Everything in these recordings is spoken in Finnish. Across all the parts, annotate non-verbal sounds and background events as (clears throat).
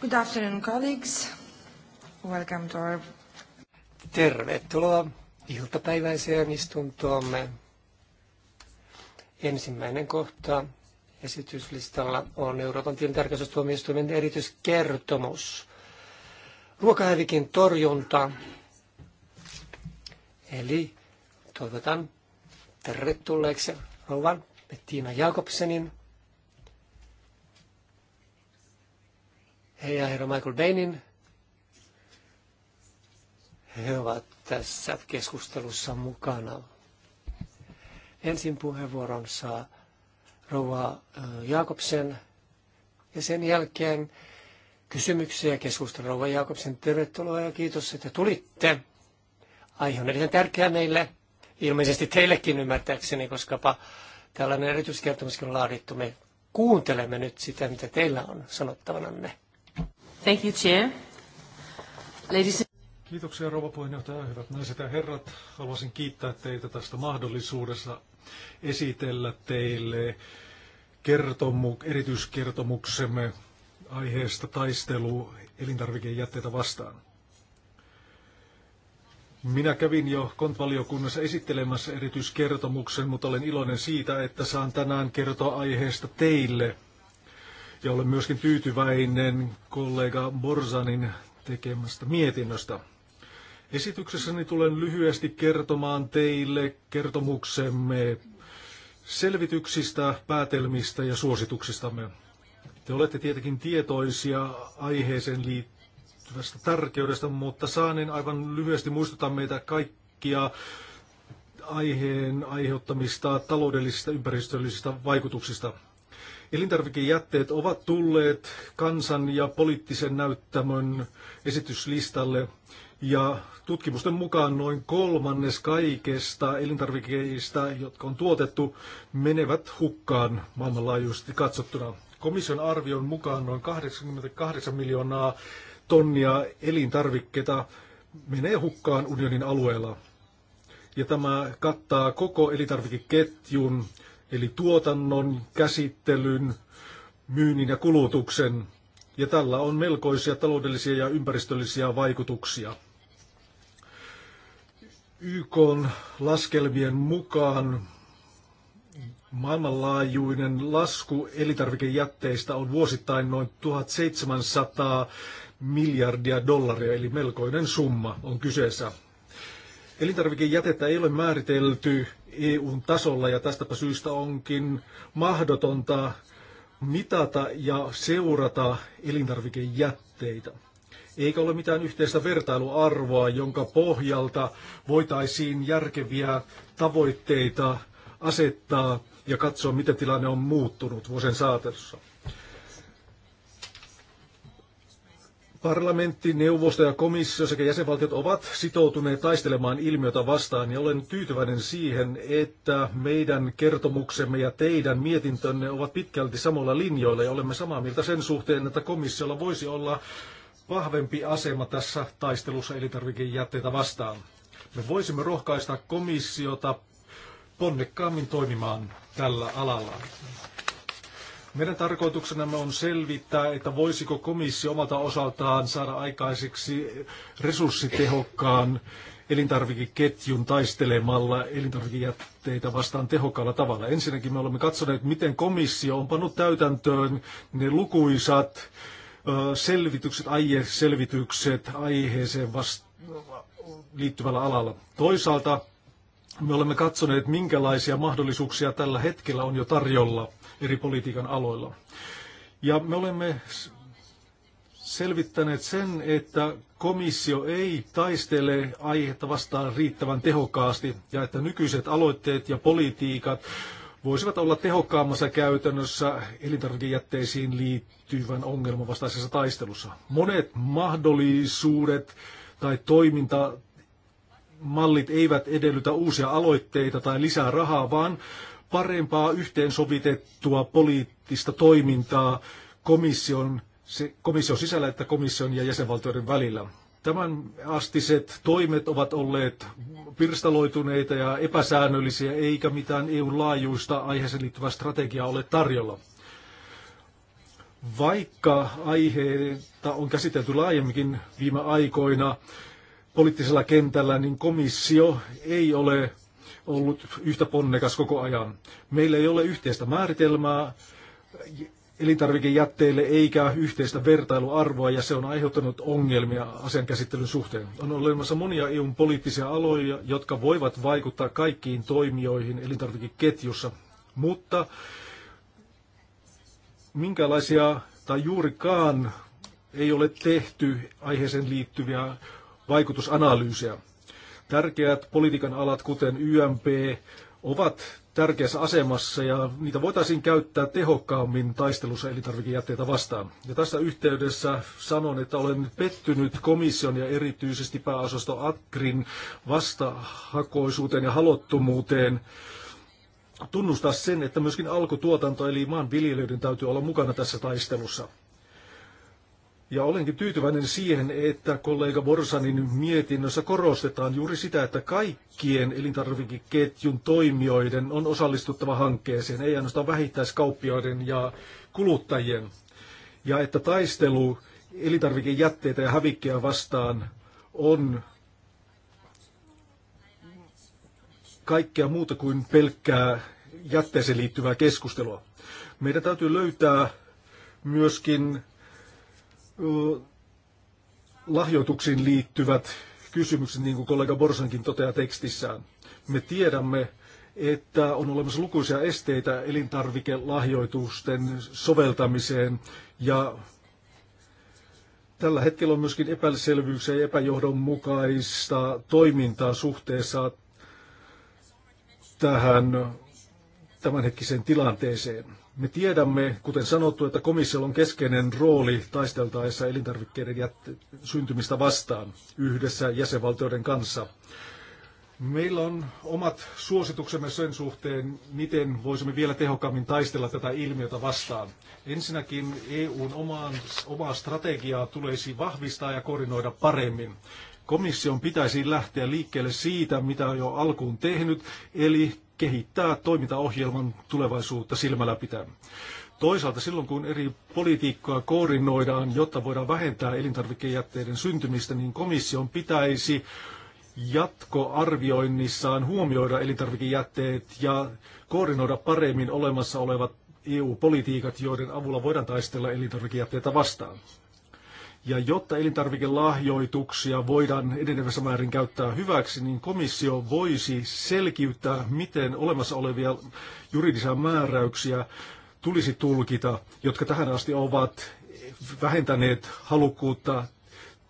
Good afternoon, colleagues. Welcome to our... Tervetuloa iltapäiväiseen istuntoomme. Ensimmäinen kohta esityslistalla on Euroopan tilintarkastustuomioistuimen erityiskertomus. Ruokahävikin torjunta. Eli toivotan tervetulleeksi rouvan Bettina Jakobsenin Hei, herra Michael Bainin. He ovat tässä keskustelussa mukana. Ensin puheenvuoron saa rouva Jakobsen ja sen jälkeen kysymyksiä ja keskustelua. Rouva Jakobsen, tervetuloa ja kiitos, että tulitte. Aihe on erittäin tärkeä meille, ilmeisesti teillekin ymmärtääkseni, koska tällainen erityiskertomuskin on laadittu. Me kuuntelemme nyt sitä, mitä teillä on sanottavananne. Thank you, Chair. Ladies Kiitoksia rouva puheenjohtaja, hyvät naiset ja herrat. Haluaisin kiittää teitä tästä mahdollisuudesta esitellä teille kertomu, erityiskertomuksemme aiheesta taistelu elintarvikejätteitä vastaan. Minä kävin jo kontvaliokunnassa esittelemässä erityiskertomuksen, mutta olen iloinen siitä, että saan tänään kertoa aiheesta teille – ja olen myöskin tyytyväinen kollega Borzanin tekemästä mietinnöstä. Esityksessäni tulen lyhyesti kertomaan teille kertomuksemme selvityksistä, päätelmistä ja suosituksistamme. Te olette tietenkin tietoisia aiheeseen liittyvästä tärkeydestä, mutta saanen aivan lyhyesti muistuttaa meitä kaikkia aiheen aiheuttamista taloudellisista ympäristöllisistä vaikutuksista. Elintarvikejätteet ovat tulleet kansan ja poliittisen näyttämön esityslistalle ja tutkimusten mukaan noin kolmannes kaikesta elintarvikeista, jotka on tuotettu, menevät hukkaan maailmanlaajuisesti katsottuna. Komission arvion mukaan noin 88 miljoonaa tonnia elintarvikkeita menee hukkaan unionin alueella. Ja tämä kattaa koko elintarvikeketjun eli tuotannon, käsittelyn, myynnin ja kulutuksen, ja tällä on melkoisia taloudellisia ja ympäristöllisiä vaikutuksia. YK laskelmien mukaan maailmanlaajuinen lasku elintarvikejätteistä on vuosittain noin 1700 miljardia dollaria, eli melkoinen summa on kyseessä. Elintarvikejätettä ei ole määritelty EUn tasolla ja tästäpä syystä onkin mahdotonta mitata ja seurata elintarvikejätteitä. Eikä ole mitään yhteistä vertailuarvoa, jonka pohjalta voitaisiin järkeviä tavoitteita asettaa ja katsoa, miten tilanne on muuttunut vuosien saatossa. Parlamentti, neuvosto ja komissio sekä jäsenvaltiot ovat sitoutuneet taistelemaan ilmiötä vastaan ja olen tyytyväinen siihen, että meidän kertomuksemme ja teidän mietintönne ovat pitkälti samalla linjoilla ja olemme samaa mieltä sen suhteen, että komissiolla voisi olla vahvempi asema tässä taistelussa elintarvikejätteitä vastaan. Me voisimme rohkaista komissiota ponnekkaammin toimimaan tällä alalla. Meidän tarkoituksenamme on selvittää, että voisiko komissio omalta osaltaan saada aikaiseksi resurssitehokkaan elintarvikeketjun taistelemalla elintarvikejätteitä vastaan tehokkaalla tavalla. Ensinnäkin me olemme katsoneet, miten komissio on pannut täytäntöön ne lukuisat selvitykset, aieselvitykset aiheeseen vast- liittyvällä alalla. Toisaalta me olemme katsoneet, minkälaisia mahdollisuuksia tällä hetkellä on jo tarjolla – eri politiikan aloilla. Ja me olemme selvittäneet sen, että komissio ei taistele aihetta vastaan riittävän tehokkaasti ja että nykyiset aloitteet ja politiikat voisivat olla tehokkaammassa käytännössä elintarvikejätteisiin liittyvän ongelman vastaisessa taistelussa. Monet mahdollisuudet tai toiminta mallit eivät edellytä uusia aloitteita tai lisää rahaa, vaan parempaa yhteensovitettua poliittista toimintaa komission, se, komission sisällä että komission ja jäsenvaltioiden välillä. Tämän astiset toimet ovat olleet pirstaloituneita ja epäsäännöllisiä, eikä mitään EU-laajuista aiheeseen liittyvää strategiaa ole tarjolla. Vaikka aiheita on käsitelty laajemminkin viime aikoina poliittisella kentällä, niin komissio ei ole ollut yhtä ponnekas koko ajan. Meillä ei ole yhteistä määritelmää elintarvikejätteille eikä yhteistä vertailuarvoa ja se on aiheuttanut ongelmia asian käsittelyn suhteen. On olemassa monia EUn poliittisia aloja, jotka voivat vaikuttaa kaikkiin toimijoihin elintarvikeketjussa, mutta minkälaisia tai juurikaan ei ole tehty aiheeseen liittyviä vaikutusanalyysejä. Tärkeät politiikan alat, kuten YMP, ovat tärkeässä asemassa ja niitä voitaisiin käyttää tehokkaammin taistelussa elintarvikejätteitä vastaan. Ja tässä yhteydessä sanon, että olen pettynyt komission ja erityisesti pääosasto Akrin vastahakoisuuteen ja halottomuuteen tunnustaa sen, että myöskin alkutuotanto eli maanviljelijöiden täytyy olla mukana tässä taistelussa. Ja olenkin tyytyväinen siihen, että kollega Borsanin mietinnössä korostetaan juuri sitä, että kaikkien elintarvikeketjun toimijoiden on osallistuttava hankkeeseen, ei ainoastaan vähittäiskauppioiden ja kuluttajien. Ja että taistelu elintarvikejätteitä ja hävikkeä vastaan on kaikkea muuta kuin pelkkää jätteeseen liittyvää keskustelua. Meidän täytyy löytää myöskin lahjoituksiin liittyvät kysymykset, niin kuin kollega Borsankin toteaa tekstissään. Me tiedämme, että on olemassa lukuisia esteitä elintarvikelahjoitusten soveltamiseen ja tällä hetkellä on myöskin epäselvyyksiä ja epäjohdonmukaista toimintaa suhteessa tähän tämänhetkiseen tilanteeseen. Me tiedämme, kuten sanottu, että komissiolla on keskeinen rooli taisteltaessa elintarvikkeiden jät- syntymistä vastaan yhdessä jäsenvaltioiden kanssa. Meillä on omat suosituksemme sen suhteen, miten voisimme vielä tehokkaammin taistella tätä ilmiötä vastaan. Ensinnäkin EUn omaan, omaa strategiaa tulisi vahvistaa ja koordinoida paremmin. Komission pitäisi lähteä liikkeelle siitä, mitä on jo alkuun tehnyt, eli kehittää toimintaohjelman tulevaisuutta silmällä pitää. Toisaalta silloin, kun eri politiikkaa koordinoidaan, jotta voidaan vähentää elintarvikejätteiden syntymistä, niin komission pitäisi jatkoarvioinnissaan huomioida elintarvikejätteet ja koordinoida paremmin olemassa olevat EU-politiikat, joiden avulla voidaan taistella elintarvikejätteitä vastaan. Ja jotta elintarvikelahjoituksia voidaan edenevässä määrin käyttää hyväksi, niin komissio voisi selkiyttää, miten olemassa olevia juridisia määräyksiä tulisi tulkita, jotka tähän asti ovat vähentäneet halukkuutta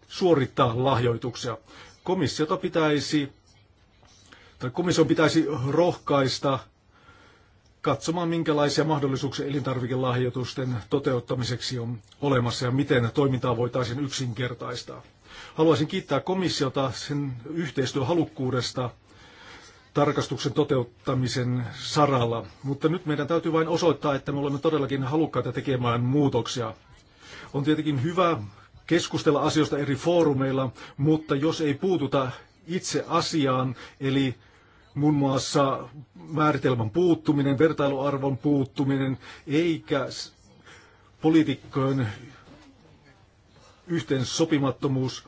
suorittaa lahjoituksia. Komissiota pitäisi, tai komission pitäisi rohkaista katsomaan, minkälaisia mahdollisuuksia elintarvikelahjoitusten toteuttamiseksi on olemassa ja miten toimintaa voitaisiin yksinkertaistaa. Haluaisin kiittää komissiota sen yhteistyöhalukkuudesta tarkastuksen toteuttamisen saralla, mutta nyt meidän täytyy vain osoittaa, että me olemme todellakin halukkaita tekemään muutoksia. On tietenkin hyvä keskustella asioista eri foorumeilla, mutta jos ei puututa itse asiaan, eli muun muassa määritelmän puuttuminen, vertailuarvon puuttuminen, eikä poliitikkojen yhteen sopimattomuus,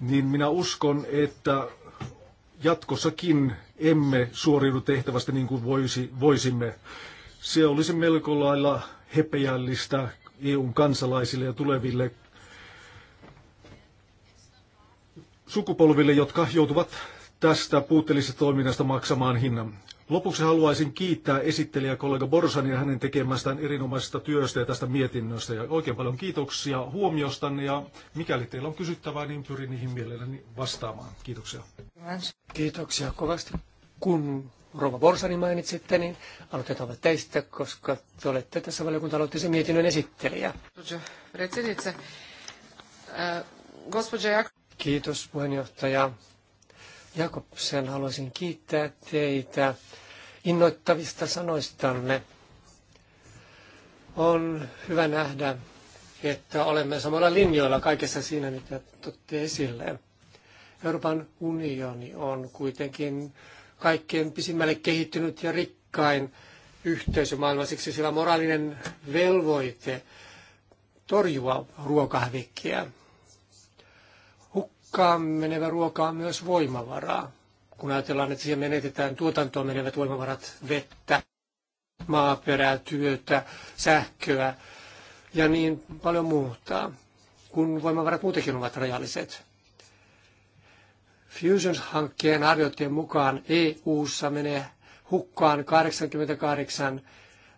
niin minä uskon, että jatkossakin emme suoriudu tehtävästä niin kuin voisi, voisimme. Se olisi melko lailla hepeällistä EUn kansalaisille ja tuleville sukupolville, jotka joutuvat tästä puutteellisesta toiminnasta maksamaan hinnan. Lopuksi haluaisin kiittää esittelijä kollega ja hänen tekemästään erinomaisesta työstä ja tästä mietinnöstä. Ja oikein paljon kiitoksia huomiostanne ja mikäli teillä on kysyttävää, niin pyrin niihin mielelläni vastaamaan. Kiitoksia. Kiitoksia kovasti. Kun Rova Borsani mainitsitte, niin aloitetaan teistä, koska te olette tässä valiokunta aloitteisen mietinnön esittelijä. E, Kiitos puheenjohtaja. Jakobsen haluaisin kiittää teitä innoittavista sanoistanne. On hyvä nähdä, että olemme samalla linjoilla kaikessa siinä, mitä totte esille. Euroopan unioni on kuitenkin kaikkein pisimmälle kehittynyt ja rikkain yhteisö maailmassa, siksi sillä moraalinen velvoite torjua ruokahävikkiä hukkaan menevä ruoka on myös voimavaraa. Kun ajatellaan, että siihen menetetään tuotantoon menevät voimavarat, vettä, maaperää, työtä, sähköä ja niin paljon muuta, kun voimavarat muutenkin ovat rajalliset. Fusions-hankkeen arvioiden mukaan EU-ssa menee hukkaan 88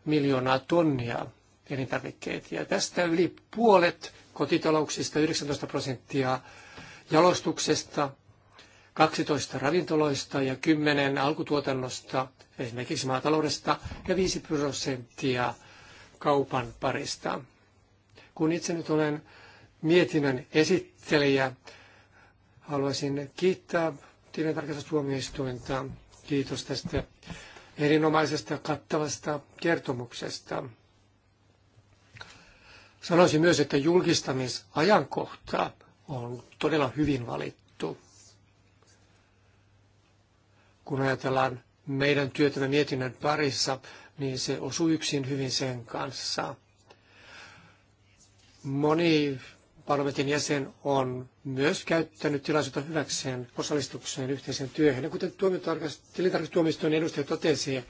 miljoonaa tonnia elintarvikkeita. Ja tästä yli puolet kotitalouksista, 19 prosenttia, jalostuksesta, 12 ravintoloista ja 10 alkutuotannosta, esimerkiksi maataloudesta, ja 5 prosenttia kaupan parista. Kun itse nyt olen mietinnön esittelijä, haluaisin kiittää tilintarkastustuomioistuinta. Kiitos tästä erinomaisesta kattavasta kertomuksesta. Sanoisin myös, että julkistamisajankohta on todella hyvin valittu. Kun ajatellaan meidän työtämme mietinnön parissa, niin se osuu yksin hyvin sen kanssa. Moni parlamentin jäsen on myös käyttänyt tilaisuutta hyväkseen osallistukseen yhteiseen työhön. Ja kuten tilintarkastustuomioistuin edustaja totesi,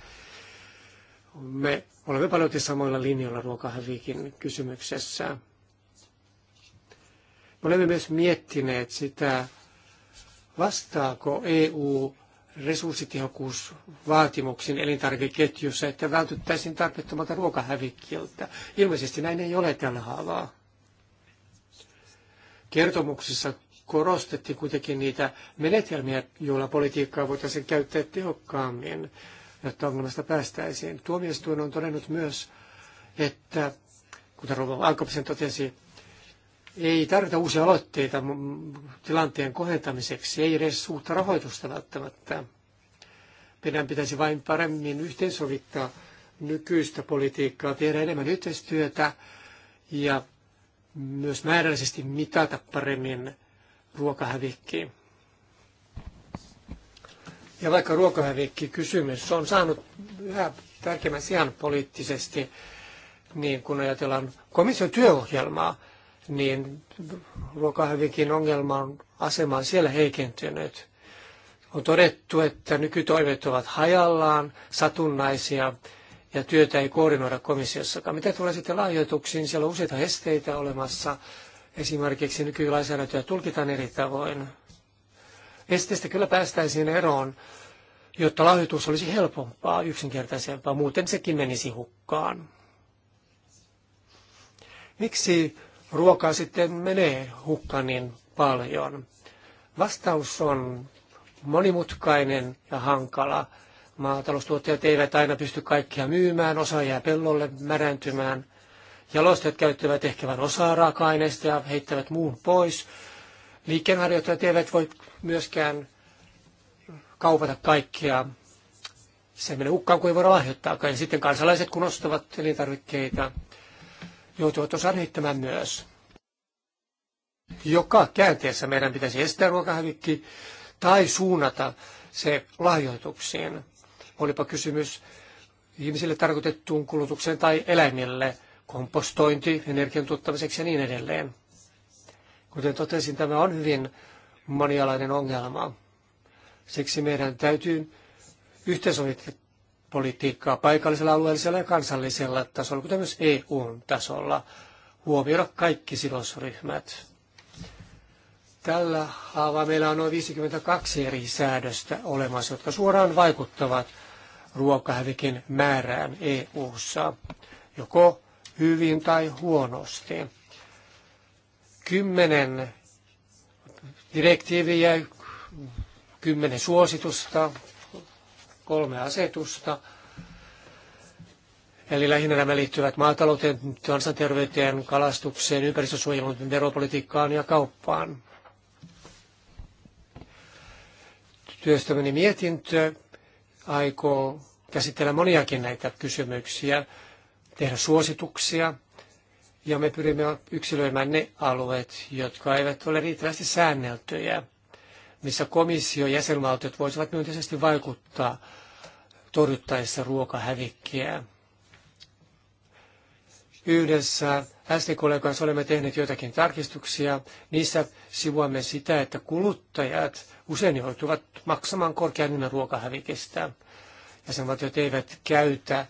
me olemme paljon samoilla linjoilla ruokahävikin kysymyksessä olemme myös miettineet sitä, vastaako EU resurssitehokkuusvaatimuksiin elintarvikeketjussa, että vältyttäisiin tarpeettomalta ruokahävikkiltä. Ilmeisesti näin ei ole tällä haavaa. Kertomuksissa korostettiin kuitenkin niitä menetelmiä, joilla politiikkaa voitaisiin käyttää tehokkaammin, jotta ongelmasta päästäisiin. Tuomioistuin on todennut myös, että kuten Rova Alkopisen totesi, ei tarvita uusia aloitteita tilanteen kohentamiseksi, ei edes uutta rahoitusta välttämättä. Meidän pitäisi vain paremmin yhteensovittaa nykyistä politiikkaa, tehdä enemmän yhteistyötä ja myös määrällisesti mitata paremmin ruokahävikkiä. Ja vaikka ruokahävikki kysymys on saanut yhä tärkeimmän sijan poliittisesti, niin kun ajatellaan komission työohjelmaa, niin ruokahävikin ongelman asema on siellä heikentynyt. On todettu, että nykytoimet ovat hajallaan, satunnaisia ja työtä ei koordinoida komissiossakaan. Mitä tulee sitten lahjoituksiin, siellä on useita esteitä olemassa. Esimerkiksi nykylainsäädäntöä tulkitaan eri tavoin. Esteistä kyllä päästäisiin eroon, jotta lahjoitus olisi helpompaa, yksinkertaisempaa, muuten sekin menisi hukkaan. Miksi ruokaa sitten menee hukkaan niin paljon? Vastaus on monimutkainen ja hankala. Maataloustuottajat eivät aina pysty kaikkia myymään, osa jää pellolle märäntymään. Jalostajat käyttävät ehkä vain osaa raaka-aineista ja heittävät muun pois. Liikkeenharjoittajat eivät voi myöskään kaupata kaikkea. Se menee hukkaan, kun ei voida lahjoittaa. Ja sitten kansalaiset, kun ostavat elintarvikkeita, joutuvat osa heittämään myös. Joka käänteessä meidän pitäisi estää ruokahävikki tai suunnata se lahjoituksiin. Olipa kysymys ihmisille tarkoitettuun kulutukseen tai eläimille, kompostointi energian tuottamiseksi ja niin edelleen. Kuten totesin, tämä on hyvin monialainen ongelma. Siksi meidän täytyy yhteensovittaa politiikkaa paikallisella, alueellisella ja kansallisella tasolla, kuten myös EU-tasolla, huomioida kaikki sidosryhmät. Tällä haavaa meillä on noin 52 eri säädöstä olemassa, jotka suoraan vaikuttavat ruokahävikin määrään EU-ssa, joko hyvin tai huonosti. Kymmenen direktiiviä, kymmenen suositusta, kolme asetusta. Eli lähinnä nämä liittyvät maatalouteen, kansanterveyteen, kalastukseen, ympäristösuojeluun, veropolitiikkaan ja kauppaan. Työstämäni mietintö aikoo käsitellä moniakin näitä kysymyksiä, tehdä suosituksia, ja me pyrimme yksilöimään ne alueet, jotka eivät ole riittävästi säänneltyjä, missä komissio ja jäsenvaltiot voisivat myönteisesti vaikuttaa torjuttaessa ruokahävikkiä. Yhdessä sd kollegan olemme tehneet joitakin tarkistuksia. Niissä sivuamme sitä, että kuluttajat usein joutuvat maksamaan korkean hinnan ruokahävikistä. Jäsenvaltiot eivät käytä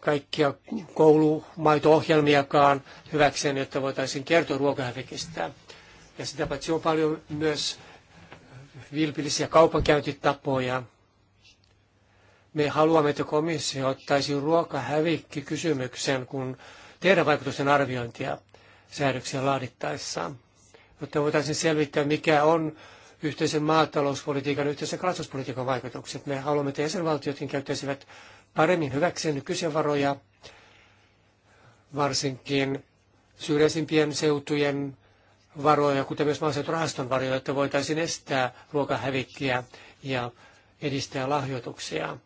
kaikkia koulumaito-ohjelmiakaan hyväkseen, jotta voitaisiin kertoa ruokahävikistä. Ja sitä paitsi on paljon myös vilpillisiä kaupankäyntitapoja, me haluamme, että komissio ottaisi ruokahävikki kysymyksen, kun tehdään vaikutusten arviointia säädöksiä laadittaessa, jotta voitaisiin selvittää, mikä on yhteisen maatalouspolitiikan, yhteisen kalastuspolitiikan vaikutukset. Me haluamme, että jäsenvaltiotkin käyttäisivät paremmin hyväkseen nykyisiä varoja, varsinkin syrjäisimpien seutujen varoja, kuten myös maaseuturahaston varoja, että voitaisiin estää ruokahävikkiä ja edistää lahjoituksia.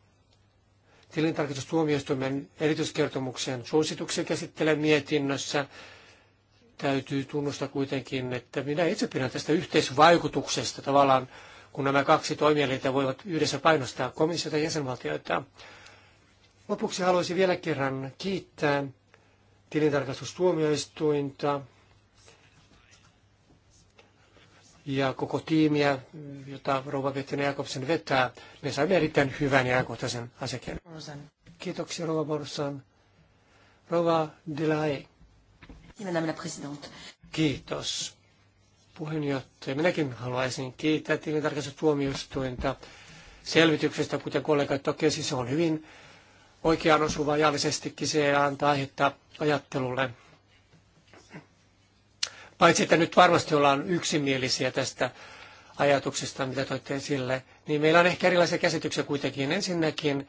Tilintarkastustuomioistuimen erityiskertomuksen suosituksia käsittelee mietinnössä. Täytyy tunnustaa kuitenkin, että minä itse pidän tästä yhteisvaikutuksesta tavallaan, kun nämä kaksi toimielintä voivat yhdessä painostaa komissiota ja jäsenvaltioita. Lopuksi haluaisin vielä kerran kiittää tilintarkastustuomioistuinta ja koko tiimiä, jota rouva Vettinen Jakobsen vetää. Me saimme erittäin hyvän ja ajankohtaisen asiakirjan. Kiitoksia rouva Borsan. Rouva Delahaye. Kiitos. Puheenjohtaja, minäkin haluaisin kiittää tilintarkastustuomioistuinta selvityksestä, kuten kollega totesi, se on hyvin oikeaan osuva ja se antaa aihetta ajattelulle. Paitsi, että nyt varmasti ollaan yksimielisiä tästä ajatuksesta, mitä toitte esille, niin meillä on ehkä erilaisia käsityksiä kuitenkin. Ensinnäkin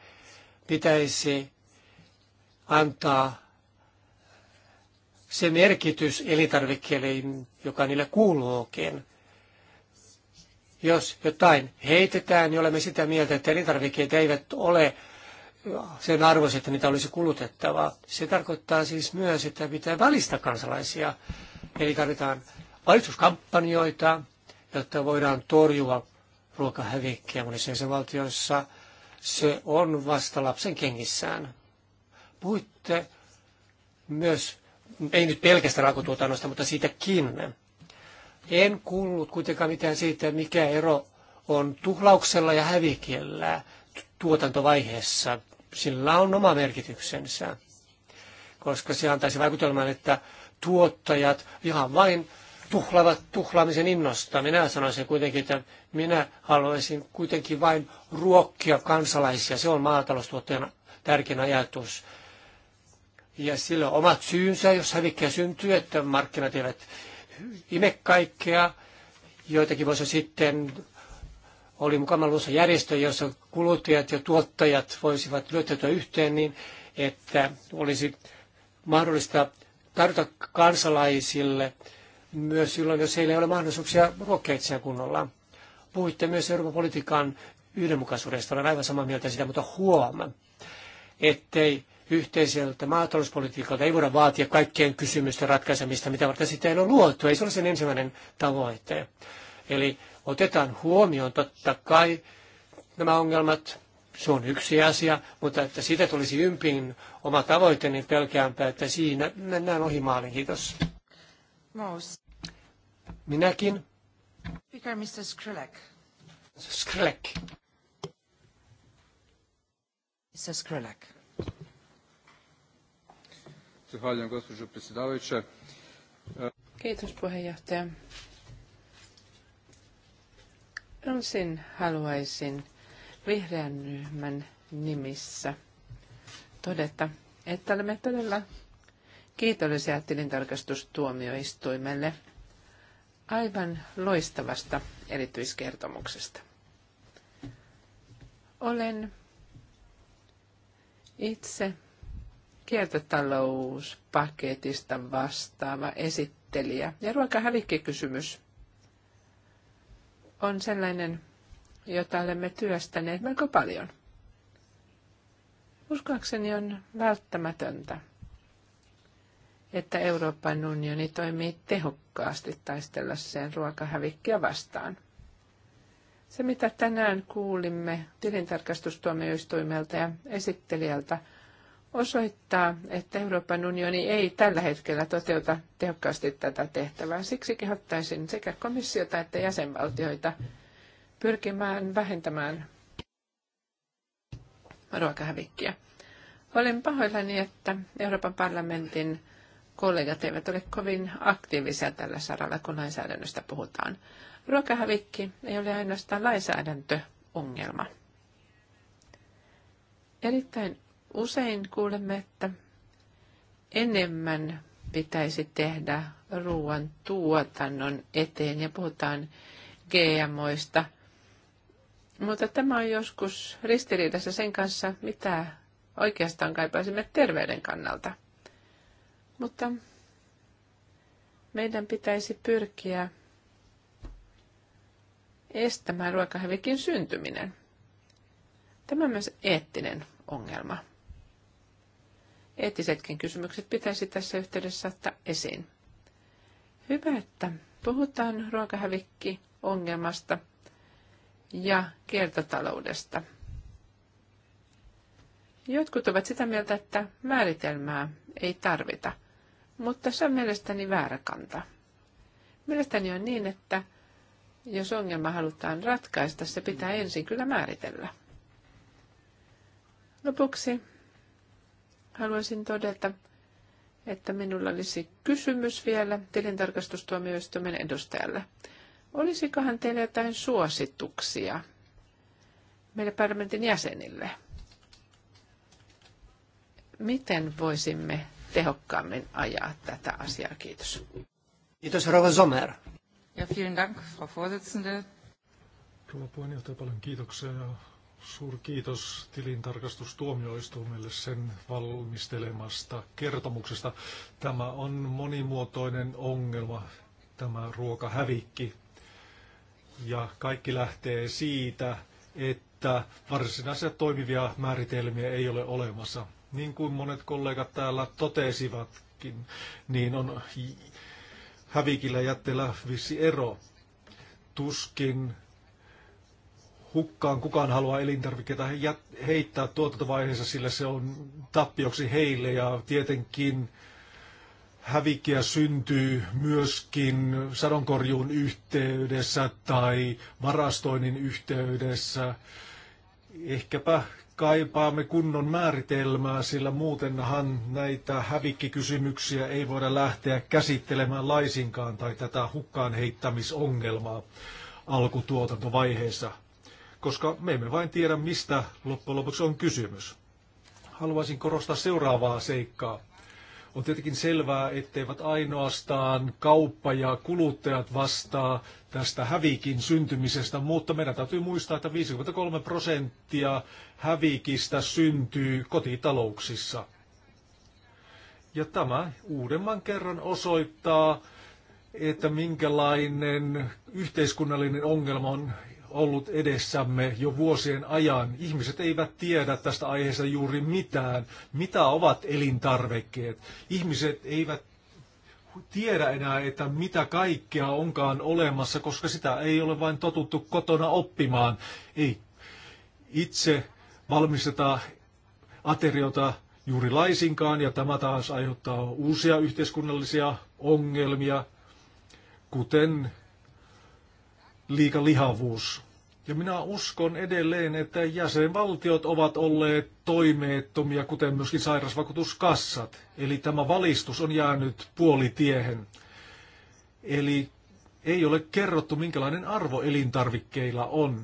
pitäisi antaa se merkitys elintarvikkeille, joka niille kuuluukin. Jos jotain heitetään, niin olemme sitä mieltä, että elintarvikkeet eivät ole sen arvoiset, että niitä olisi kulutettavaa. Se tarkoittaa siis myös, että pitää välistä kansalaisia Eli tarvitaan valistuskampanjoita, jotta voidaan torjua ruokahävikkiä monissa jäsenvaltioissa. Se on vasta lapsen kengissään. Puhuitte myös, ei nyt pelkästään alkutuotannosta, mutta siitäkin. En kuullut kuitenkaan mitään siitä, mikä ero on tuhlauksella ja hävikillä tuotantovaiheessa. Sillä on oma merkityksensä, koska se antaisi vaikutelman, että tuottajat ihan vain tuhlavat tuhlaamisen innosta. Minä sanoisin kuitenkin, että minä haluaisin kuitenkin vain ruokkia kansalaisia. Se on maataloustuottajan tärkein ajatus. Ja sillä on omat syynsä, jos hävikkiä syntyy, että markkinat eivät ime kaikkea. Joitakin voisi sitten oli mukana luossa järjestö, jossa kuluttajat ja tuottajat voisivat lyöttäytyä yhteen niin, että olisi mahdollista tarjota kansalaisille myös silloin, jos heillä ei ole mahdollisuuksia ruokkia itseään kunnolla. Puhuitte myös Euroopan politiikan yhdenmukaisuudesta, olen aivan samaa mieltä sitä, mutta huoma, ettei yhteiseltä maatalouspolitiikalta ei voida vaatia kaikkien kysymysten ratkaisemista, mitä varten sitä ei ole luotu. Ei se ole sen ensimmäinen tavoite. Eli otetaan huomioon totta kai nämä ongelmat, se on yksi asia, mutta että siitä tulisi ympin oma tavoitteeni niin että siinä mennään ohi maalin. Kiitos. Most. Minäkin. Speaker Mr. Skrelek. Skrelek. Mr. Skrelek. Zahvaljujem, gospođo predsjedavajuća. Kiitos puheenjohtaja. Ensin haluaisin vihreän ryhmän nimissä todeta, että olemme todella kiitollisia tilintarkastustuomioistuimelle aivan loistavasta erityiskertomuksesta. Olen itse kiertotalouspaketista vastaava esittelijä ja ruokahävikkikysymys on sellainen jota olemme työstäneet melko paljon. Uskoakseni on välttämätöntä, että Euroopan unioni toimii tehokkaasti taistellakseen ruokahävikkiä vastaan. Se, mitä tänään kuulimme tilintarkastustuomioistuimelta ja esittelijältä, osoittaa, että Euroopan unioni ei tällä hetkellä toteuta tehokkaasti tätä tehtävää. Siksi kehottaisin sekä komissiota että jäsenvaltioita pyrkimään vähentämään ruokahävikkiä. Olen pahoillani, että Euroopan parlamentin kollegat eivät ole kovin aktiivisia tällä saralla, kun lainsäädännöstä puhutaan. Ruokahävikki ei ole ainoastaan lainsäädäntöongelma. Erittäin usein kuulemme, että enemmän pitäisi tehdä ruoan tuotannon eteen ja puhutaan GMOista – mutta tämä on joskus ristiriidassa sen kanssa, mitä oikeastaan kaipaisimme terveyden kannalta. Mutta meidän pitäisi pyrkiä estämään ruokahävikin syntyminen. Tämä on myös eettinen ongelma. Eettisetkin kysymykset pitäisi tässä yhteydessä ottaa esiin. Hyvä, että puhutaan ruokahävikki-ongelmasta – ja kiertotaloudesta. Jotkut ovat sitä mieltä, että määritelmää ei tarvita, mutta se on mielestäni väärä kanta. Mielestäni on niin, että jos ongelma halutaan ratkaista, se pitää ensin kyllä määritellä. Lopuksi haluaisin todeta, että minulla olisi kysymys vielä tilintarkastustuomioistuimen edustajalle. Olisikohan teillä jotain suosituksia meille parlamentin jäsenille? Miten voisimme tehokkaammin ajaa tätä asiaa? Kiitos. Kiitos, Rova Sommer. Ja vielen Dank, Frau Vorsitzende. Rova puheenjohtaja, paljon kiitoksia ja suuri kiitos tilintarkastustuomioistuimelle sen valmistelemasta kertomuksesta. Tämä on monimuotoinen ongelma, tämä ruokahävikki. Ja kaikki lähtee siitä, että varsinaisia toimivia määritelmiä ei ole olemassa. Niin kuin monet kollegat täällä totesivatkin, niin on hävikillä jätteellä vissi ero. Tuskin hukkaan kukaan haluaa elintarvikkeita heittää tuotantovaiheessa, sillä se on tappioksi heille ja tietenkin hävikkiä syntyy myöskin sadonkorjuun yhteydessä tai varastoinnin yhteydessä. Ehkäpä kaipaamme kunnon määritelmää, sillä muutenhan näitä hävikkikysymyksiä ei voida lähteä käsittelemään laisinkaan tai tätä hukkaan heittämisongelmaa alkutuotantovaiheessa, koska me emme vain tiedä, mistä loppujen lopuksi on kysymys. Haluaisin korostaa seuraavaa seikkaa. On tietenkin selvää, etteivät ainoastaan kauppa ja kuluttajat vastaa tästä hävikin syntymisestä, mutta meidän täytyy muistaa, että 53 prosenttia hävikistä syntyy kotitalouksissa. Ja tämä uudemman kerran osoittaa, että minkälainen yhteiskunnallinen ongelma on ollut edessämme jo vuosien ajan. Ihmiset eivät tiedä tästä aiheesta juuri mitään. Mitä ovat elintarvikkeet? Ihmiset eivät tiedä enää, että mitä kaikkea onkaan olemassa, koska sitä ei ole vain totuttu kotona oppimaan. Ei itse valmisteta ateriota juuri laisinkaan, ja tämä taas aiheuttaa uusia yhteiskunnallisia ongelmia, kuten liika lihavuus Ja minä uskon edelleen, että jäsenvaltiot ovat olleet toimeettomia, kuten myöskin sairausvakuutuskassat. Eli tämä valistus on jäänyt puolitiehen. Eli ei ole kerrottu, minkälainen arvo elintarvikkeilla on.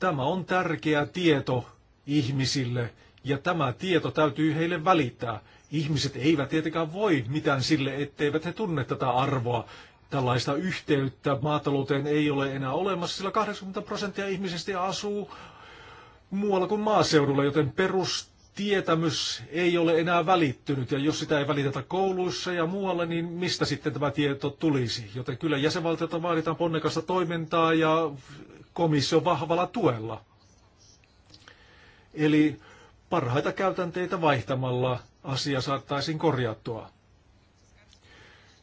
Tämä on tärkeä tieto ihmisille, ja tämä tieto täytyy heille välittää. Ihmiset eivät tietenkään voi mitään sille, etteivät he tunne tätä arvoa. Tällaista yhteyttä maatalouteen ei ole enää olemassa, sillä 80 prosenttia ihmisistä asuu muualla kuin maaseudulla, joten perustietämys ei ole enää välittynyt. Ja jos sitä ei välitetä kouluissa ja muualla, niin mistä sitten tämä tieto tulisi? Joten kyllä jäsenvaltiota vaaditaan ponnekasta toimintaa ja komission vahvalla tuella. Eli parhaita käytänteitä vaihtamalla asia saattaisiin korjattua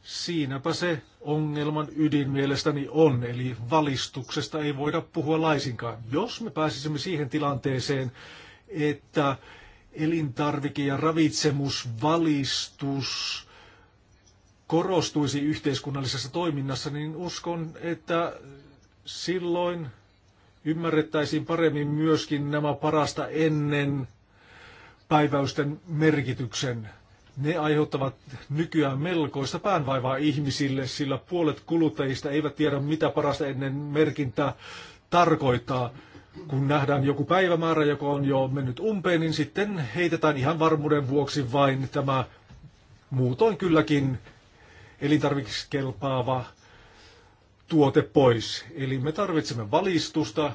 siinäpä se ongelman ydin mielestäni on, eli valistuksesta ei voida puhua laisinkaan. Jos me pääsisimme siihen tilanteeseen, että elintarvike- ja ravitsemusvalistus korostuisi yhteiskunnallisessa toiminnassa, niin uskon, että silloin ymmärrettäisiin paremmin myöskin nämä parasta ennen päiväysten merkityksen ne aiheuttavat nykyään melkoista päänvaivaa ihmisille, sillä puolet kuluttajista eivät tiedä, mitä parasta ennen merkintää tarkoittaa. Kun nähdään joku päivämäärä, joka on jo mennyt umpeen, niin sitten heitetään ihan varmuuden vuoksi vain tämä muutoin kylläkin elintarvikeskelpaava tuote pois. Eli me tarvitsemme valistusta,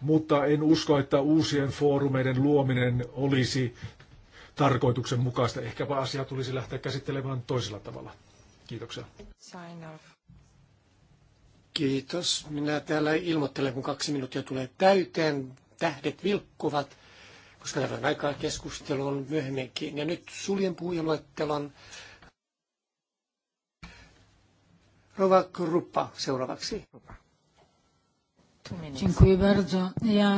mutta en usko, että uusien foorumeiden luominen olisi tarkoituksenmukaista. Ehkäpä asiaa tulisi lähteä käsittelemään toisella tavalla. Kiitoksia. Sign off. Kiitos. Minä täällä ilmoittelen, kun kaksi minuuttia tulee täyteen. Tähdet vilkkuvat, koska täällä on aikaa keskusteluun myöhemminkin. Ja nyt suljen puhujaluettelon. Rova Kruppa seuraavaksi. Ja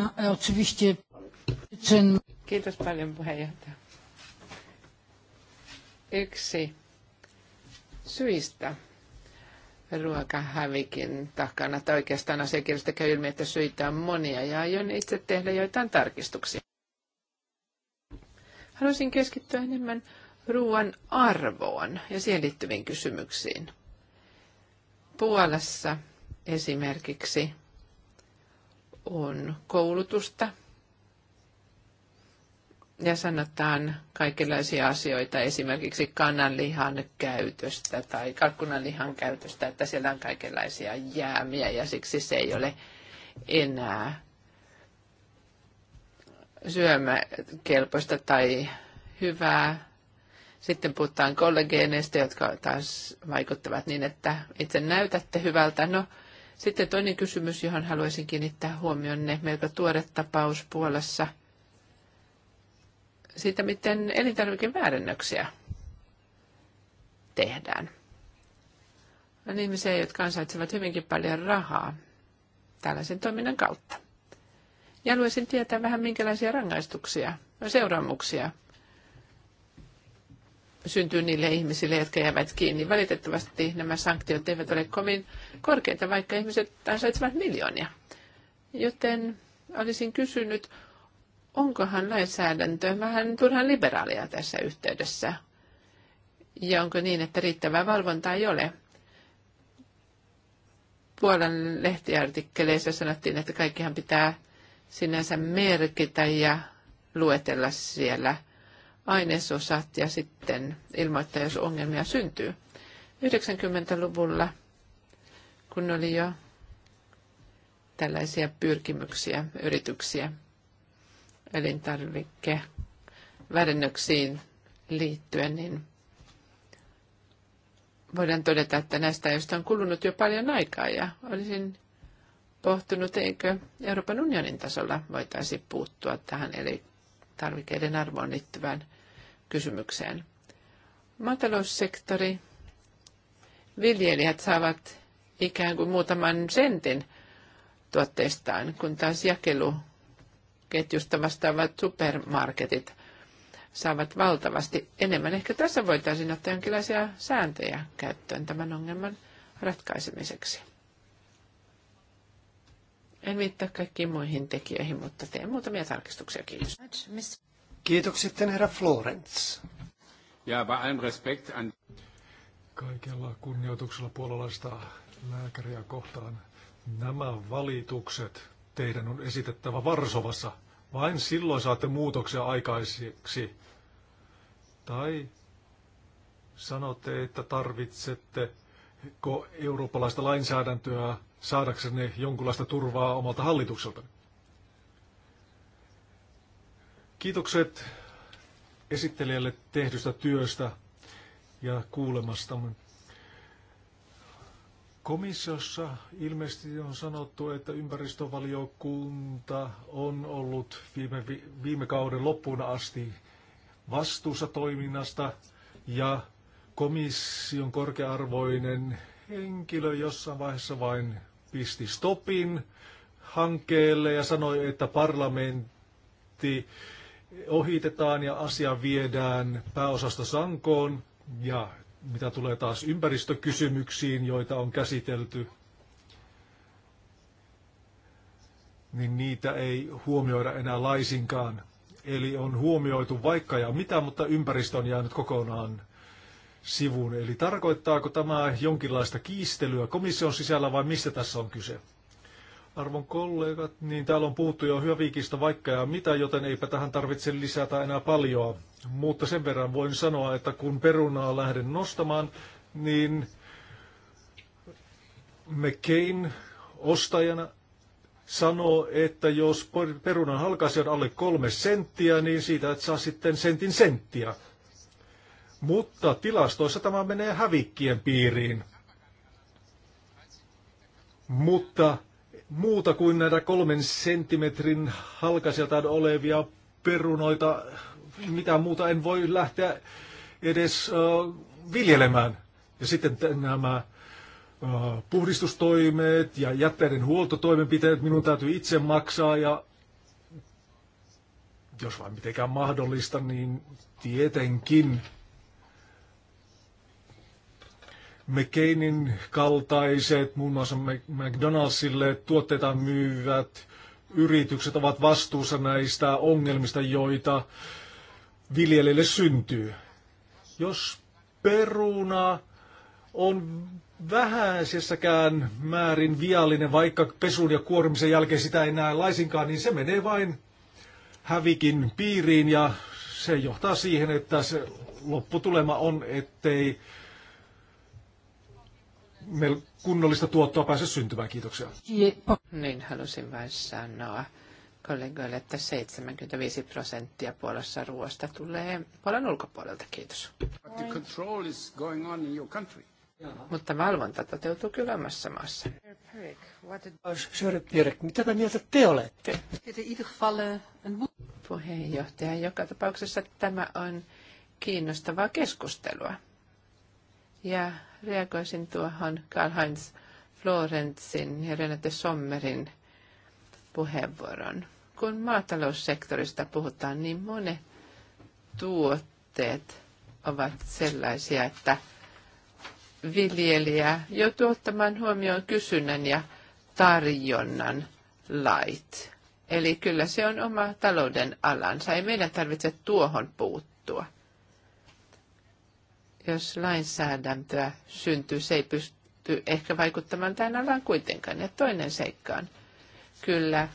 Kiitos paljon puheenjohtaja yksi syistä ruokahävikin takana, tai oikeastaan asiakirjasta käy ilmi, että syitä on monia, ja aion itse tehdä joitain tarkistuksia. Haluaisin keskittyä enemmän ruoan arvoon ja siihen liittyviin kysymyksiin. Puolassa esimerkiksi on koulutusta ja sanotaan kaikenlaisia asioita esimerkiksi kananlihan käytöstä tai kalkkunanlihan käytöstä, että siellä on kaikenlaisia jäämiä ja siksi se ei ole enää syömäkelpoista tai hyvää. Sitten puhutaan kollegeeneista, jotka taas vaikuttavat niin, että itse näytätte hyvältä. No, sitten toinen kysymys, johon haluaisin kiinnittää huomionne, melko tuore tapaus Puolassa – siitä, miten elintarvikeväärennöksiä tehdään. On ihmisiä, jotka ansaitsevat hyvinkin paljon rahaa tällaisen toiminnan kautta. Ja haluaisin tietää vähän, minkälaisia rangaistuksia ja seuraamuksia syntyy niille ihmisille, jotka jäävät kiinni. Valitettavasti nämä sanktiot eivät ole kovin korkeita, vaikka ihmiset ansaitsevat miljoonia. Joten olisin kysynyt, onkohan lainsäädäntö vähän turhan liberaalia tässä yhteydessä? Ja onko niin, että riittävää valvontaa ei ole? Puolan lehtiartikkeleissa sanottiin, että kaikkihan pitää sinänsä merkitä ja luetella siellä ainesosat ja sitten ilmoittaa, jos ongelmia syntyy. 90-luvulla, kun oli jo tällaisia pyrkimyksiä, yrityksiä elintarvikke liittyen, niin voidaan todeta, että näistä ajoista on kulunut jo paljon aikaa ja olisin pohtunut, eikö Euroopan unionin tasolla voitaisiin puuttua tähän elintarvikkeiden arvoon liittyvään kysymykseen. Maataloussektori, viljelijät saavat ikään kuin muutaman sentin tuotteistaan, kun taas jakelu ketjusta supermarketit saavat valtavasti enemmän. Ehkä tässä voitaisiin ottaa jonkinlaisia sääntöjä käyttöön tämän ongelman ratkaisemiseksi. En viittaa kaikkiin muihin tekijöihin, mutta teen muutamia tarkistuksia. Kiitos. Kiitoksia sitten herra Florence. Ja bei Respekt an... Kaikella kunnioituksella puolalaista lääkäriä kohtaan nämä valitukset teidän on esitettävä Varsovassa. Vain silloin saatte muutoksia aikaiseksi. Tai sanotte, että tarvitsette eurooppalaista lainsäädäntöä saadaksenne jonkunlaista turvaa omalta hallitukselta. Kiitokset esittelijälle tehdystä työstä ja kuulemastamme Komissiossa ilmeisesti on sanottu, että ympäristövaliokunta on ollut viime, viime kauden loppuun asti vastuussa toiminnasta ja komission korkearvoinen henkilö jossain vaiheessa vain pisti stopin hankkeelle ja sanoi, että parlamentti ohitetaan ja asia viedään pääosasta sankoon ja mitä tulee taas ympäristökysymyksiin, joita on käsitelty, niin niitä ei huomioida enää laisinkaan. Eli on huomioitu vaikka ja mitä, mutta ympäristö on jäänyt kokonaan sivuun. Eli tarkoittaako tämä jonkinlaista kiistelyä komission sisällä vai mistä tässä on kyse? Arvon kollegat, niin täällä on puhuttu jo hyväviikistä vaikka ja mitä, joten eipä tähän tarvitse lisätä enää paljoa. Mutta sen verran voin sanoa, että kun perunaa lähden nostamaan, niin McCain ostajana sanoo, että jos perunan halkaisi on alle kolme senttiä, niin siitä et saa sitten sentin senttiä. Mutta tilastoissa tämä menee hävikkien piiriin. Mutta muuta kuin näitä kolmen senttimetrin halkaiselta olevia perunoita. Mitä muuta en voi lähteä edes uh, viljelemään. Ja sitten nämä puhdistustoimet ja jätteiden huoltotoimenpiteet minun täytyy itse maksaa ja jos vain mitenkään mahdollista, niin tietenkin McCainin kaltaiset, muun muassa McDonaldsille tuotteita myyvät yritykset ovat vastuussa näistä ongelmista, joita viljelijälle syntyy. Jos peruna on vähäisessäkään määrin viallinen, vaikka pesun ja kuorimisen jälkeen sitä ei näe laisinkaan, niin se menee vain hävikin piiriin ja se johtaa siihen, että se lopputulema on, ettei kunnollista tuottoa pääse syntymään. Kiitoksia. Niin halusin vain sanoa kollegoille, että 75 prosenttia Puolassa ruoasta tulee Puolan ulkopuolelta. Kiitos. Mutta valvonta toteutuu kyllä omassa maassa. Sörö Pirk, mitä mieltä te olette? Puheenjohtaja, joka tapauksessa tämä on kiinnostavaa keskustelua. Ja reagoisin tuohon Karl-Heinz Florentzin ja Renate Sommerin puheenvuoron. Kun maataloussektorista puhutaan, niin monet tuotteet ovat sellaisia, että viljelijä jo tuottamaan huomioon kysynnän ja tarjonnan lait. Eli kyllä se on oma talouden alansa. Ei meidän tarvitse tuohon puuttua jos lainsäädäntöä syntyy, se ei pysty ehkä vaikuttamaan tähän alaan kuitenkaan. Ja toinen seikka on kyllä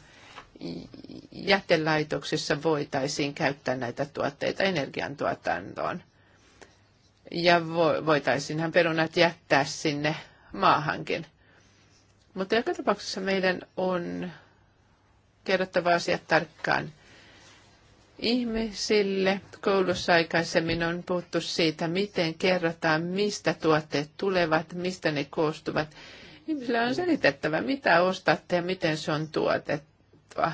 jätelaitoksissa voitaisiin käyttää näitä tuotteita energiantuotantoon. Ja vo, voitaisiinhan perunat jättää sinne maahankin. Mutta joka tapauksessa meidän on kerrottava asiat tarkkaan Ihmisille koulussa aikaisemmin on puhuttu siitä, miten kerrotaan, mistä tuotteet tulevat, mistä ne koostuvat. Ihmisille on selitettävä, mitä ostatte ja miten se on tuotettua.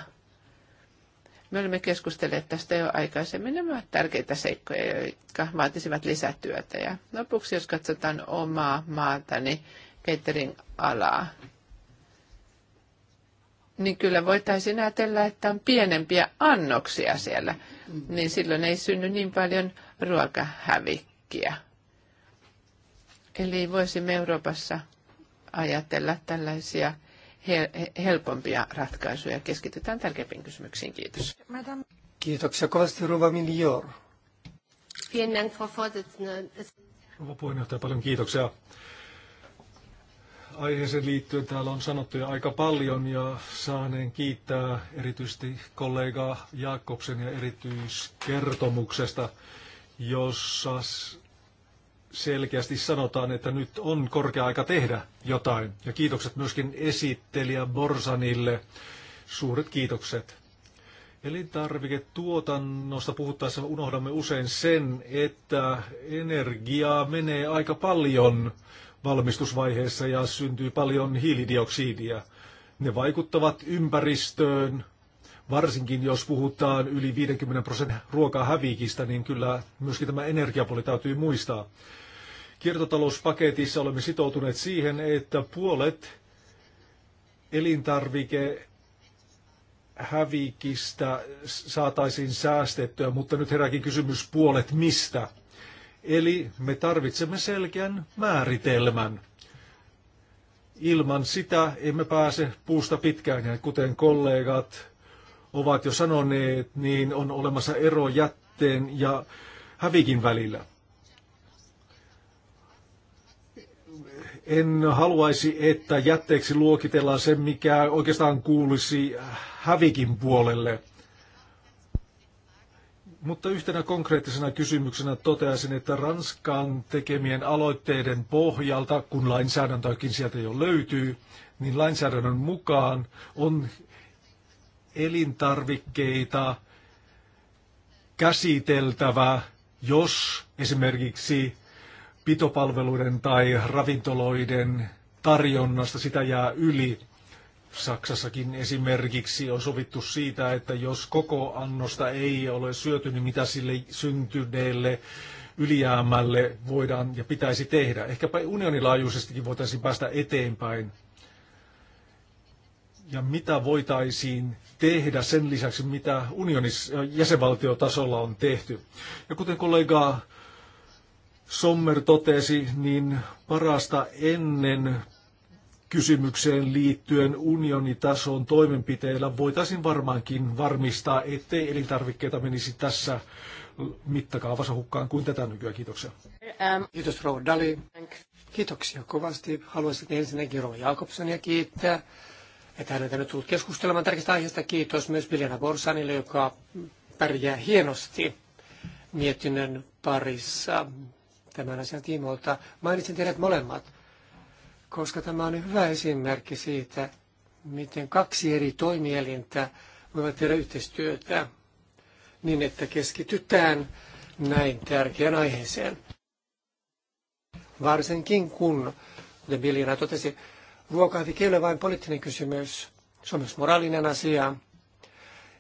Me olemme keskustelleet tästä jo aikaisemmin. Nämä ovat tärkeitä seikkoja, jotka vaatisivat lisätyötä. Ja lopuksi, jos katsotaan omaa maatani, niin catering-alaa niin kyllä voitaisiin ajatella, että on pienempiä annoksia siellä, niin silloin ei synny niin paljon ruokahävikkiä. Eli voisimme Euroopassa ajatella tällaisia helpompia ratkaisuja. Keskitytään tärkeimpiin kysymyksiin. Kiitos. Kiitoksia kovasti Ruva Miljor. Rouva puheenjohtaja, paljon kiitoksia aiheeseen liittyen täällä on sanottu jo aika paljon ja saaneen kiittää erityisesti kollegaa Jakobsen ja erityiskertomuksesta, jossa selkeästi sanotaan, että nyt on korkea aika tehdä jotain. Ja kiitokset myöskin esittelijä Borsanille. Suuret kiitokset. Elintarviketuotannosta puhuttaessa unohdamme usein sen, että energiaa menee aika paljon valmistusvaiheessa ja syntyy paljon hiilidioksidia. Ne vaikuttavat ympäristöön, varsinkin jos puhutaan yli 50 prosentin ruokahäviikistä, niin kyllä myöskin tämä energiapuoli täytyy muistaa. Kiertotalouspaketissa olemme sitoutuneet siihen, että puolet elintarvike hävikistä saataisiin säästettyä, mutta nyt herääkin kysymys puolet mistä? Eli me tarvitsemme selkeän määritelmän. Ilman sitä emme pääse puusta pitkään, ja kuten kollegat ovat jo sanoneet, niin on olemassa ero jätteen ja hävikin välillä. en haluaisi, että jätteeksi luokitellaan se, mikä oikeastaan kuulisi hävikin puolelle. Mutta yhtenä konkreettisena kysymyksenä toteaisin, että Ranskan tekemien aloitteiden pohjalta, kun lainsäädäntöäkin sieltä jo löytyy, niin lainsäädännön mukaan on elintarvikkeita käsiteltävä, jos esimerkiksi pitopalveluiden tai ravintoloiden tarjonnasta sitä jää yli Saksassakin esimerkiksi on sovittu siitä, että jos koko annosta ei ole syöty, niin mitä sille syntyneelle ylijäämälle voidaan ja pitäisi tehdä. Ehkäpä unionilaajuisestikin voitaisiin päästä eteenpäin. Ja mitä voitaisiin tehdä sen lisäksi, mitä unionin jäsenvaltiotasolla on tehty. Ja kuten kollega Sommer totesi, niin parasta ennen kysymykseen liittyen unionitason toimenpiteillä voitaisiin varmaankin varmistaa, ettei elintarvikkeita menisi tässä mittakaavassa hukkaan kuin tätä nykyään. Kiitoksia. Ähm, Kiitos Rouva Dali. Kiitoksia kovasti. Haluaisin ensinnäkin Rouva Jakobsonia kiittää, että hän on tänne tullut keskustelemaan tärkeästä aiheesta. Kiitos myös Biljana Borsanille, joka pärjää hienosti mietinnön parissa tämän asian tiimoilta. Mainitsin teidät molemmat koska tämä on hyvä esimerkki siitä, miten kaksi eri toimielintä voivat tehdä yhteistyötä niin, että keskitytään näin tärkeän aiheeseen. Varsinkin kun, kuten Biljana totesi, ruokaavik ei ole vain poliittinen kysymys, se on myös moraalinen asia.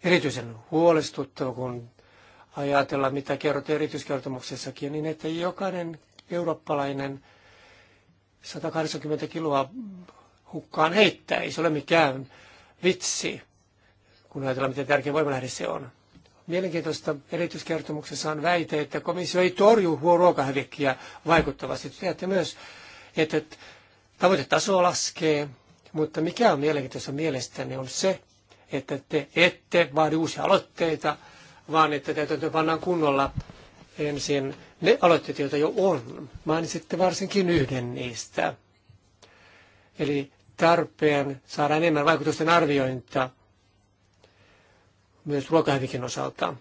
Erityisen huolestuttava, kun ajatellaan, mitä kerrotaan erityiskertomuksessakin, niin että jokainen eurooppalainen – 180 kiloa hukkaan heittää. Ei se ole mikään vitsi, kun ajatellaan, miten tärkeä voimalähde se on. Mielenkiintoista erityiskertomuksessa on väite, että komissio ei torju ruokahävikkiä vaikuttavasti. Tiedätte myös, että tavoitetaso laskee, mutta mikä on mielenkiintoista mielestäni on se, että te ette vaadi uusia aloitteita, vaan että te pannaan kunnolla ensin ne aloitteet, joita jo on, mainitsitte varsinkin yhden niistä. Eli tarpeen saada enemmän vaikutusten arviointia myös ruokahävikin osalta.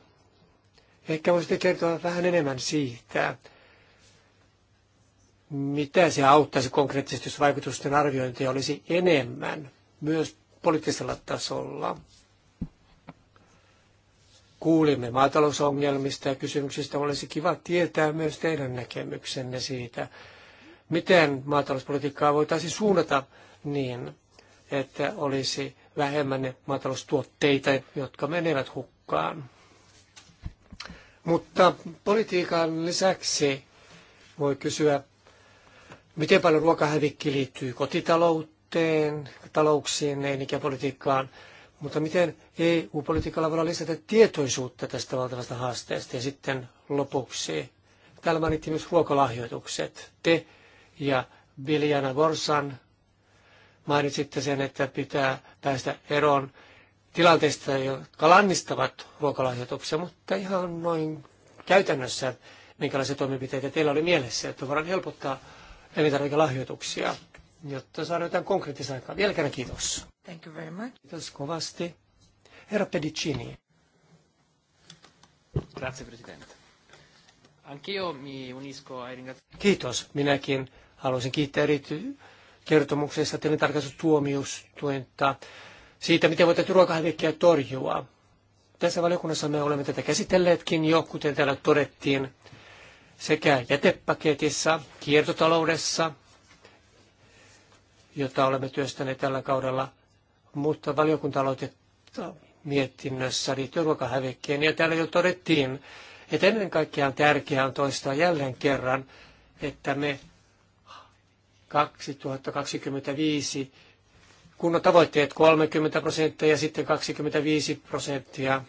Ehkä voisitte kertoa vähän enemmän siitä, mitä se auttaisi konkreettisesti, jos vaikutusten arviointia olisi enemmän, myös poliittisella tasolla kuulimme maatalousongelmista ja kysymyksistä. Olisi kiva tietää myös teidän näkemyksenne siitä, miten maatalouspolitiikkaa voitaisiin suunnata niin, että olisi vähemmän maataloustuotteita, jotka menevät hukkaan. Mutta politiikan lisäksi voi kysyä, miten paljon ruokahävikki liittyy kotitalouteen, talouksiin, ei niinkään politiikkaan. Mutta miten EU-politiikalla voidaan lisätä tietoisuutta tästä valtavasta haasteesta? Ja sitten lopuksi, täällä mainittiin myös ruokalahjoitukset. Te ja Biljana Borsan mainitsitte sen, että pitää päästä eroon tilanteista, jotka lannistavat ruokalahjoituksia, mutta ihan noin käytännössä, minkälaisia toimenpiteitä teillä oli mielessä, että voidaan helpottaa elintarvikelahjoituksia jotta saadaan jotain konkreettista Vielä kerran kiitos. Thank you very much. Kiitos kovasti. Herra Pedicini. Grazie, Presidente. Anch'io mi unisco ai ringraziamenti. Kiitos. Minäkin haluaisin kiittää erity kertomuksessa tilintarkastustuomioistuinta siitä, miten voitte ruokahävikkiä torjua. Tässä valiokunnassa me olemme tätä käsitelleetkin jo, kuten täällä todettiin, sekä jätepaketissa, kiertotaloudessa, jota olemme työstäneet tällä kaudella, mutta valiokunta mietinnössä liittyen ruokahävikkiin. Ja täällä jo todettiin, että ennen kaikkea on tärkeää on toistaa jälleen kerran, että me 2025, kun on tavoitteet 30 prosenttia ja sitten 25 prosenttia,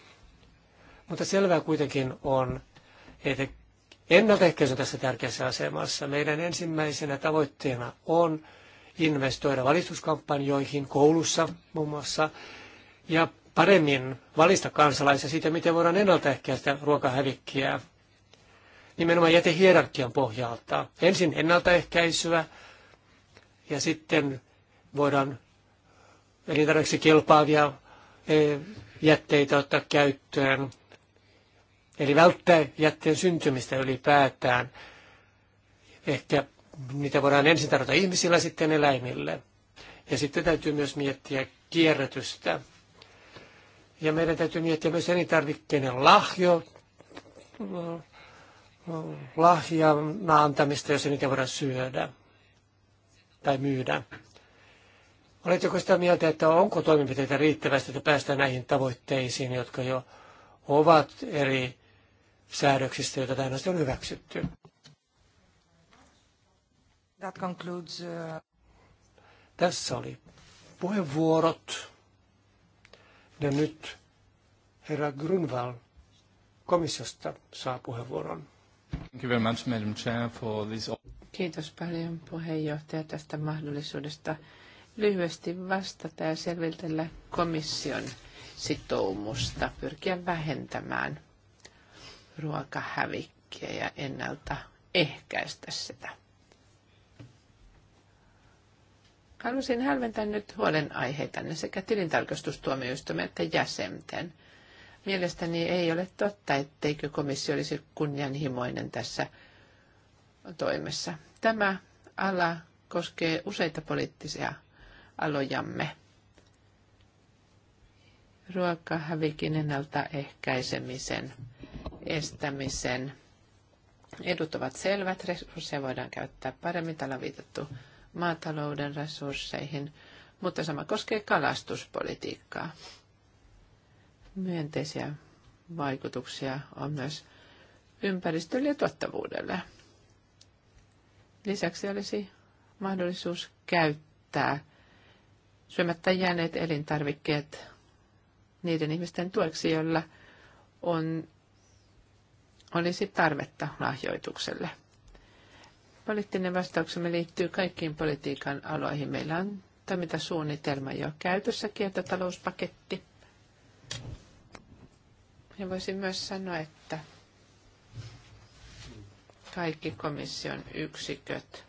mutta selvää kuitenkin on, että ennaltaehkäisy on tässä tärkeässä asemassa. Meidän ensimmäisenä tavoitteena on investoida valistuskampanjoihin koulussa muun muassa ja paremmin valista kansalaisia siitä, miten voidaan ennaltaehkäistä ruokahävikkiä nimenomaan jätehierarkian pohjalta. Ensin ennaltaehkäisyä ja sitten voidaan elintarviksi kelpaavia e, jätteitä ottaa käyttöön. Eli välttää jätteen syntymistä ylipäätään. Ehkä niitä voidaan ensin tarjota ihmisillä, sitten eläimille. Ja sitten täytyy myös miettiä kierrätystä. Ja meidän täytyy miettiä myös elintarvikkeiden lahjo, lahjan antamista, jos niitä voidaan syödä tai myydä. Oletteko sitä mieltä, että onko toimenpiteitä riittävästi, että päästään näihin tavoitteisiin, jotka jo ovat eri säädöksistä, joita tähän asti on hyväksytty? That concludes, uh... Tässä oli puheenvuorot. Ja nyt herra Grunval komissiosta saa puheenvuoron. Thank you very much, Madam Chair, for this... Kiitos paljon puheenjohtaja tästä mahdollisuudesta lyhyesti vastata ja selvitellä komission sitoumusta pyrkiä vähentämään ruokahävikkiä ja ennalta ehkäistä sitä. Halusin hälventää nyt huolenaiheitanne sekä tilintarkastustuomioistuimen että jäsenten. Mielestäni ei ole totta, etteikö komissio olisi kunnianhimoinen tässä toimessa. Tämä ala koskee useita poliittisia alojamme. Ruokahävikin ennaltaehkäisemisen, estämisen. Edut ovat selvät, resursseja voidaan käyttää paremmin. Täällä on viitattu maatalouden resursseihin, mutta sama koskee kalastuspolitiikkaa. Myönteisiä vaikutuksia on myös ympäristölle ja tuottavuudelle. Lisäksi olisi mahdollisuus käyttää syömättä jääneet elintarvikkeet niiden ihmisten tueksi, joilla on, olisi tarvetta lahjoitukselle. Poliittinen vastauksemme liittyy kaikkiin politiikan aloihin. Meillä on toimintasuunnitelma jo käytössä, kiertotalouspaketti. Ja voisin myös sanoa, että kaikki komission yksiköt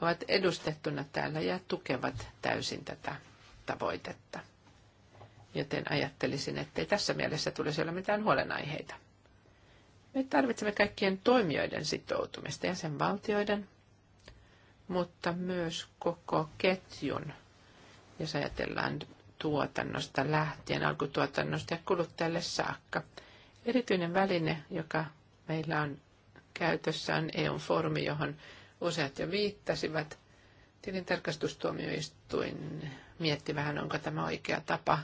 ovat edustettuna täällä ja tukevat täysin tätä tavoitetta. Joten ajattelisin, ettei tässä mielessä tulisi olla mitään huolenaiheita. Me tarvitsemme kaikkien toimijoiden sitoutumista, jäsenvaltioiden, mutta myös koko ketjun, jos ajatellaan tuotannosta lähtien, alkutuotannosta ja kuluttajalle saakka. Erityinen väline, joka meillä on käytössä, on EU-foorumi, johon useat jo viittasivat. Tilintarkastustuomioistuin mietti vähän, onko tämä oikea tapa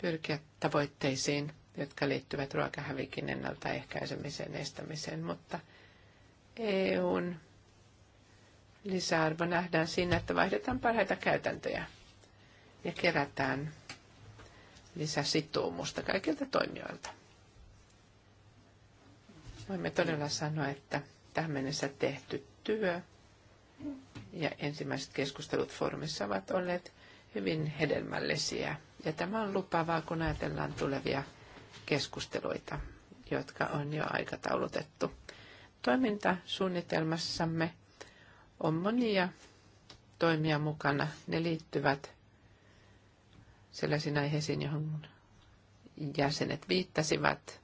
pyrkiä tavoitteisiin jotka liittyvät ruokahävikin ennaltaehkäisemiseen estämiseen, mutta EUn lisäarvo nähdään siinä, että vaihdetaan parhaita käytäntöjä ja kerätään lisäsitoumusta kaikilta toimijoilta. Voimme todella sanoa, että tähän mennessä tehty työ ja ensimmäiset keskustelut foorumissa ovat olleet hyvin hedelmällisiä. Ja tämä on lupavaa, kun ajatellaan tulevia keskusteluita, jotka on jo aikataulutettu. Toimintasuunnitelmassamme on monia toimia mukana. Ne liittyvät sellaisiin aiheisiin, johon jäsenet viittasivat.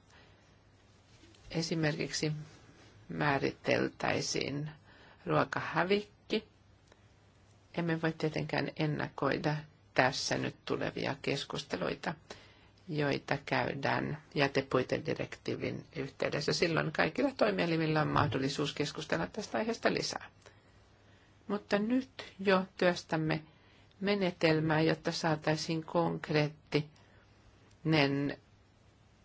Esimerkiksi määriteltäisiin ruokahävikki. Emme voi tietenkään ennakoida tässä nyt tulevia keskusteluita joita käydään jätepuitedirektiivin yhteydessä. Silloin kaikilla toimielimillä on mahdollisuus keskustella tästä aiheesta lisää. Mutta nyt jo työstämme menetelmää, jotta saataisiin konkreettinen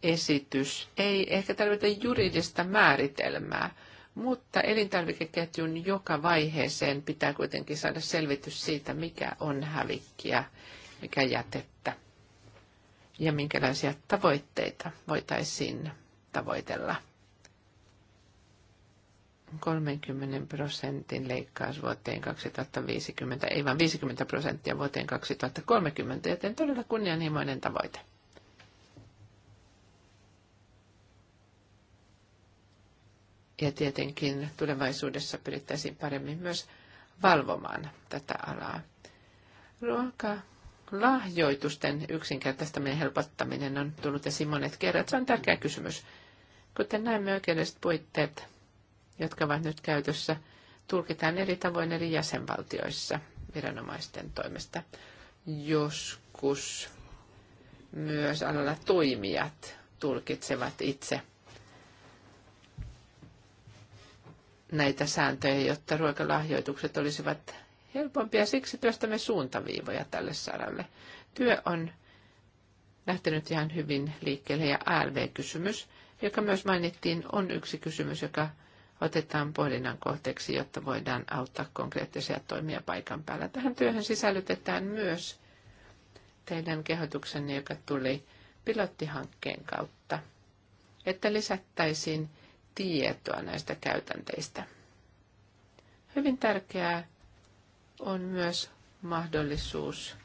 esitys. Ei ehkä tarvita juridista määritelmää, mutta elintarvikeketjun joka vaiheeseen pitää kuitenkin saada selvitys siitä, mikä on hävikkiä, mikä jätettä ja minkälaisia tavoitteita voitaisiin tavoitella. 30 prosentin leikkaus vuoteen 2050, ei vaan 50 prosenttia vuoteen 2030, joten todella kunnianhimoinen tavoite. Ja tietenkin tulevaisuudessa pyrittäisiin paremmin myös valvomaan tätä alaa. Ruoka Lahjoitusten yksinkertaistaminen helpottaminen on tullut esiin monet kerrat. Se on tärkeä kysymys. Kuten näemme oikeudelliset puitteet, jotka ovat nyt käytössä, tulkitaan eri tavoin eri jäsenvaltioissa viranomaisten toimesta. Joskus myös alalla toimijat tulkitsevat itse näitä sääntöjä, jotta ruokalahjoitukset olisivat helpompi ja siksi työstämme suuntaviivoja tälle saralle. Työ on lähtenyt ihan hyvin liikkeelle ja ALV-kysymys, joka myös mainittiin, on yksi kysymys, joka otetaan pohdinnan kohteeksi, jotta voidaan auttaa konkreettisia toimia paikan päällä. Tähän työhön sisällytetään myös teidän kehotuksenne, joka tuli pilottihankkeen kautta, että lisättäisiin tietoa näistä käytänteistä. Hyvin tärkeää on myös mahdollisuus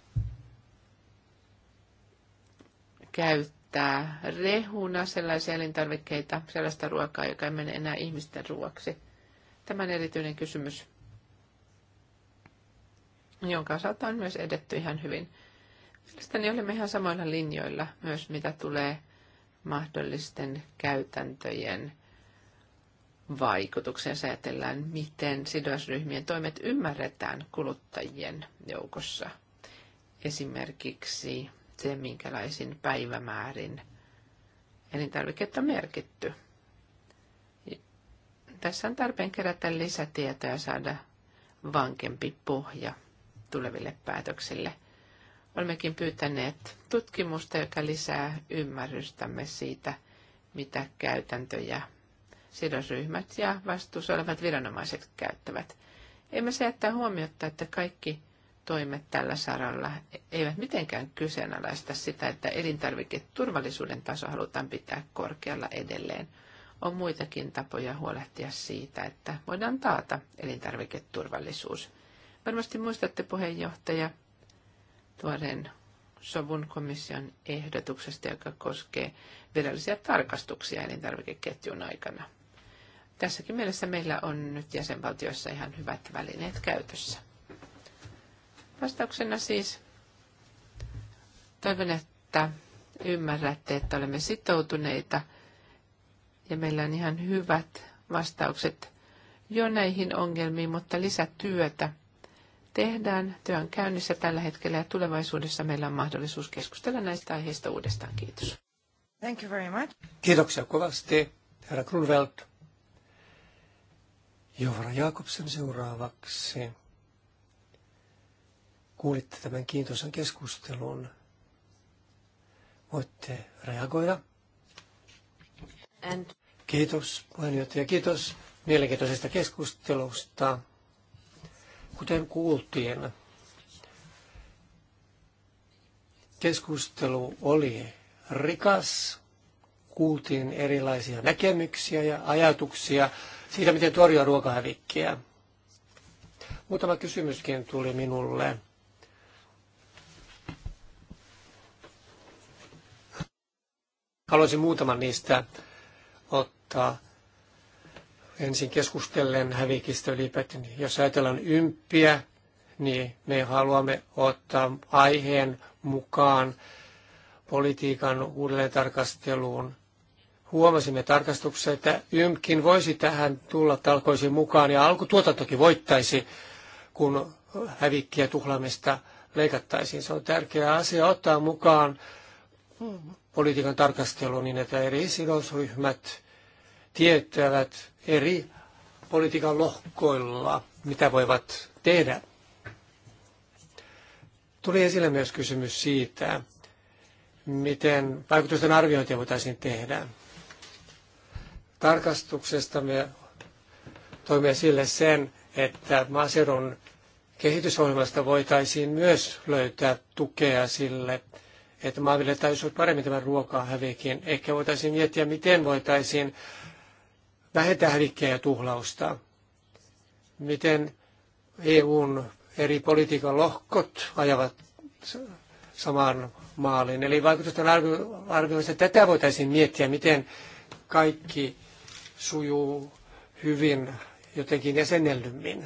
käyttää rehuna sellaisia elintarvikkeita, sellaista ruokaa, joka ei mene enää ihmisten ruoksi. Tämä on erityinen kysymys, jonka osalta on myös edetty ihan hyvin. Mielestäni olemme ihan samoilla linjoilla myös, mitä tulee mahdollisten käytäntöjen vaikutuksen säätellään, miten sidosryhmien toimet ymmärretään kuluttajien joukossa. Esimerkiksi se, minkälaisin päivämäärin elintarviketta merkitty. Tässä on tarpeen kerätä lisätietoja ja saada vankempi pohja tuleville päätöksille. Olemmekin pyytäneet tutkimusta, joka lisää ymmärrystämme siitä, mitä käytäntöjä sidosryhmät ja vastuussa olevat viranomaiset käyttävät. Emme se jättää huomiota, että kaikki toimet tällä saralla eivät mitenkään kyseenalaista sitä, että elintarviketurvallisuuden taso halutaan pitää korkealla edelleen. On muitakin tapoja huolehtia siitä, että voidaan taata elintarviketurvallisuus. Varmasti muistatte puheenjohtaja tuoreen sovun komission ehdotuksesta, joka koskee virallisia tarkastuksia elintarvikeketjun aikana. Tässäkin mielessä meillä on nyt jäsenvaltioissa ihan hyvät välineet käytössä. Vastauksena siis toivon, että ymmärrätte, että olemme sitoutuneita ja meillä on ihan hyvät vastaukset jo näihin ongelmiin, mutta lisätyötä tehdään. Työ on käynnissä tällä hetkellä ja tulevaisuudessa meillä on mahdollisuus keskustella näistä aiheista uudestaan. Kiitos. Thank you very much. Kiitoksia kovasti, herra Grunwald. Jovra Jakobsen seuraavaksi. Kuulitte tämän kiintoisen keskustelun. Voitte reagoida. And... Kiitos puheenjohtaja, kiitos mielenkiintoisesta keskustelusta. Kuten kuultiin, keskustelu oli rikas, kuultiin erilaisia näkemyksiä ja ajatuksia siitä, miten torjua ruokahävikkiä. Muutama kysymyskin tuli minulle. Haluaisin muutaman niistä ottaa ensin keskustellen hävikistä ylipäätään. Jos ajatellaan ympiä, niin me haluamme ottaa aiheen mukaan politiikan uudelleen tarkasteluun huomasimme tarkastuksessa, että YMKin voisi tähän tulla talkoisiin mukaan ja alkutuotantokin voittaisi, kun hävikkiä tuhlaamista leikattaisiin. Se on tärkeä asia ottaa mukaan politiikan tarkasteluun niin, että eri sidosryhmät tietävät eri politiikan lohkoilla, mitä voivat tehdä. Tuli esille myös kysymys siitä, miten vaikutusten arviointia voitaisiin tehdä tarkastuksesta me toimme sille sen, että maaseudun kehitysohjelmasta voitaisiin myös löytää tukea sille, että maanviljelijät täysin paremmin tämän ruokahävikin. Ehkä voitaisiin miettiä, miten voitaisiin vähentää hävikkiä ja tuhlausta. Miten EUn eri politiikan lohkot ajavat samaan maaliin. Eli vaikutusten arvioimista tätä voitaisiin miettiä, miten kaikki sujuu hyvin jotenkin jäsennellymmin.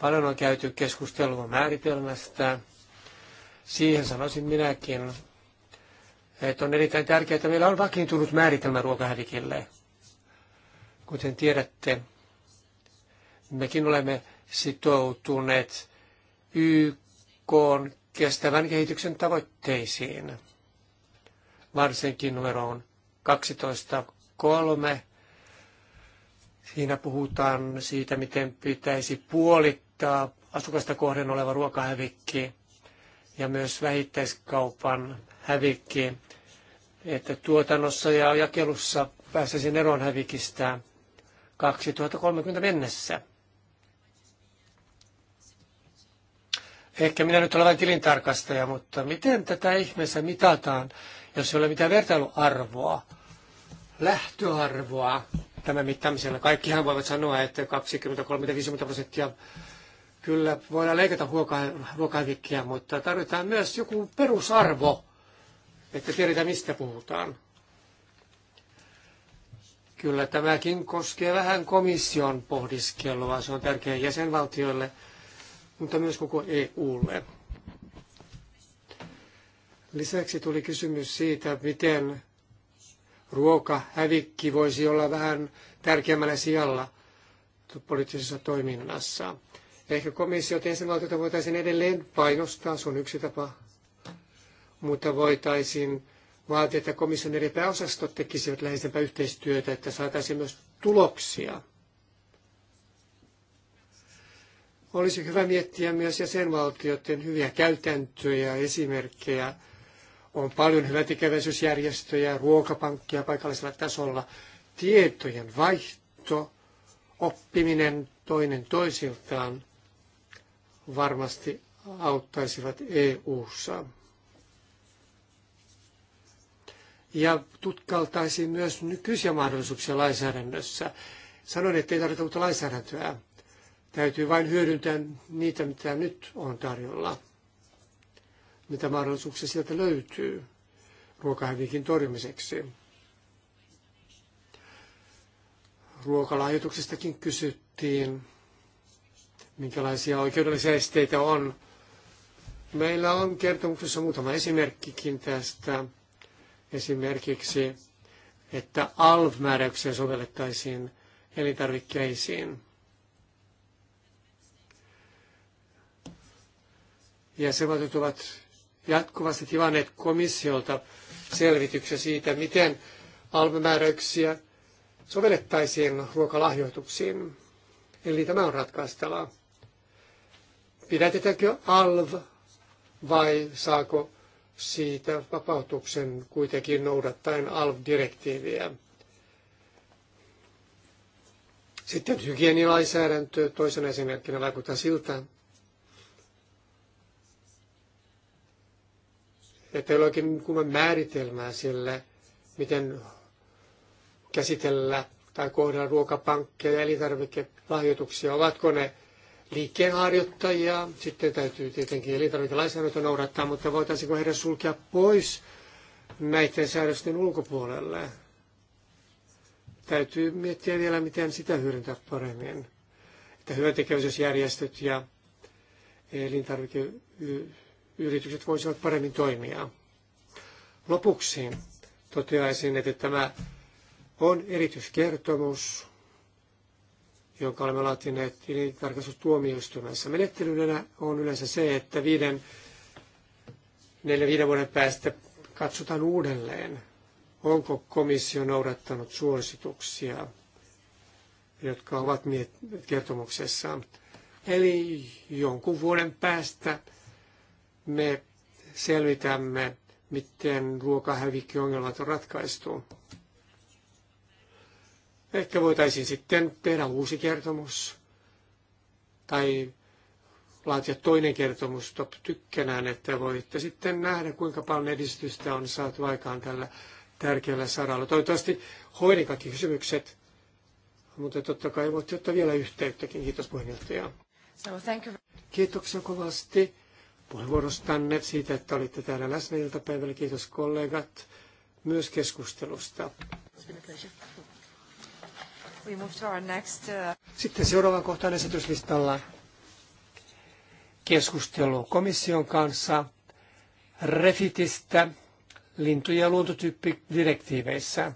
Paljon on käyty keskustelua määritelmästä. Siihen sanoisin minäkin, että on erittäin tärkeää, että meillä on vakiintunut määritelmä ruokahävikille. Kuten tiedätte, mekin olemme sitoutuneet YK kestävän kehityksen tavoitteisiin, varsinkin numeroon 12 kolme. Siinä puhutaan siitä, miten pitäisi puolittaa asukasta kohden oleva ruokahävikki ja myös vähittäiskaupan hävikki, että tuotannossa ja jakelussa päästäisiin eroon hävikistä 2030 mennessä. Ehkä minä nyt olen vain tilintarkastaja, mutta miten tätä ihmeessä mitataan, jos ei ole mitään vertailuarvoa? lähtöarvoa tämän mittaamisella. Kaikkihan voivat sanoa, että 20, 30, 50 prosenttia kyllä voidaan leikata ruokavikkiä, mutta tarvitaan myös joku perusarvo, että tiedetään mistä puhutaan. Kyllä tämäkin koskee vähän komission pohdiskelua. Se on tärkeä jäsenvaltioille, mutta myös koko EUlle. Lisäksi tuli kysymys siitä, miten ruokahävikki voisi olla vähän tärkeämmällä sijalla poliittisessa toiminnassa. Ehkä komissiot jäsenvaltiota voitaisiin edelleen painostaa, se on yksi tapa, mutta voitaisiin vaatia, että komission eri pääosastot tekisivät läheisempää yhteistyötä, että saataisiin myös tuloksia. Olisi hyvä miettiä myös jäsenvaltioiden hyviä käytäntöjä ja esimerkkejä on paljon hyvätekeväisyysjärjestöjä, ruokapankkia paikallisella tasolla. Tietojen vaihto, oppiminen toinen toisiltaan varmasti auttaisivat EU-ssa. Ja tutkaltaisiin myös nykyisiä mahdollisuuksia lainsäädännössä. Sanoin, että ei tarvita uutta lainsäädäntöä. Täytyy vain hyödyntää niitä, mitä nyt on tarjolla mitä mahdollisuuksia sieltä löytyy ruokahävikin torjumiseksi. Ruokalahjoituksestakin kysyttiin, minkälaisia oikeudellisia esteitä on. Meillä on kertomuksessa muutama esimerkkikin tästä. Esimerkiksi, että ALV-määräyksiä sovellettaisiin elintarvikkeisiin. Jäsenvaltiot ovat jatkuvasti tilanneet komissiolta selvityksen siitä, miten alvimääräyksiä sovellettaisiin ruokalahjoituksiin. Eli tämä on ratkaistava. Pidätetäänkö alv vai saako siitä vapautuksen kuitenkin noudattaen ALV-direktiiviä. Sitten hygienilainsäädäntö toisena esimerkkinä vaikuttaa siltä, että ei ole oikein kunnon määritelmää sille, miten käsitellä tai kohdella ruokapankkeja ja elintarvikelahjoituksia. Ovatko ne liikkeenharjoittajia? Sitten täytyy tietenkin elintarvikelainsäädäntö noudattaa, mutta voitaisiinko heidän sulkea pois näiden säädösten ulkopuolelle? Täytyy miettiä vielä, miten sitä hyödyntää paremmin. Että hyöntekevyysjärjestöt ja elintarvike yritykset voisivat paremmin toimia. Lopuksi toteaisin, että tämä on erityiskertomus, jonka olemme laatineet tilintarkastustuomioistuimessa. Menettelynä on yleensä se, että viiden, neljä viiden vuoden päästä katsotaan uudelleen, onko komissio noudattanut suosituksia, jotka ovat kertomuksessa. Eli jonkun vuoden päästä me selvitämme, miten ruokahävikkiongelmat on ratkaistu. Ehkä voitaisiin sitten tehdä uusi kertomus tai laatia toinen kertomus top tykkänään, että voitte sitten nähdä, kuinka paljon edistystä on saatu aikaan tällä tärkeällä saralla. Toivottavasti hoidin kaikki kysymykset, mutta totta kai voitte ottaa vielä yhteyttäkin. Kiitos puheenjohtaja. So, thank you. Kiitoksia kovasti puheenvuorostanne, siitä, että olitte täällä läsnä iltapäivällä. Kiitos kollegat myös keskustelusta. Uh, Sitten seuraavaan kohtaan esityslistalla keskustelu komission kanssa refitistä lintu- ja luontotyyppidirektiiveissä.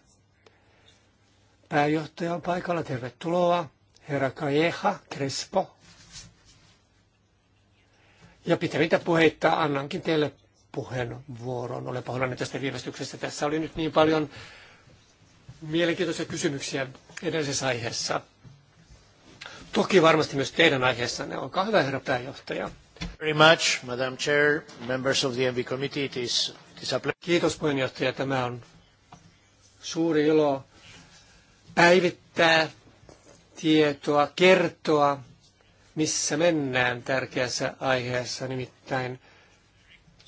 Pääjohtaja on paikalla. Tervetuloa. Herra Kajeha Crespo. Ja pitävintä puheitta annankin teille puheenvuoron. Olen pahoillani tästä viivästyksestä. Tässä oli nyt niin paljon mielenkiintoisia kysymyksiä edellisessä aiheessa. Toki varmasti myös teidän aiheessanne. Olkaa hyvä, herra pääjohtaja. Very much, Madam Chair, members of the MV Committee. It is, it is a Kiitos puheenjohtaja. Tämä on suuri ilo päivittää tietoa, kertoa missä mennään tärkeässä aiheessa, nimittäin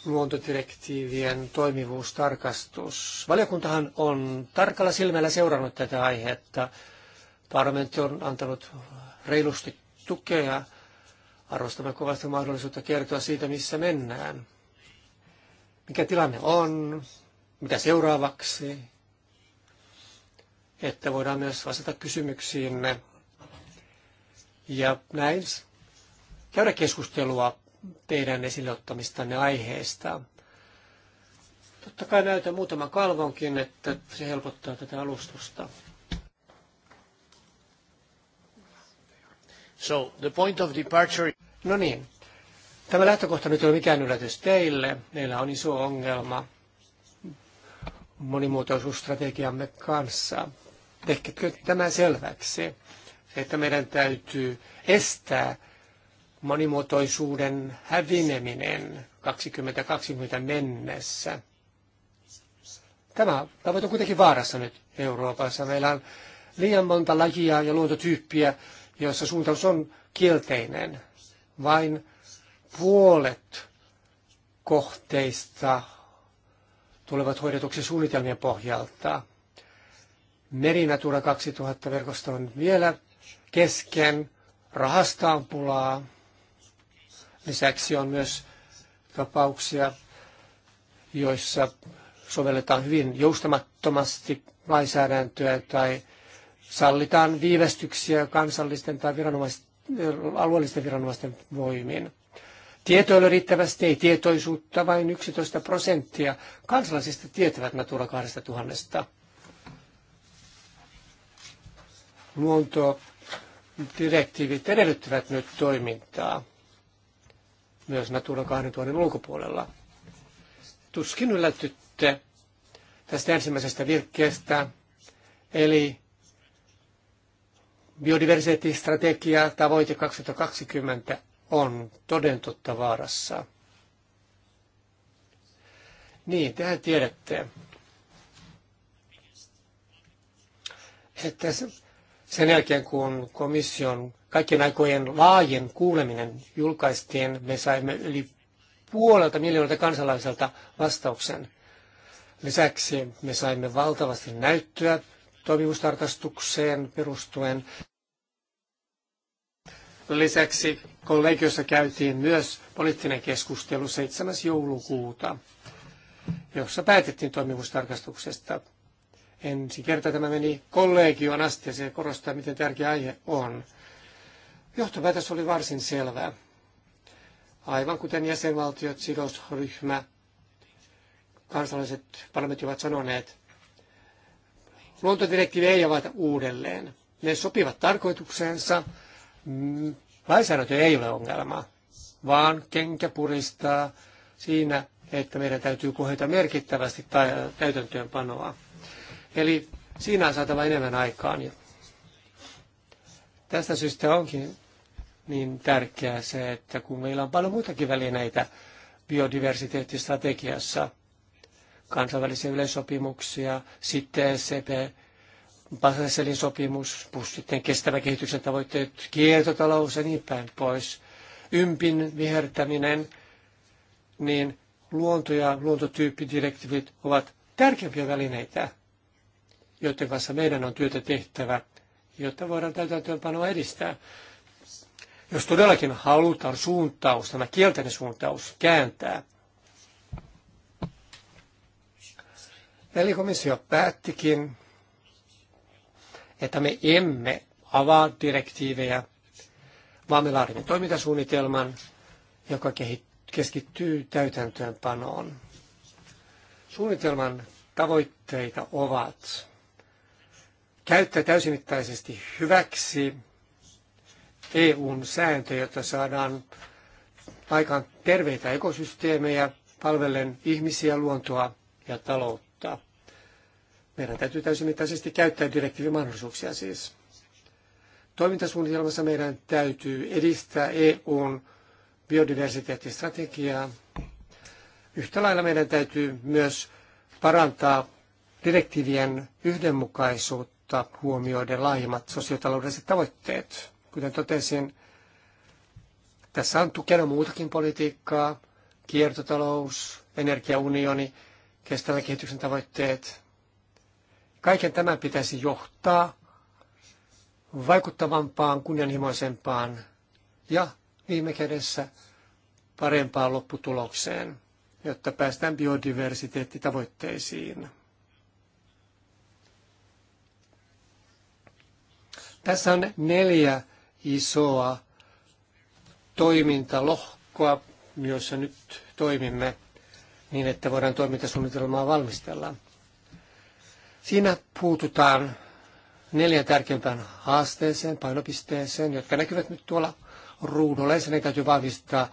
luontodirektiivien toimivuustarkastus. Valiokuntahan on tarkalla silmällä seurannut tätä aihetta. Parlamentti on antanut reilusti tukea. Arvostamme kovasti mahdollisuutta kertoa siitä, missä mennään. Mikä tilanne on, mitä seuraavaksi, että voidaan myös vastata kysymyksiinne ja näin käydä keskustelua teidän esille ottamistanne aiheesta. Totta kai näytän muutaman kalvonkin, että se helpottaa tätä alustusta. So, the point of departure... No niin. Tämä lähtökohta nyt ei ole mikään yllätys teille. Meillä on iso ongelma monimuotoisuusstrategiamme kanssa. Tehkätkö tämän selväksi? että meidän täytyy estää monimuotoisuuden hävineminen 2020 mennessä. Tämä tavoite on kuitenkin vaarassa nyt Euroopassa. Meillä on liian monta lajia ja luontotyyppiä, joissa suuntaus on kielteinen. Vain puolet kohteista tulevat hoidetuksi suunnitelmien pohjalta. Merinatura 2000-verkosto on vielä kesken, rahasta on pulaa. Lisäksi on myös tapauksia, joissa sovelletaan hyvin joustamattomasti lainsäädäntöä tai sallitaan viivästyksiä kansallisten tai eh, alueellisten viranomaisten voimin. Tieto ei ole riittävästi, ei tietoisuutta, vain 11 prosenttia kansalaisista tietävät Natura 2000. Luonto direktiivit edellyttävät nyt toimintaa myös Natura 2000 ulkopuolella. Tuskin yllätytte tästä ensimmäisestä virkkeestä, eli biodiversiteettistrategia tavoite 2020 on toden vaarassa. Niin, tehän tiedätte, että sen jälkeen, kun komission kaikkien aikojen laajen kuuleminen julkaistiin, me saimme yli puolelta miljoonalta kansalaiselta vastauksen. Lisäksi me saimme valtavasti näyttöä toimivuustarkastukseen perustuen. Lisäksi kollegiossa käytiin myös poliittinen keskustelu 7. joulukuuta, jossa päätettiin toimivuustarkastuksesta. Ensi kerta tämä meni kollegioon asti ja se korostaa, miten tärkeä aihe on. Johtopäätös oli varsin selvä. Aivan kuten jäsenvaltiot, sidosryhmä, kansalaiset parlamentit ovat sanoneet, luontodirektiivi ei avata uudelleen. Ne sopivat tarkoitukseensa. Lainsäädäntö ei ole ongelma, vaan kenkä puristaa siinä, että meidän täytyy kohdata merkittävästi täytäntöönpanoa. Eli siinä on saatava enemmän aikaan. Ja tästä syystä onkin niin tärkeää se, että kun meillä on paljon muitakin välineitä biodiversiteettistrategiassa, kansainvälisiä yleissopimuksia, sitten SCP, Baselin sopimus, plus sitten kestävän kehityksen tavoitteet, kiertotalous ja niin päin pois, ympin vihertäminen, niin luonto- ja luontotyyppidirektiivit ovat tärkeimpiä välineitä joiden kanssa meidän on työtä tehtävä, jotta voidaan täytäntöönpanoa edistää. Jos todellakin halutaan suuntaus, tämä kielteinen suuntaus, kääntää, Eli komissio päättikin, että me emme avaa direktiivejä, vaan me laadimme toimintasuunnitelman, joka keskittyy täytäntöönpanoon. Suunnitelman tavoitteita ovat käyttää täysimittaisesti hyväksi EUn sääntöjä, jotta saadaan aikaan terveitä ekosysteemejä, palvellen ihmisiä, luontoa ja taloutta. Meidän täytyy täysimittaisesti käyttää direktiivin mahdollisuuksia siis. Toimintasuunnitelmassa meidän täytyy edistää EUn biodiversiteettistrategiaa. Yhtä lailla meidän täytyy myös parantaa direktiivien yhdenmukaisuutta ottaa huomioiden laajemmat sosiotaloudelliset tavoitteet. Kuten totesin, tässä on tukena muutakin politiikkaa, kiertotalous, energiaunioni, kestävän kehityksen tavoitteet. Kaiken tämän pitäisi johtaa vaikuttavampaan, kunnianhimoisempaan ja viime kädessä parempaan lopputulokseen, jotta päästään biodiversiteettitavoitteisiin. Tässä on neljä isoa toimintalohkoa, joissa nyt toimimme niin, että voidaan toimintasuunnitelmaa valmistella. Siinä puututaan neljän tärkeimpään haasteeseen, painopisteeseen, jotka näkyvät nyt tuolla ruudulla. Ensinnäkin täytyy vahvistaa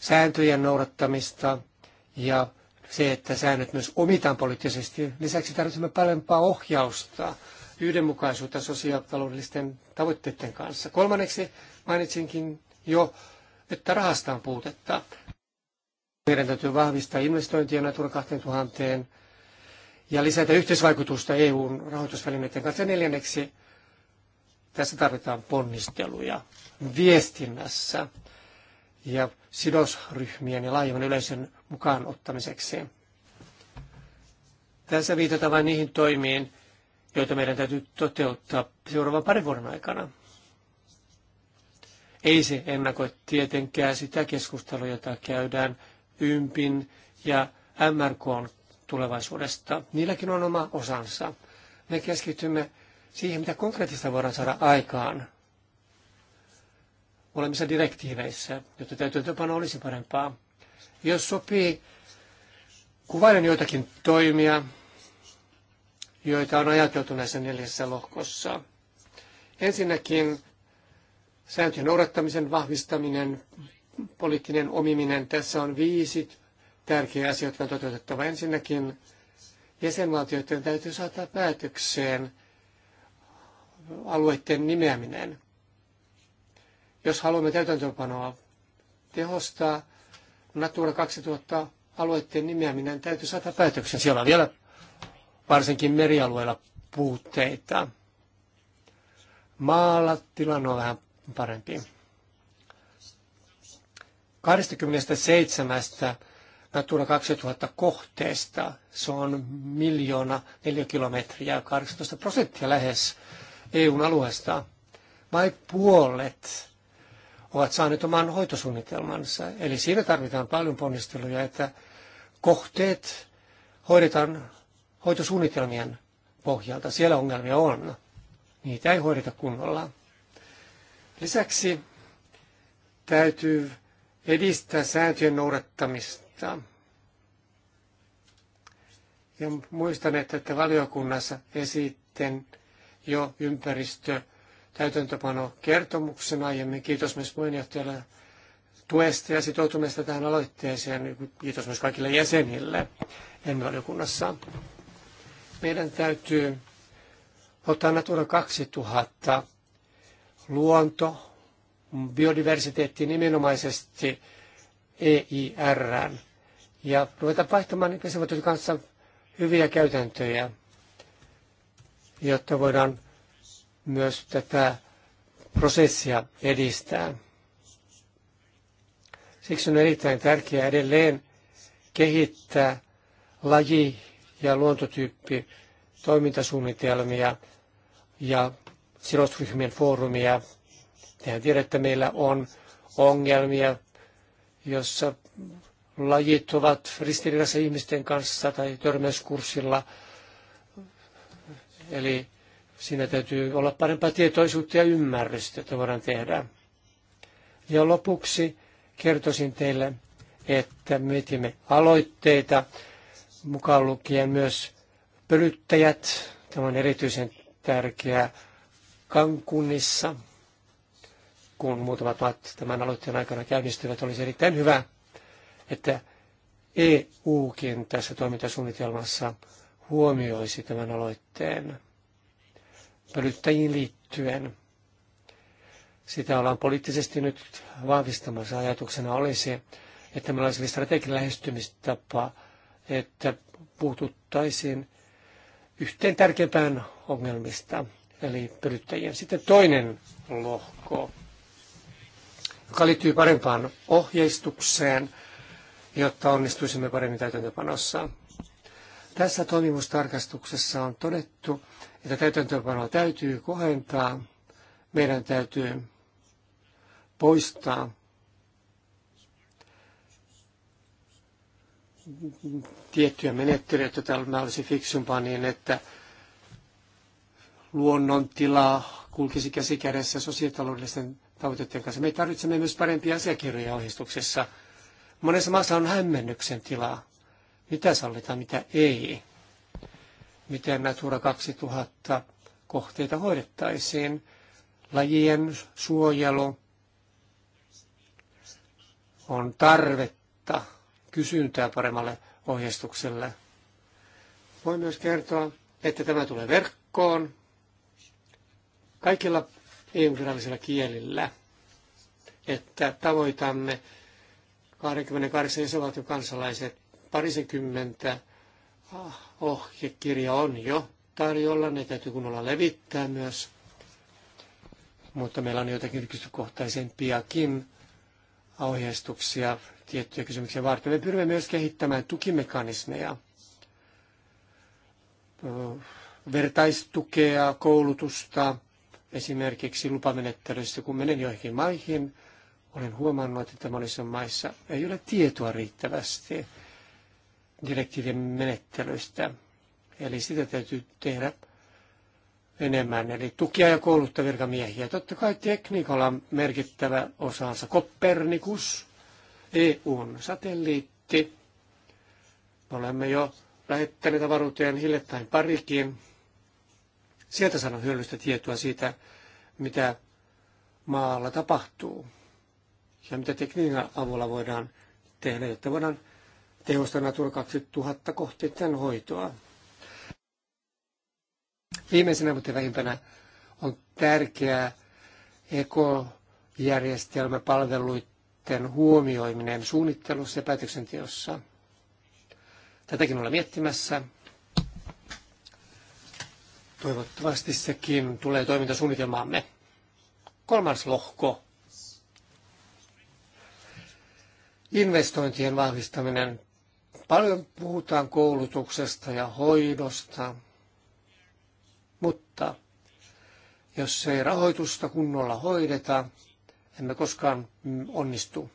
sääntöjen noudattamista ja se, että säännöt myös omitaan poliittisesti. Lisäksi tarvitsemme parempaa ohjausta yhdenmukaisuutta sosiaalitaloudellisten tavoitteiden kanssa. Kolmanneksi mainitsinkin jo, että rahasta on puutetta. Meidän täytyy vahvistaa investointia Natura 2000 ja lisätä yhteisvaikutusta EUn rahoitusvälineiden kanssa. Neljänneksi tässä tarvitaan ponnisteluja viestinnässä ja sidosryhmien ja laajemman yleisön mukaan ottamiseksi. Tässä viitataan vain niihin toimiin, joita meidän täytyy toteuttaa seuraavan parin vuoden aikana. Ei se ennakoi tietenkään sitä keskustelua, jota käydään ympin ja on tulevaisuudesta. Niilläkin on oma osansa. Me keskitymme siihen, mitä konkreettista voidaan saada aikaan olemissa direktiiveissä, jotta täytäntöpano olisi parempaa. Jos sopii, kuvailen joitakin toimia, joita on ajateltu näissä neljässä lohkossa. Ensinnäkin sääntöjen noudattamisen vahvistaminen, poliittinen omiminen. Tässä on viisi tärkeää asiaa, jotka on toteutettava. Ensinnäkin jäsenvaltioiden täytyy saada päätökseen alueiden nimeäminen. Jos haluamme täytäntöönpanoa tehostaa, Natura 2000 alueiden nimeäminen täytyy saada päätöksen. Siellä on vielä varsinkin merialueilla puutteita. Maalla tilanne on vähän parempi. 27 Natura 2000 kohteesta, se on miljoona neliökilometriä, 18 prosenttia lähes EUn alueesta, vai puolet ovat saaneet oman hoitosuunnitelmansa. Eli siinä tarvitaan paljon ponnisteluja, että kohteet hoidetaan hoitosuunnitelmien pohjalta. Siellä ongelmia on. Niitä ei hoideta kunnolla. Lisäksi täytyy edistää sääntöjen noudattamista. Ja muistan, että valiokunnassa esitten jo ympäristö täytäntöpano kertomuksen aiemmin. Kiitos myös puheenjohtajalle tuesta ja sitoutumisesta tähän aloitteeseen. Kiitos myös kaikille jäsenille valiokunnassa meidän täytyy ottaa Natura 2000 luonto, biodiversiteetti nimenomaisesti EIR ja ruveta vaihtamaan jäsenvaltioiden kanssa hyviä käytäntöjä, jotta voidaan myös tätä prosessia edistää. Siksi on erittäin tärkeää edelleen kehittää laji- ja luontotyyppi toimintasuunnitelmia ja sidosryhmien foorumia. Tehän tiedät, että meillä on ongelmia, jossa lajit ovat ristiriidassa ihmisten kanssa tai törmäyskurssilla. Eli siinä täytyy olla parempaa tietoisuutta ja ymmärrystä, että voidaan tehdä. Ja lopuksi kertoisin teille, että mietimme aloitteita mukaan lukien myös pölyttäjät. Tämä on erityisen tärkeää Kankunissa, kun muutamat maat tämän aloitteen aikana käynnistyvät. Olisi erittäin hyvä, että EUkin tässä toimintasuunnitelmassa huomioisi tämän aloitteen pölyttäjiin liittyen. Sitä ollaan poliittisesti nyt vahvistamassa. Ajatuksena olisi, että meillä olisi strateginen lähestymistapa että puututtaisiin yhteen tärkeimpään ongelmista, eli pölyttäjien. Sitten toinen lohko, joka liittyy parempaan ohjeistukseen, jotta onnistuisimme paremmin täytäntöpanossa. Tässä toimivuustarkastuksessa on todettu, että täytäntöpanoa täytyy kohentaa. Meidän täytyy poistaa tiettyjä menettelyjä, että tämä olisi fiksumpaa niin, että luonnontila kulkisi käsi kädessä sosiaalitaloudellisten tavoitteiden kanssa. Me tarvitsemme myös parempia asiakirjoja ohjeistuksessa. Monessa maassa on hämmennyksen tilaa. Mitä sallitaan, mitä ei. Miten Natura 2000 kohteita hoidettaisiin. Lajien suojelu on tarvetta kysyntää paremmalle ohjeistukselle. Voin myös kertoa, että tämä tulee verkkoon kaikilla EU-virallisilla kielillä, että tavoitamme 28 jäsenvaltion kansalaiset parisenkymmentä ohjekirja on jo tarjolla, ne täytyy kunnolla levittää myös. Mutta meillä on joitakin yksityiskohtaisempiakin ohjeistuksia tiettyjä kysymyksiä varten. Me pyrimme myös kehittämään tukimekanismeja, vertaistukea, koulutusta, esimerkiksi lupamenettelyssä, kun menen joihinkin maihin, olen huomannut, että monissa maissa ei ole tietoa riittävästi direktiivien menettelystä. Eli sitä täytyy tehdä enemmän, eli tukia ja koulutta virkamiehiä. Totta kai tekniikalla on merkittävä osansa. Kopernikus, EUn satelliitti. Me olemme jo lähettäneet avaruuteen hiljattain parikin. Sieltä sanon hyödyllistä tietoa siitä, mitä maalla tapahtuu ja mitä tekniikan avulla voidaan tehdä, jotta voidaan tehostaa Natura 2000 kohteiden hoitoa. Viimeisenä, mutta vähimpänä, on tärkeää ekojärjestelmäpalveluiden huomioiminen suunnittelussa ja päätöksenteossa. Tätäkin ollaan miettimässä. Toivottavasti sekin tulee toimintasuunnitelmaamme. Kolmas lohko. Investointien vahvistaminen. Paljon puhutaan koulutuksesta ja hoidosta, mutta jos ei rahoitusta kunnolla hoideta, emme koskaan onnistu.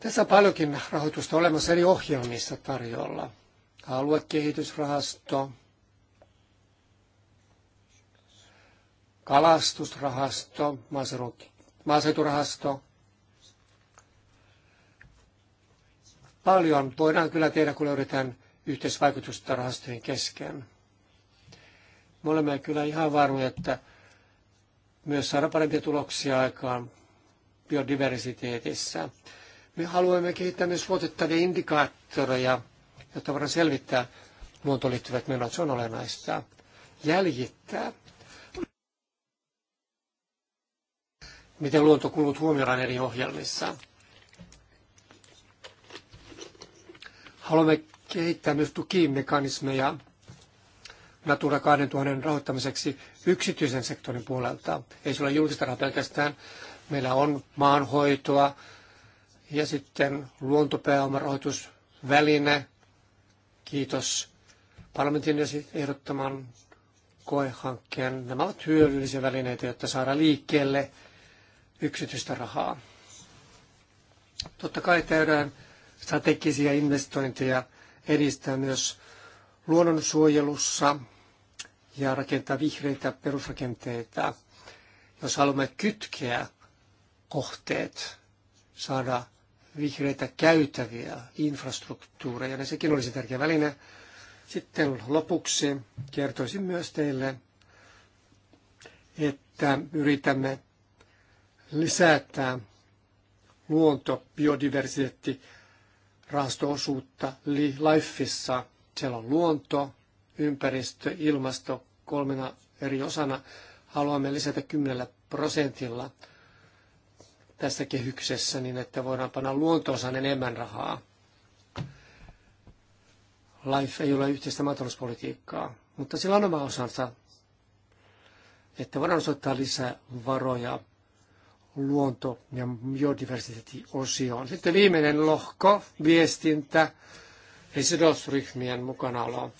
Tässä on paljonkin rahoitusta olemassa eri ohjelmissa tarjolla. Aluekehitysrahasto, kalastusrahasto, maaseuturahasto. Paljon voidaan kyllä tehdä, kun löydetään yhteisvaikutusta rahastojen kesken me olemme kyllä ihan varmoja, että myös saada parempia tuloksia aikaan biodiversiteetissä. Me haluamme kehittää myös luotettavia indikaattoreja, jotta voidaan selvittää luontoon liittyvät menot. Se on olennaista. Jäljittää. Miten luontokulut huomioidaan eri ohjelmissa. Haluamme kehittää myös tukimekanismeja Natura 2000 rahoittamiseksi yksityisen sektorin puolelta. Ei se ole julkista rahaa pelkästään. Meillä on maanhoitoa ja sitten luontopääomarahoitusväline. Kiitos parlamentin ehdottaman koehankkeen. Nämä ovat hyödyllisiä välineitä, jotta saada liikkeelle yksityistä rahaa. Totta kai käydään strategisia investointeja edistää myös luonnonsuojelussa ja rakentaa vihreitä perusrakenteita. Jos haluamme kytkeä kohteet, saada vihreitä käytäviä, infrastruktuureja, niin sekin olisi tärkeä väline. Sitten lopuksi kertoisin myös teille, että yritämme lisätä luonto, biodiversiteetti, rahastoosuutta LIFEissa – siellä on luonto, ympäristö, ilmasto kolmena eri osana. Haluamme lisätä 10 prosentilla tässä kehyksessä niin, että voidaan panna luontoosaan enemmän rahaa. LIFE ei ole yhteistä maatalouspolitiikkaa, mutta sillä on oma osansa, että voidaan osoittaa lisää varoja luonto- ja biodiversiteettiosioon. Sitten viimeinen lohko, viestintä sidosryhmien mukanaoloa.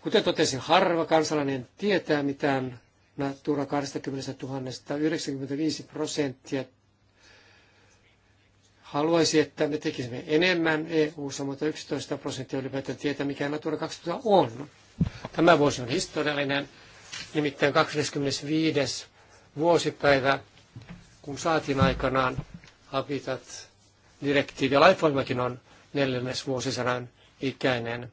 Kuten totesin, harva kansalainen tietää mitään Natura 20 000, 95 prosenttia haluaisi, että me tekisimme enemmän EU-ssa, mutta 11 prosenttia ylipäätään tietää, mikä Natura 2000 on. Tämä vuosi on historiallinen, nimittäin 25. vuosipäivä, kun saatiin aikanaan Habitat-direktiivi ja lainvoimakin on neljännes vuosisadan ikäinen.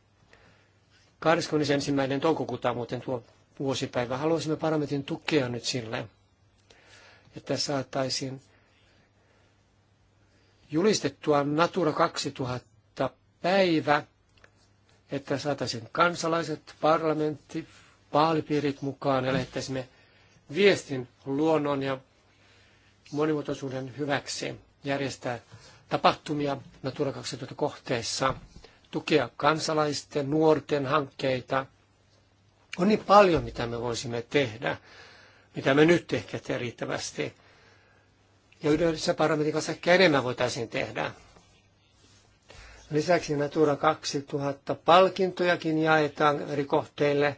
21. toukokuuta muuten tuo vuosipäivä. Haluaisimme parametin tukea nyt sille, että saataisiin julistettua Natura 2000 päivä, että saataisiin kansalaiset, parlamentti, vaalipiirit mukaan ja lähettäisimme viestin luonnon ja monimuotoisuuden hyväksi järjestää tapahtumia Natura 2000 kohteissa tukea kansalaisten, nuorten hankkeita. On niin paljon, mitä me voisimme tehdä, mitä me nyt ehkä riittävästi. Ja yhdessä parlamentin kanssa ehkä enemmän voitaisiin tehdä. Lisäksi Natura 2000 palkintojakin jaetaan eri kohteille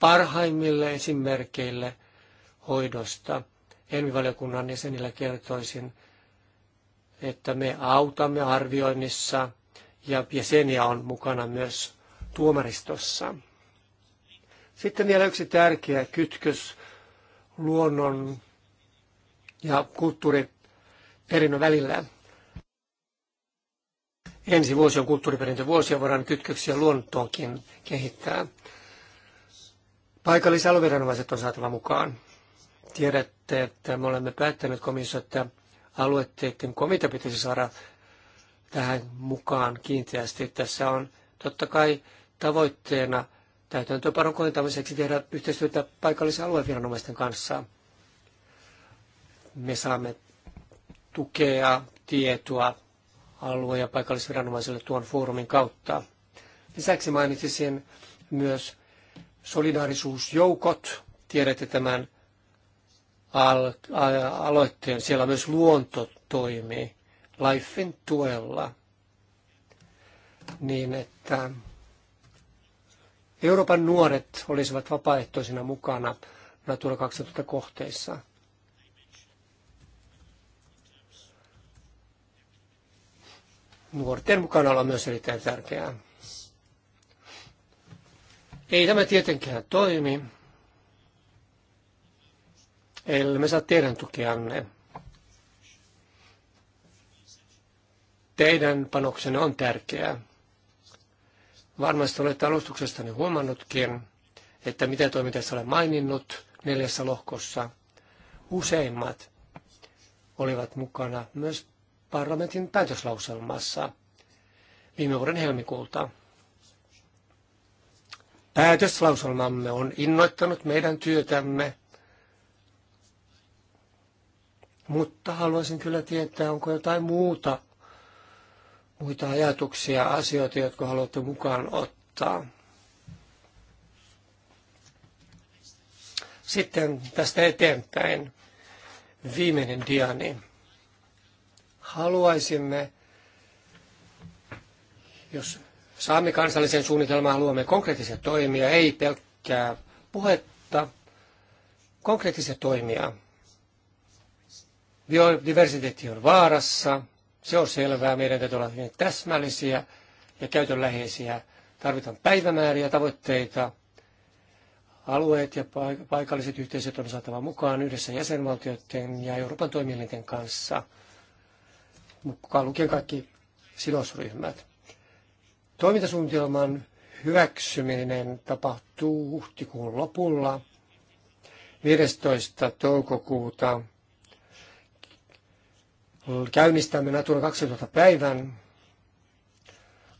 parhaimmille esimerkkeille hoidosta. Elmivaliokunnan jäsenillä kertoisin, että me autamme arvioinnissa – ja jäseniä on mukana myös tuomaristossa. Sitten vielä yksi tärkeä kytkös luonnon ja kulttuuriperinnön välillä. Ensi vuosi on kulttuuriperintövuosi ja voidaan kytköksiä luontoonkin kehittää. Paikallisalueviranomaiset on saatava mukaan. Tiedätte, että me olemme päättäneet komissio, että alueiden komitea pitäisi saada tähän mukaan kiinteästi. Tässä on totta kai tavoitteena täytäntöönpanon kohentamiseksi tehdä yhteistyötä paikallisen alueviranomaisten kanssa. Me saamme tukea, tietoa alue- ja paikallisviranomaisille tuon foorumin kautta. Lisäksi mainitsisin myös solidaarisuusjoukot. Tiedätte tämän aloitteen. Siellä myös luonto toimii. Lifein tuella niin, että Euroopan nuoret olisivat vapaaehtoisina mukana Natura 2000 kohteissa. Nuorten mukana on myös erittäin tärkeää. Ei tämä tietenkään toimi, ellei me saa teidän tukeanne. Teidän panoksenne on tärkeää. Varmasti olette alustuksestani huomannutkin, että mitä toimintaa olen maininnut neljässä lohkossa, useimmat olivat mukana myös parlamentin päätöslauselmassa viime vuoden helmikuulta. Päätöslauselmamme on innoittanut meidän työtämme, mutta haluaisin kyllä tietää, onko jotain muuta muita ajatuksia, asioita, jotka haluatte mukaan ottaa. Sitten tästä eteenpäin viimeinen diani. Haluaisimme, jos saamme kansallisen suunnitelman, haluamme konkreettisia toimia, ei pelkkää puhetta, konkreettisia toimia. Biodiversiteetti on vaarassa, se on selvää. Meidän täytyy olla hyvin täsmällisiä ja käytönläheisiä. Tarvitaan päivämääriä, tavoitteita. Alueet ja paikalliset yhteisöt on saatava mukaan yhdessä jäsenvaltioiden ja Euroopan toimielinten kanssa, mukaan lukien kaikki sidosryhmät. Toimintasuunnitelman hyväksyminen tapahtuu huhtikuun lopulla 15. toukokuuta käynnistämme Natura 2000 päivän.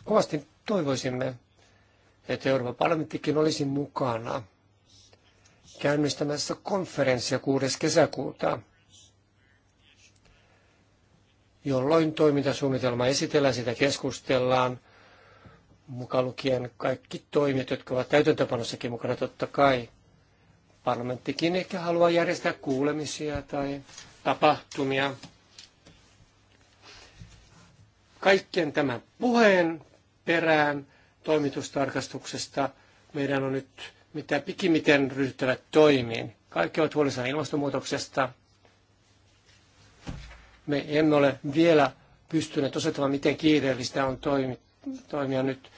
Kovasti toivoisimme, että Euroopan parlamenttikin olisi mukana käynnistämässä konferenssia 6. kesäkuuta, jolloin toimintasuunnitelma esitellään, sitä keskustellaan, mukaan lukien kaikki toimijat, jotka ovat täytäntöpanossakin mukana totta kai. Parlamenttikin ehkä haluaa järjestää kuulemisia tai tapahtumia kaikkien tämän puheen perään toimitustarkastuksesta meidän on nyt mitä pikimiten ryhtyvät toimiin. Kaikki ovat huolissaan ilmastonmuutoksesta. Me emme ole vielä pystyneet osoittamaan, miten kiireellistä on toimi, toimia nyt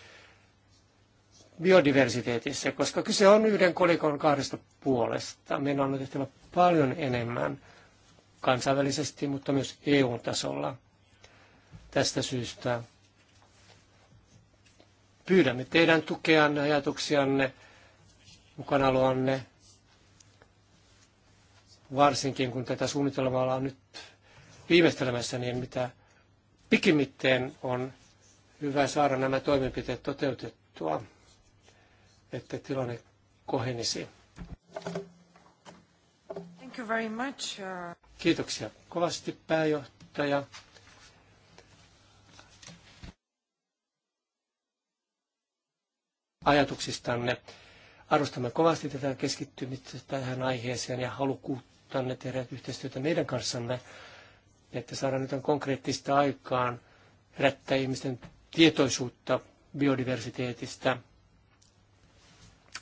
biodiversiteetissä, koska kyse on yhden kolikon kahdesta puolesta. Meidän on tehtävä paljon enemmän kansainvälisesti, mutta myös EU-tasolla. Tästä syystä pyydämme teidän tukeanne, ajatuksianne, mukanaoloanne, varsinkin kun tätä suunnitelmaa ollaan nyt viimeistelemässä, niin mitä pikimmitteen on hyvä saada nämä toimenpiteet toteutettua, että tilanne kohenisi. Thank you very much. Uh, Kiitoksia kovasti pääjohtaja. ajatuksistanne. Arvostamme kovasti tätä keskittymistä tähän aiheeseen ja halukkuuttanne tehdä yhteistyötä meidän kanssamme, että saadaan nyt konkreettista aikaan herättää ihmisten tietoisuutta biodiversiteetistä.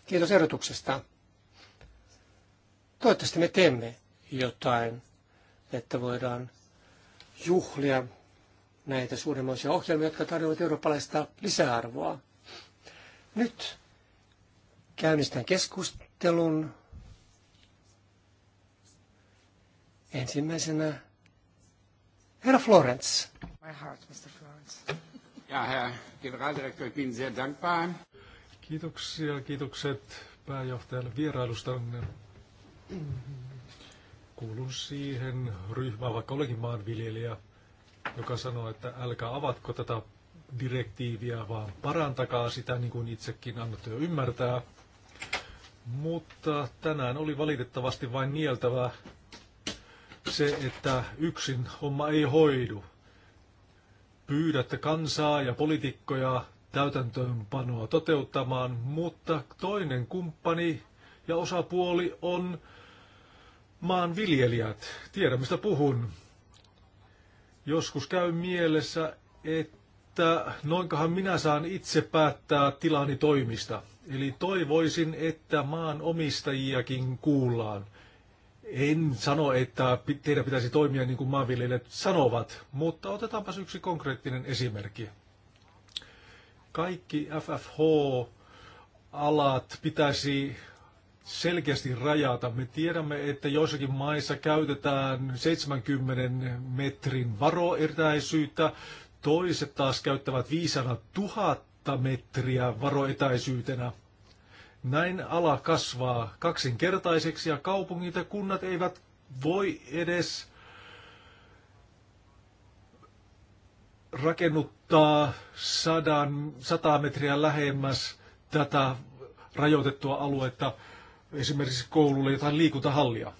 Kiitos erotuksesta. Toivottavasti me teemme jotain, että voidaan juhlia näitä suuremmoisia ohjelmia, jotka tarjoavat eurooppalaista lisäarvoa. Nyt käynnistän keskustelun. Ensimmäisenä Herra Florence. My heart, Mr. Florence. Ja herra generaldirektor, bin sehr dankbar. Kiitoksia, kiitokset pääjohtajalle vierailustanne. Kuulun siihen ryhmään, vaikka olenkin maanviljelijä, joka sanoo, että älkää avatko tätä direktiiviä, vaan parantakaa sitä, niin kuin itsekin annatte jo ymmärtää. Mutta tänään oli valitettavasti vain nieltävä se, että yksin homma ei hoidu. Pyydätte kansaa ja poliitikkoja täytäntöönpanoa toteuttamaan, mutta toinen kumppani ja osapuoli on maanviljelijät. Tiedän, mistä puhun. Joskus käy mielessä, että että noinkohan minä saan itse päättää tilani toimista. Eli toivoisin, että maan omistajiakin kuullaan. En sano, että teidän pitäisi toimia niin kuin maanviljelijät sanovat, mutta otetaanpa yksi konkreettinen esimerkki. Kaikki FFH-alat pitäisi selkeästi rajata. Me tiedämme, että joissakin maissa käytetään 70 metrin varoetäisyyttä, Toiset taas käyttävät 500 000 metriä varoetäisyytenä. Näin ala kasvaa kaksinkertaiseksi ja kaupungit ja kunnat eivät voi edes rakennuttaa sadan, sata metriä lähemmäs tätä rajoitettua aluetta, esimerkiksi koululle jotain liikuntahallia.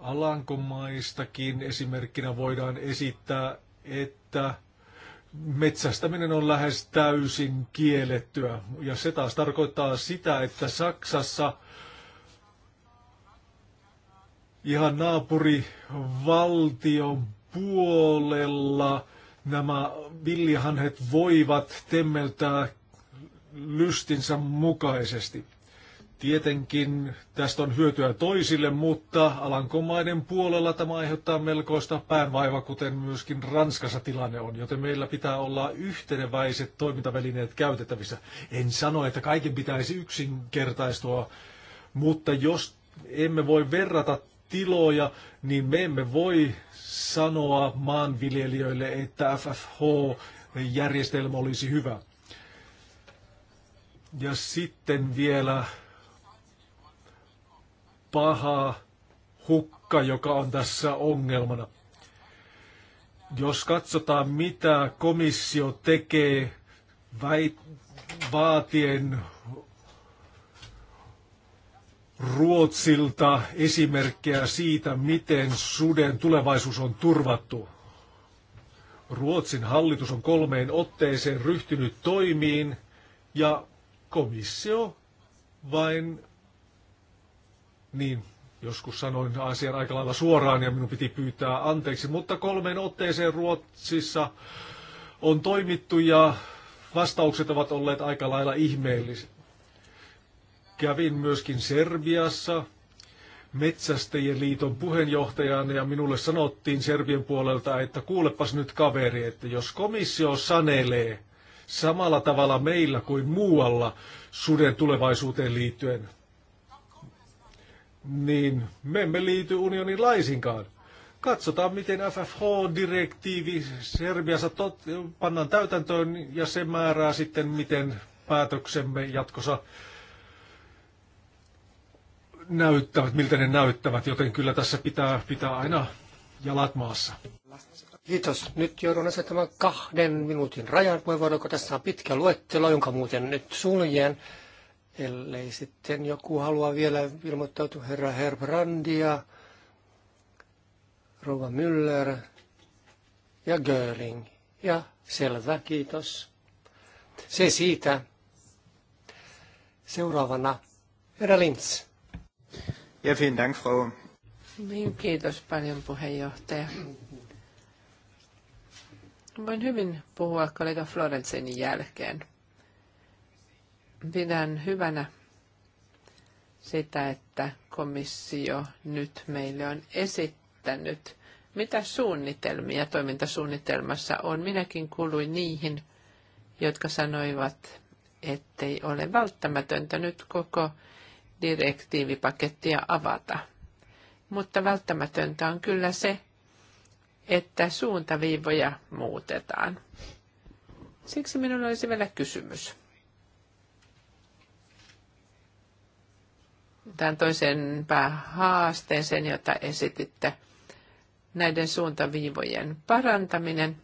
Alankomaistakin esimerkkinä voidaan esittää, että metsästäminen on lähes täysin kiellettyä. Ja se taas tarkoittaa sitä, että Saksassa ihan naapurivaltion puolella nämä villihanhet voivat temmeltää lystinsä mukaisesti. Tietenkin tästä on hyötyä toisille, mutta Alankomaiden puolella tämä aiheuttaa melkoista päänvaivaa, kuten myöskin Ranskassa tilanne on, joten meillä pitää olla yhteneväiset toimintavälineet käytettävissä. En sano, että kaiken pitäisi yksinkertaistua, mutta jos emme voi verrata tiloja, niin me emme voi sanoa maanviljelijöille, että FFH-järjestelmä olisi hyvä. Ja sitten vielä paha hukka, joka on tässä ongelmana. Jos katsotaan, mitä komissio tekee väit, vaatien Ruotsilta esimerkkejä siitä, miten suden tulevaisuus on turvattu. Ruotsin hallitus on kolmeen otteeseen ryhtynyt toimiin ja komissio vain niin, joskus sanoin asian aika lailla suoraan ja minun piti pyytää anteeksi, mutta kolmeen otteeseen Ruotsissa on toimittu ja vastaukset ovat olleet aika lailla ihmeelliset. Kävin myöskin Serbiassa Metsästäjien liiton puheenjohtajana ja minulle sanottiin Serbian puolelta, että kuulepas nyt kaveri, että jos komissio sanelee samalla tavalla meillä kuin muualla suden tulevaisuuteen liittyen, niin me emme liity unionin laisinkaan. Katsotaan, miten FFH-direktiivi Serbiassa tot, pannaan täytäntöön ja se määrää sitten, miten päätöksemme jatkossa näyttävät, miltä ne näyttävät, joten kyllä tässä pitää, pitää aina jalat maassa. Kiitos. Nyt joudun asettamaan kahden minuutin rajan. Voi voidaanko tässä on pitkä luettelo, jonka muuten nyt suljen ellei sitten joku halua vielä ilmoittautua herra Herbrandia, rouva Müller ja Göring. Ja selvä, kiitos. Se siitä. Seuraavana herra Linz. Ja vielen Dank, Frau. Niin, kiitos paljon puheenjohtaja. Voin hyvin puhua kollega Florensenin jälkeen. Pidän hyvänä sitä, että komissio nyt meille on esittänyt, mitä suunnitelmia toimintasuunnitelmassa on. Minäkin kuuluin niihin, jotka sanoivat, ettei ole välttämätöntä nyt koko direktiivipakettia avata. Mutta välttämätöntä on kyllä se, että suuntaviivoja muutetaan. Siksi minulla olisi vielä kysymys. tähän toiseen päähaasteeseen, jota esititte, näiden suuntaviivojen parantaminen.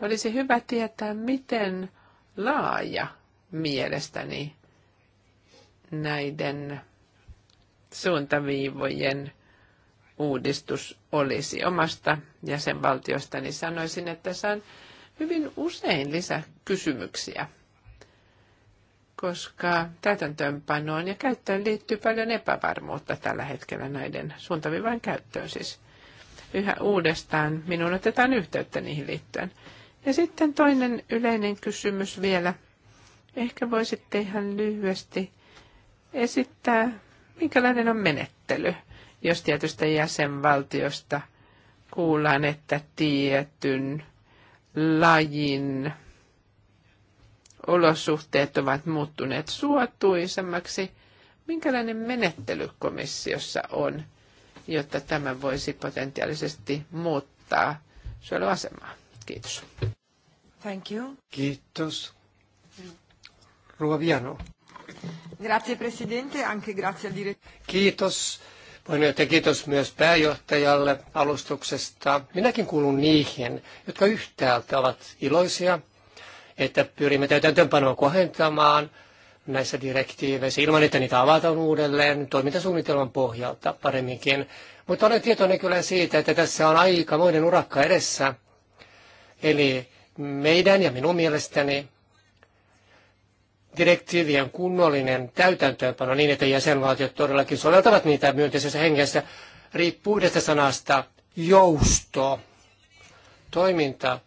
Olisi hyvä tietää, miten laaja mielestäni näiden suuntaviivojen uudistus olisi omasta jäsenvaltiostani. Sanoisin, että saan hyvin usein lisäkysymyksiä koska täytäntöönpanoon ja käyttöön liittyy paljon epävarmuutta tällä hetkellä näiden suuntavivain käyttöön siis. Yhä uudestaan minun otetaan yhteyttä niihin liittyen. Ja sitten toinen yleinen kysymys vielä. Ehkä voisitte ihan lyhyesti esittää, minkälainen on menettely, jos tietystä jäsenvaltiosta kuullaan, että tietyn lajin olosuhteet ovat muuttuneet suotuisemmaksi. Minkälainen menettely komissiossa on, jotta tämä voisi potentiaalisesti muuttaa suojeluasemaa? Kiitos. Thank you. Kiitos. Ruoviano. Grazie Presidente, anche grazie al direttore. Kiitos puheenjohtaja, kiitos myös pääjohtajalle alustuksesta. Minäkin kuulun niihin, jotka yhtäältä ovat iloisia että pyrimme täytäntöönpanoa kohentamaan näissä direktiiveissä ilman, että niitä avataan uudelleen toimintasuunnitelman pohjalta paremminkin. Mutta olen tietoinen kyllä siitä, että tässä on aikamoinen urakka edessä. Eli meidän ja minun mielestäni direktiivien kunnollinen täytäntöönpano niin, että jäsenvaltiot todellakin soveltavat niitä myönteisessä hengessä, riippuu yhdestä sanasta jousto. Toiminta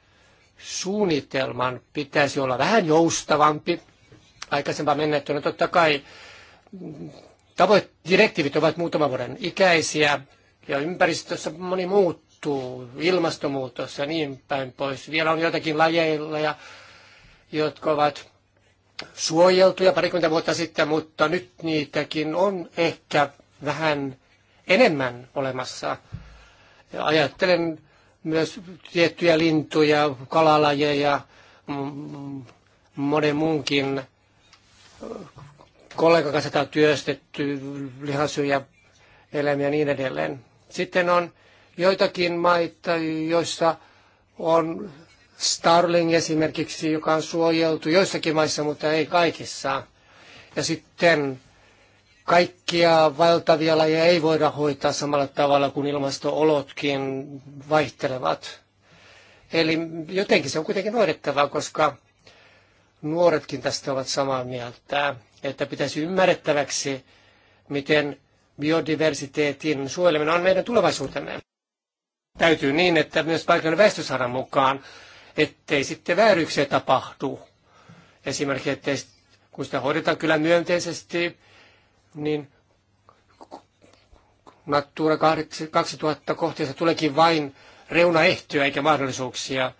suunnitelman pitäisi olla vähän joustavampi. Aikaisempaa mennettynä totta kai tavoit, direktiivit ovat muutaman vuoden ikäisiä ja ympäristössä moni muuttuu, ilmastonmuutos ja niin päin pois. Vielä on joitakin lajeilla, ja, jotka ovat suojeltuja parikymmentä vuotta sitten, mutta nyt niitäkin on ehkä vähän enemmän olemassa. Ja ajattelen myös tiettyjä lintuja, kalalajeja, monen muunkin kollegan kanssa on työstetty, lihansyöjä, eläimiä ja niin edelleen. Sitten on joitakin maita, joissa on Starling esimerkiksi, joka on suojeltu joissakin maissa, mutta ei kaikissa. Ja sitten kaikkia valtavia lajeja ei voida hoitaa samalla tavalla kuin ilmastoolotkin vaihtelevat. Eli jotenkin se on kuitenkin hoidettavaa, koska nuoretkin tästä ovat samaa mieltä, että pitäisi ymmärrettäväksi, miten biodiversiteetin suojeleminen on meidän tulevaisuutemme. Täytyy niin, että myös paikallinen väestö saadaan mukaan, ettei sitten vääryyksiä tapahdu. Esimerkiksi, että kun sitä hoidetaan kyllä myönteisesti, niin Natura 2000 kohteessa tuleekin vain reunaehtoja eikä mahdollisuuksia.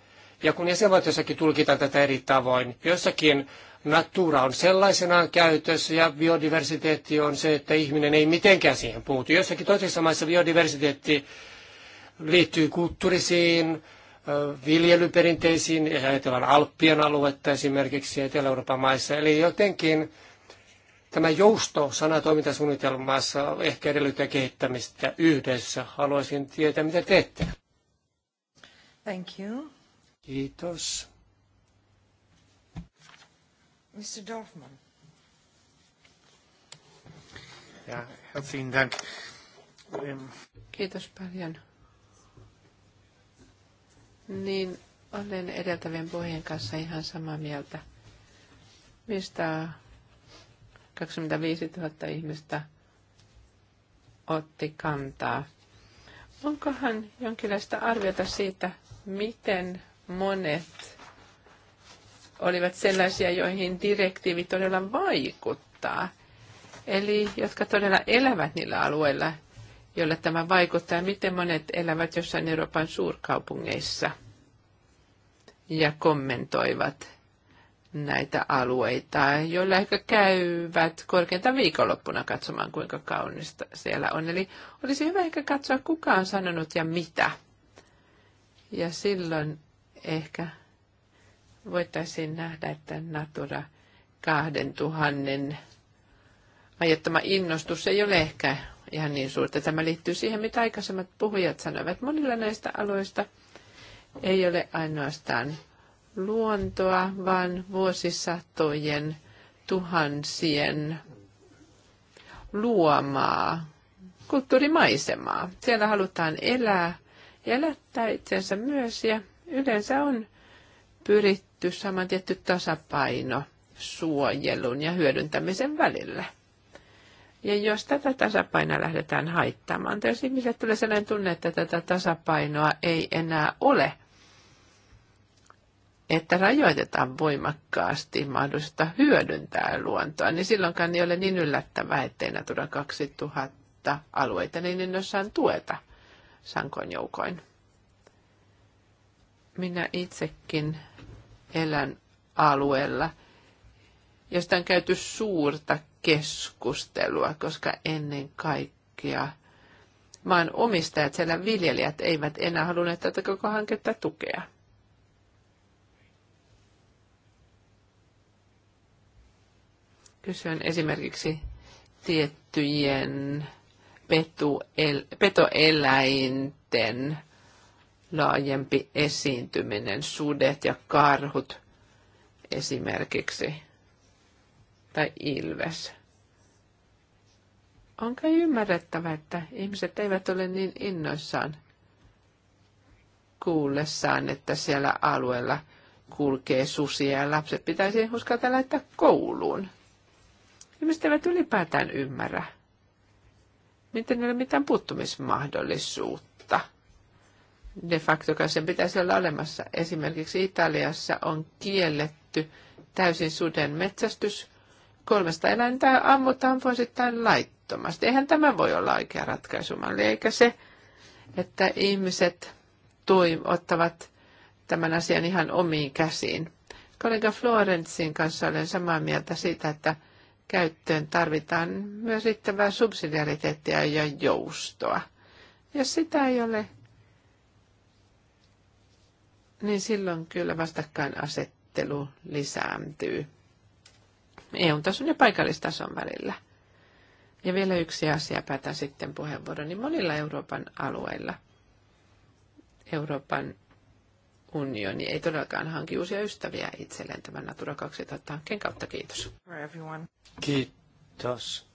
Ja kun jäsenvaltiossakin tulkitaan tätä eri tavoin, jossakin Natura on sellaisenaan käytössä ja biodiversiteetti on se, että ihminen ei mitenkään siihen puutu. Jossakin toisessa maissa biodiversiteetti liittyy kulttuurisiin, viljelyperinteisiin, ajatellaan Alppien aluetta esimerkiksi Etelä-Euroopan maissa. Eli jotenkin Tämä jousto sanatoimintasuunnitelmassa toimintasuunnitelmassa ehkä edellyttää kehittämistä yhdessä. Haluaisin tietää, mitä teette. Thank you. Kiitos. Mr. Dorfman. Ja, herzlichen Dank. Ähm, Kiitos paljon. Niin, olen edeltävien puheen kanssa ihan samaa mieltä. Mistä 25 000 ihmistä otti kantaa. Onkohan jonkinlaista arviota siitä, miten monet olivat sellaisia, joihin direktiivi todella vaikuttaa? Eli jotka todella elävät niillä alueilla, joilla tämä vaikuttaa, miten monet elävät jossain Euroopan suurkaupungeissa ja kommentoivat näitä alueita, joilla ehkä käyvät korkeinta viikonloppuna katsomaan, kuinka kaunista siellä on. Eli olisi hyvä ehkä katsoa, kuka on sanonut ja mitä. Ja silloin ehkä voitaisiin nähdä, että Natura 2000 ajattama innostus ei ole ehkä ihan niin suurta. Tämä liittyy siihen, mitä aikaisemmat puhujat sanoivat. Monilla näistä aloista ei ole ainoastaan luontoa, vaan vuosisatojen tuhansien luomaa kulttuurimaisemaa. Siellä halutaan elää ja elättää itsensä myös ja yleensä on pyritty saamaan tietty tasapaino suojelun ja hyödyntämisen välillä. Ja jos tätä tasapainoa lähdetään haittamaan, tai jos ihmisille tulee sellainen tunne, että tätä tasapainoa ei enää ole – että rajoitetaan voimakkaasti mahdollista hyödyntää luontoa, niin silloinkaan ei ole niin yllättävää, ettei Natura 2000 alueita niin innossaan tueta sankoin joukoin. Minä itsekin elän alueella, josta on käyty suurta keskustelua, koska ennen kaikkea maan omistajat, siellä viljelijät eivät enää halunneet tätä koko hanketta tukea. kysyn esimerkiksi tiettyjen petuel, petoeläinten laajempi esiintyminen, sudet ja karhut esimerkiksi, tai ilves. Onko ymmärrettävä, että ihmiset eivät ole niin innoissaan kuullessaan, että siellä alueella kulkee susia ja lapset pitäisi uskaltaa laittaa kouluun. Ihmiset eivät ylipäätään ymmärrä, miten ei ole mitään puuttumismahdollisuutta. De facto sen pitäisi olla olemassa. Esimerkiksi Italiassa on kielletty täysin suden metsästys. Kolmesta eläintä ammutaan vuosittain laittomasti. Eihän tämä voi olla oikea ratkaisumalli, eikä se, että ihmiset toim, ottavat tämän asian ihan omiin käsiin. Kollega Florensin kanssa olen samaa mieltä siitä, että käyttöön tarvitaan myös riittävää subsidiariteettia ja joustoa. Jos sitä ei ole, niin silloin kyllä vastakkainasettelu lisääntyy EU-tason ja paikallistason välillä. Ja vielä yksi asia päätän sitten puheenvuoroni. Monilla Euroopan alueilla Euroopan unioni niin ei todellakaan hanki uusia ystäviä itselleen tämän Natura 2000 hankkeen kautta. Kiitos. Kiitos.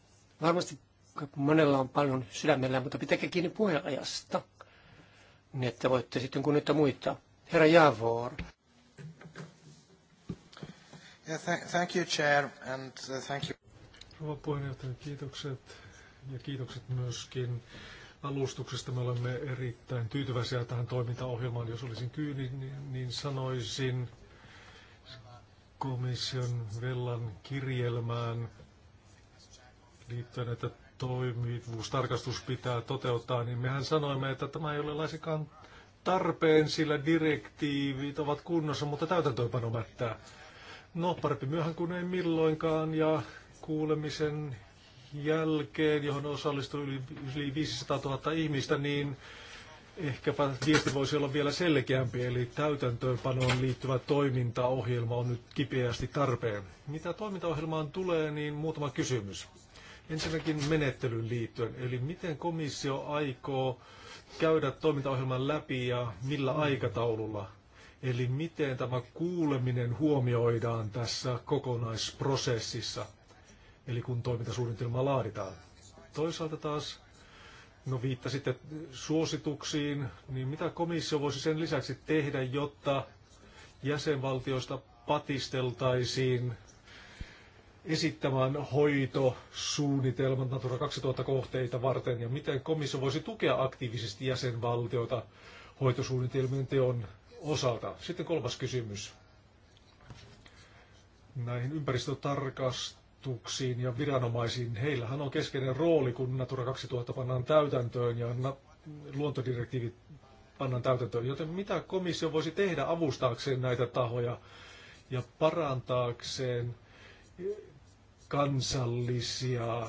Varmasti monella on paljon sydämellä, mutta pitäkää kiinni puheajasta, niin että voitte sitten kunnioittaa muita. Herra Javor. Yeah, thank you, Chair, and uh, thank you. Rouva puheenjohtaja, kiitokset ja kiitokset myöskin alustuksesta. Me olemme erittäin tyytyväisiä tähän toimintaohjelmaan. Jos olisin kyyni, niin, niin sanoisin komission Vellan kirjelmään liittyen, että toimivuustarkastus pitää toteuttaa, niin mehän sanoimme, että tämä ei ole laisikaan tarpeen, sillä direktiivit ovat kunnossa, mutta täytäntöönpano mättää. No, parempi myöhään kuin ei milloinkaan, ja kuulemisen jälkeen, johon osallistui yli, yli 500 000 ihmistä, niin ehkäpä viesti voisi olla vielä selkeämpi, eli täytäntöönpanoon liittyvä toimintaohjelma on nyt kipeästi tarpeen. Mitä toimintaohjelmaan tulee, niin muutama kysymys. Ensinnäkin menettelyyn liittyen, eli miten komissio aikoo käydä toimintaohjelman läpi ja millä aikataululla? Eli miten tämä kuuleminen huomioidaan tässä kokonaisprosessissa? eli kun toimintasuunnitelmaa laaditaan. Toisaalta taas, no viittasitte suosituksiin, niin mitä komissio voisi sen lisäksi tehdä, jotta jäsenvaltioista patisteltaisiin esittämään hoitosuunnitelman Natura 2000 kohteita varten ja miten komissio voisi tukea aktiivisesti jäsenvaltioita hoitosuunnitelmien teon osalta. Sitten kolmas kysymys. Näihin ympäristötarkastuksiin hallituksiin ja viranomaisiin. Heillähän on keskeinen rooli, kun Natura 2000 pannaan täytäntöön ja luontodirektiivit pannaan täytäntöön. Joten mitä komissio voisi tehdä avustaakseen näitä tahoja ja parantaakseen kansallisia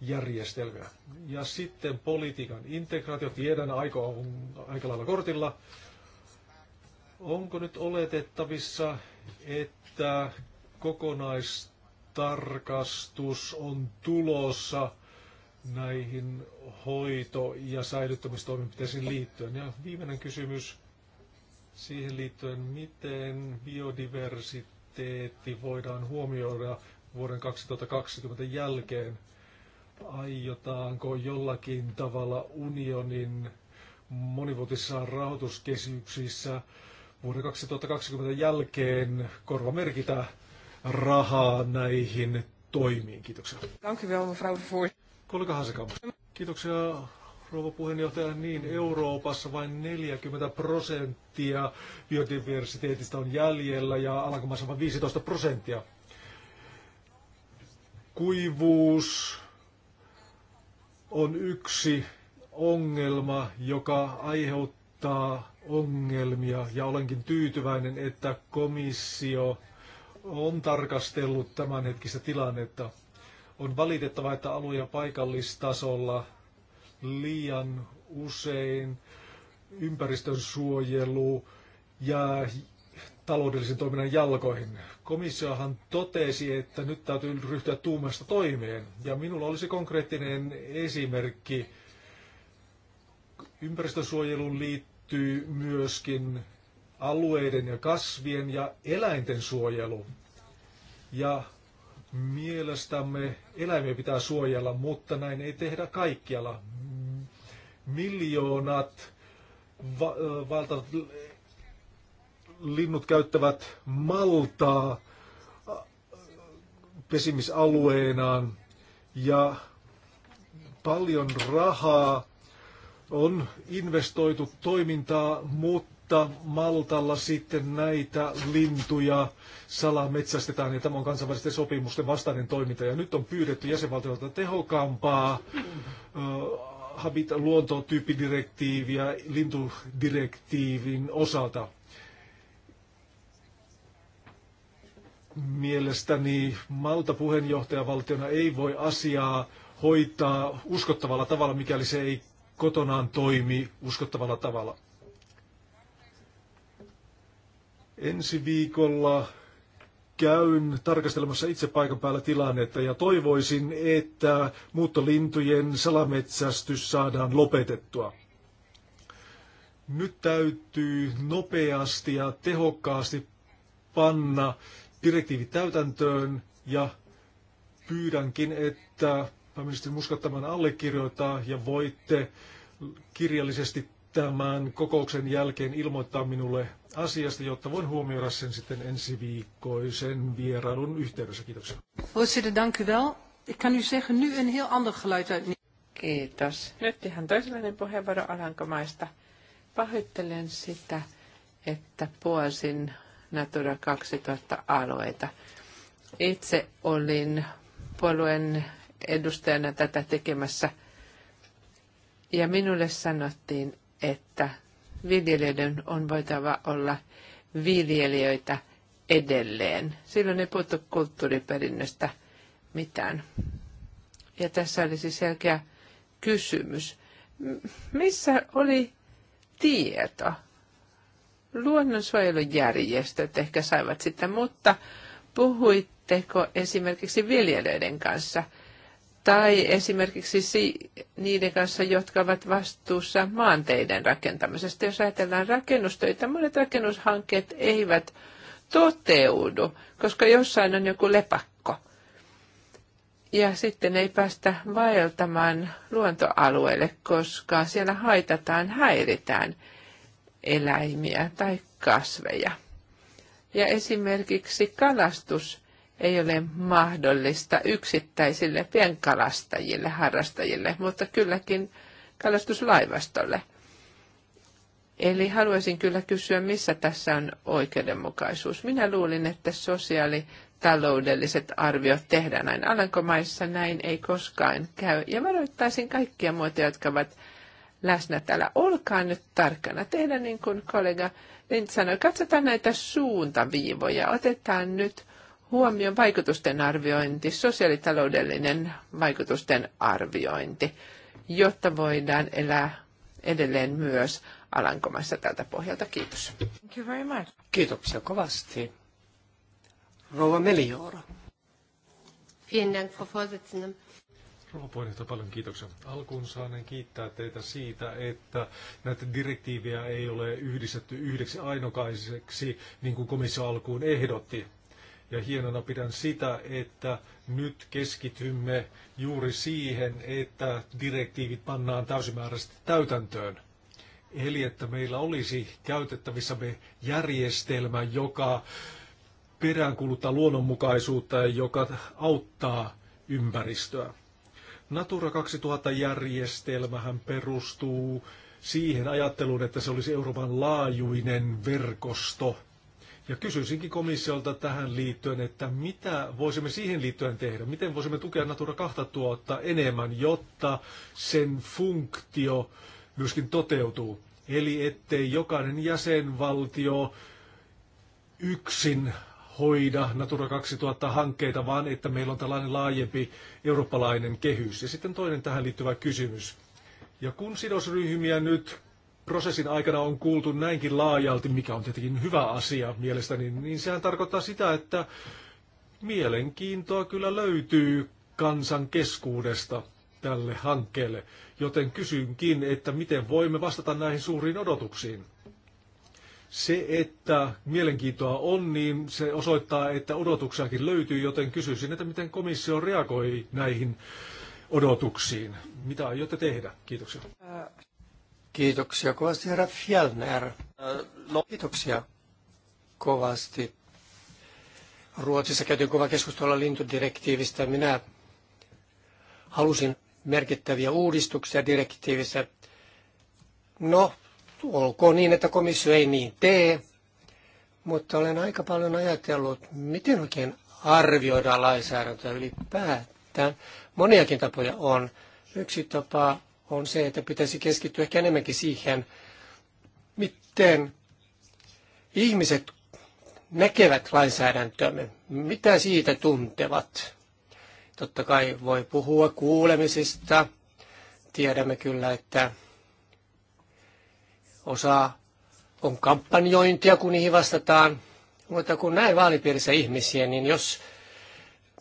järjestelmiä. Ja sitten politiikan integraatio, tiedän aika, on aika lailla kortilla. Onko nyt oletettavissa, että kokonaista tarkastus on tulossa näihin hoito- ja säilyttämistoimenpiteisiin liittyen. Ja viimeinen kysymys siihen liittyen, miten biodiversiteetti voidaan huomioida vuoden 2020 jälkeen? Aiotaanko jollakin tavalla unionin monivuotisissa rahoituskesyksissä vuoden 2020 jälkeen korva merkitä rahaa näihin toimiin. Kiitoksia. Dank u wel, mevrouw de Kollega Hasekamp. Kiitoksia, rouva puheenjohtaja. Niin, Euroopassa vain 40 prosenttia biodiversiteetistä on jäljellä ja alkamaissa vain 15 prosenttia. Kuivuus on yksi ongelma, joka aiheuttaa ongelmia ja olenkin tyytyväinen, että komissio on tarkastellut tämänhetkistä tilannetta. On valitettavaa, että alue- ja paikallistasolla liian usein ympäristön suojelu ja taloudellisen toiminnan jalkoihin. Komissiohan totesi, että nyt täytyy ryhtyä tuumasta toimeen. Ja minulla olisi konkreettinen esimerkki. Ympäristösuojeluun liittyy myöskin alueiden ja kasvien ja eläinten suojelu. Ja mielestämme eläimiä pitää suojella, mutta näin ei tehdä kaikkialla. Miljoonat va- valtavat linnut käyttävät maltaa pesimisalueenaan ja paljon rahaa on investoitu toimintaa, mutta mutta Maltalla sitten näitä lintuja salametsästetään ja tämä on kansainvälisten sopimusten vastainen toiminta. Ja nyt on pyydetty jäsenvaltioilta tehokampaa luontotyyppidirektiiviä lintudirektiivin osalta. Mielestäni Malta puheenjohtajavaltiona ei voi asiaa hoitaa uskottavalla tavalla, mikäli se ei kotonaan toimi uskottavalla tavalla. Ensi viikolla käyn tarkastelemassa itse paikan päällä tilannetta ja toivoisin, että muuttolintujen salametsästys saadaan lopetettua. Nyt täytyy nopeasti ja tehokkaasti panna direktiivi täytäntöön ja pyydänkin, että pääministeri Muskattaman allekirjoittaa ja voitte kirjallisesti tämän kokouksen jälkeen ilmoittaa minulle asiasta, jotta voin huomioida sen sitten ensi viikkoisen vierailun yhteydessä. Kiitoksia. Voorzitter, dank u wel. Ik kan u zeggen nu een heel ander geluid uit. Kiitos. Nyt ihan toisenlainen puheenvuoro Alankomaista. Pahoittelen sitä, että puolsin Natura 2000 alueita. Itse olin puolueen edustajana tätä tekemässä ja minulle sanottiin, että viljelijöiden on voitava olla viljelijöitä edelleen. Silloin ei puhuttu kulttuuriperinnöstä mitään. Ja tässä oli siis selkeä kysymys. Missä oli tieto? Luonnonsuojelujärjestöt ehkä saivat sitä, mutta puhuitteko esimerkiksi viljelijöiden kanssa – tai esimerkiksi niiden kanssa, jotka ovat vastuussa maanteiden rakentamisesta. Jos ajatellaan rakennustöitä, monet rakennushankkeet eivät toteudu, koska jossain on joku lepakko. Ja sitten ei päästä vaeltamaan luontoalueelle, koska siellä haitataan, häiritään eläimiä tai kasveja. Ja esimerkiksi kalastus ei ole mahdollista yksittäisille pienkalastajille, harrastajille, mutta kylläkin kalastuslaivastolle. Eli haluaisin kyllä kysyä, missä tässä on oikeudenmukaisuus. Minä luulin, että sosiaalitaloudelliset arviot tehdään näin. Alankomaissa näin ei koskaan käy. Ja varoittaisin kaikkia muita, jotka ovat läsnä täällä. Olkaa nyt tarkkana. Tehdään niin kuin kollega Lind sanoi, katsotaan näitä suuntaviivoja. Otetaan nyt Huomion vaikutusten arviointi, sosiaalitaloudellinen vaikutusten arviointi, jotta voidaan elää edelleen myös Alankomaissa tältä pohjalta. Kiitos. Thank you very much. Kiitoksia kovasti. Rouva Melioora. Vielen Dank, Frau Vorsitzende. Rouva puheenjohtaja, paljon kiitoksia. Alkuun saanen kiittää teitä siitä, että näitä direktiivejä ei ole yhdistetty yhdeksi ainokaiseksi, niin kuin komissio alkuun ehdotti. Ja hienona pidän sitä, että nyt keskitymme juuri siihen, että direktiivit pannaan täysimääräisesti täytäntöön. Eli että meillä olisi käytettävissämme järjestelmä, joka peräänkuluttaa luonnonmukaisuutta ja joka auttaa ympäristöä. Natura 2000-järjestelmähän perustuu siihen ajatteluun, että se olisi Euroopan laajuinen verkosto – ja kysyisinkin komissiolta tähän liittyen, että mitä voisimme siihen liittyen tehdä? Miten voisimme tukea Natura 2000 enemmän, jotta sen funktio myöskin toteutuu? Eli ettei jokainen jäsenvaltio yksin hoida Natura 2000 hankkeita, vaan että meillä on tällainen laajempi eurooppalainen kehys. Ja sitten toinen tähän liittyvä kysymys. Ja kun sidosryhmiä nyt prosessin aikana on kuultu näinkin laajalti, mikä on tietenkin hyvä asia mielestäni, niin sehän tarkoittaa sitä, että mielenkiintoa kyllä löytyy kansan keskuudesta tälle hankkeelle, joten kysynkin, että miten voimme vastata näihin suuriin odotuksiin. Se, että mielenkiintoa on, niin se osoittaa, että odotuksiakin löytyy, joten kysyisin, että miten komissio reagoi näihin odotuksiin. Mitä aiotte tehdä? Kiitoksia. Kiitoksia kovasti, herra Fjellner. kiitoksia kovasti. Ruotsissa käytiin kova keskustelua lintudirektiivistä. Minä halusin merkittäviä uudistuksia direktiivissä. No, olkoon niin, että komissio ei niin tee, mutta olen aika paljon ajatellut, miten oikein arvioidaan lainsäädäntöä ylipäätään. Moniakin tapoja on. Yksi tapa on se, että pitäisi keskittyä ehkä enemmänkin siihen, miten ihmiset näkevät lainsäädäntömme, mitä siitä tuntevat. Totta kai voi puhua kuulemisista. Tiedämme kyllä, että osa on kampanjointia, kun niihin vastataan. Mutta kun näin vaalipiirissä ihmisiä, niin jos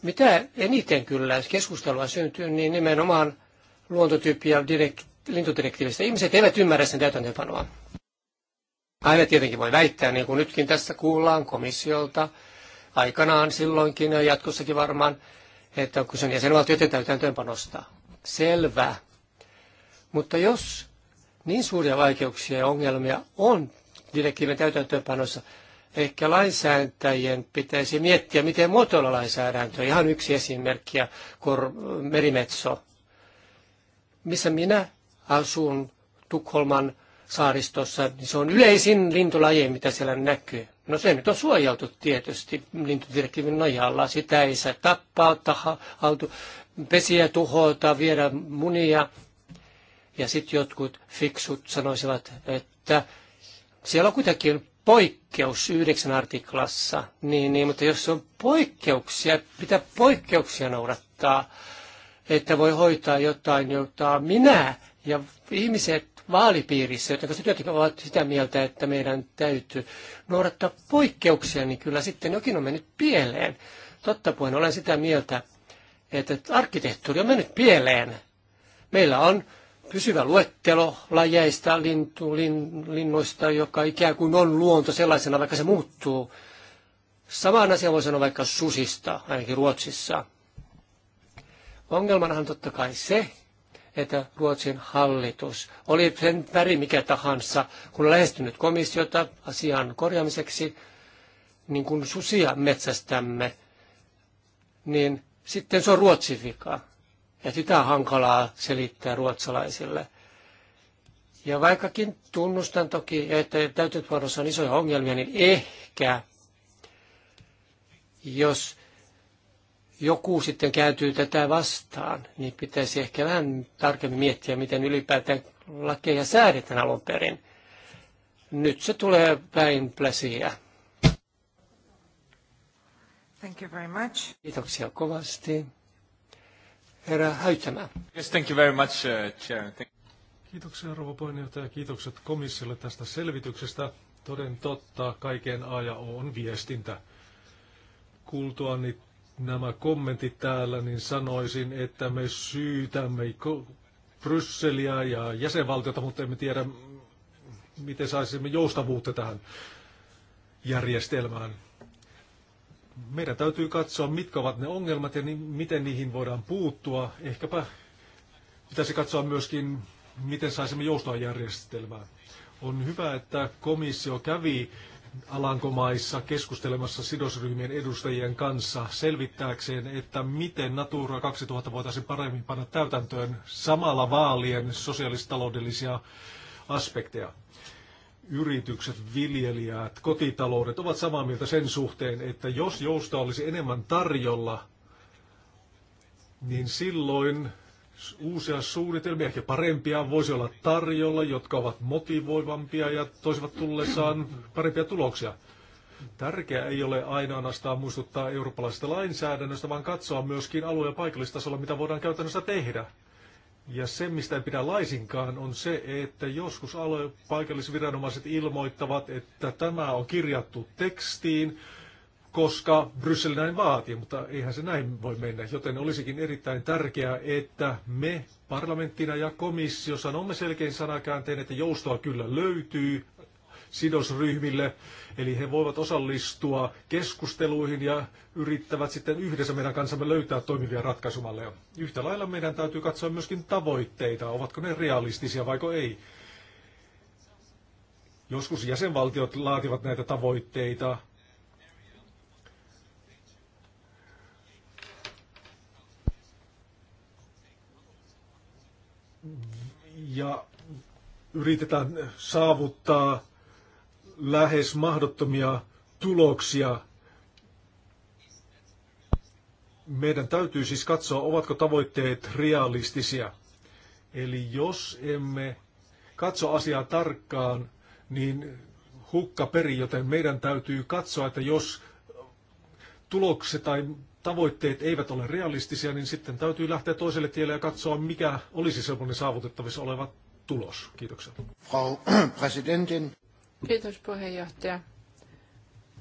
mitä eniten kyllä keskustelua syntyy, niin nimenomaan luontotyyppiä ja direkt, lintudirektiivistä. Ihmiset eivät ymmärrä sen täytäntöönpanoa. Aina tietenkin voi väittää, niin kuin nytkin tässä kuullaan komissiolta, aikanaan silloinkin ja jatkossakin varmaan, että kun se on jäsenvaltioiden täytäntöönpanosta. Selvä. Mutta jos niin suuria vaikeuksia ja ongelmia on direktiivin täytäntöönpanossa, ehkä lainsäätäjien pitäisi miettiä, miten muotoilla lainsäädäntöä. Ihan yksi esimerkki, kor- merimetso missä minä asun Tukholman saaristossa, niin se on yleisin lintulaji, mitä siellä näkyy. No se nyt on suojeltu tietysti lintudirektiivin nojalla. Sitä ei saa tappaa, taha, haltu, pesiä tuhota, viedä munia. Ja sitten jotkut fiksut sanoisivat, että siellä on kuitenkin poikkeus yhdeksän artiklassa. Niin, niin, mutta jos on poikkeuksia, pitää poikkeuksia noudattaa että voi hoitaa jotain, jota minä ja ihmiset vaalipiirissä, jotka työtä ovat sitä mieltä, että meidän täytyy noudattaa poikkeuksia, niin kyllä sitten jokin on mennyt pieleen. Totta puheen olen sitä mieltä, että arkkitehtuuri on mennyt pieleen. Meillä on pysyvä luettelo lajeista, lintu, lin, linnoista, joka ikään kuin on luonto sellaisena, vaikka se muuttuu. Samaan asiaan voi sanoa vaikka susista, ainakin Ruotsissa – Ongelmanahan totta kai se, että Ruotsin hallitus oli sen väri mikä tahansa, kun lähestynyt komissiota asian korjaamiseksi, niin kuin susia metsästämme, niin sitten se on Ruotsin vika. Ja sitä on hankalaa selittää ruotsalaisille. Ja vaikkakin tunnustan toki, että täytäntöönpanossa on isoja ongelmia, niin ehkä jos joku sitten kääntyy tätä vastaan, niin pitäisi ehkä vähän tarkemmin miettiä, miten ylipäätään lakeja säädetään alun perin. Nyt se tulee päin pläsiä. Thank you very much. Kiitoksia kovasti. Herra Häytämä. Yes, thank you very much, uh, Chair. Thank Kiitoksia rouva puheenjohtaja, kiitokset komissiolle tästä selvityksestä. Toden totta, kaiken A ja O on viestintä. Kuultuani nämä kommentit täällä, niin sanoisin, että me syytämme Brysseliä ja jäsenvaltiota, mutta emme tiedä, miten saisimme joustavuutta tähän järjestelmään. Meidän täytyy katsoa, mitkä ovat ne ongelmat ja niin, miten niihin voidaan puuttua. Ehkäpä pitäisi katsoa myöskin, miten saisimme joustoa järjestelmään. On hyvä, että komissio kävi Alankomaissa keskustelemassa sidosryhmien edustajien kanssa selvittääkseen, että miten Natura 2000 voitaisiin paremmin panna täytäntöön samalla vaalien sosiaalistaloudellisia aspekteja. Yritykset, viljelijät, kotitaloudet ovat samaa mieltä sen suhteen, että jos jousta olisi enemmän tarjolla, niin silloin uusia suunnitelmia, ehkä parempia voisi olla tarjolla, jotka ovat motivoivampia ja toisivat tullessaan parempia tuloksia. Tärkeää ei ole aina ainoastaan muistuttaa eurooppalaisesta lainsäädännöstä, vaan katsoa myöskin alue- ja paikallistasolla, mitä voidaan käytännössä tehdä. Ja se, mistä ei pidä laisinkaan, on se, että joskus alue- paikallisviranomaiset ilmoittavat, että tämä on kirjattu tekstiin, koska Bryssel näin vaatii, mutta eihän se näin voi mennä. Joten olisikin erittäin tärkeää, että me parlamenttina ja komissio sanomme selkein sanakäänteen, että joustoa kyllä löytyy sidosryhmille, eli he voivat osallistua keskusteluihin ja yrittävät sitten yhdessä meidän kanssamme löytää toimivia ratkaisumalleja. Yhtä lailla meidän täytyy katsoa myöskin tavoitteita, ovatko ne realistisia vaiko ei. Joskus jäsenvaltiot laativat näitä tavoitteita, ja yritetään saavuttaa lähes mahdottomia tuloksia. Meidän täytyy siis katsoa, ovatko tavoitteet realistisia. Eli jos emme katso asiaa tarkkaan, niin hukka peri, joten meidän täytyy katsoa, että jos tulokset tai tavoitteet eivät ole realistisia, niin sitten täytyy lähteä toiselle tielle ja katsoa, mikä olisi sellainen saavutettavissa oleva tulos. Kiitoksia. Frau (clears throat) Präsidentin. Kiitos puheenjohtaja.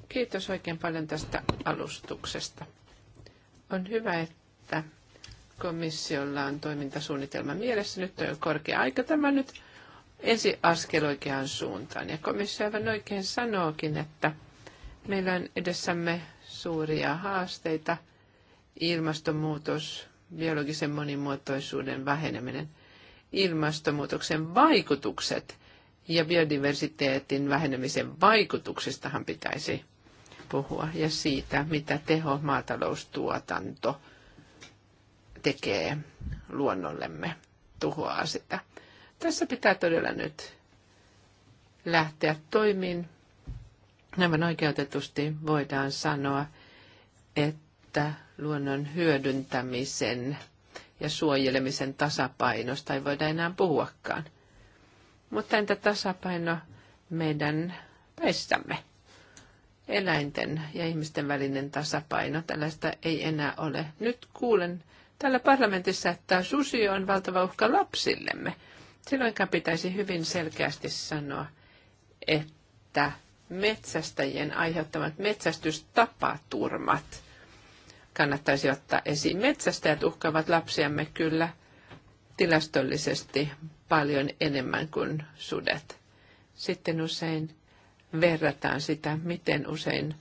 Kiitos oikein paljon tästä alustuksesta. On hyvä, että komissiolla on toimintasuunnitelma mielessä. Nyt on jo korkea aika tämä nyt ensi askel oikeaan suuntaan. Ja komissio aivan oikein sanookin, että meillä on edessämme suuria haasteita – ilmastonmuutos, biologisen monimuotoisuuden väheneminen, ilmastonmuutoksen vaikutukset ja biodiversiteetin vähenemisen vaikutuksestahan pitäisi puhua ja siitä, mitä teho maataloustuotanto tekee luonnollemme, tuhoaa sitä. Tässä pitää todella nyt lähteä toimiin. Nämä oikeutetusti voidaan sanoa, että että luonnon hyödyntämisen ja suojelemisen tasapainosta ei voida enää puhuakaan. Mutta entä tasapaino meidän päissämme? Eläinten ja ihmisten välinen tasapaino, tällaista ei enää ole. Nyt kuulen täällä parlamentissa, että susi on valtava uhka lapsillemme. Silloinkaan pitäisi hyvin selkeästi sanoa, että metsästäjien aiheuttamat metsästystapaturmat – kannattaisi ottaa esiin. Metsästäjät uhkaavat lapsiamme kyllä tilastollisesti paljon enemmän kuin sudet. Sitten usein verrataan sitä, miten usein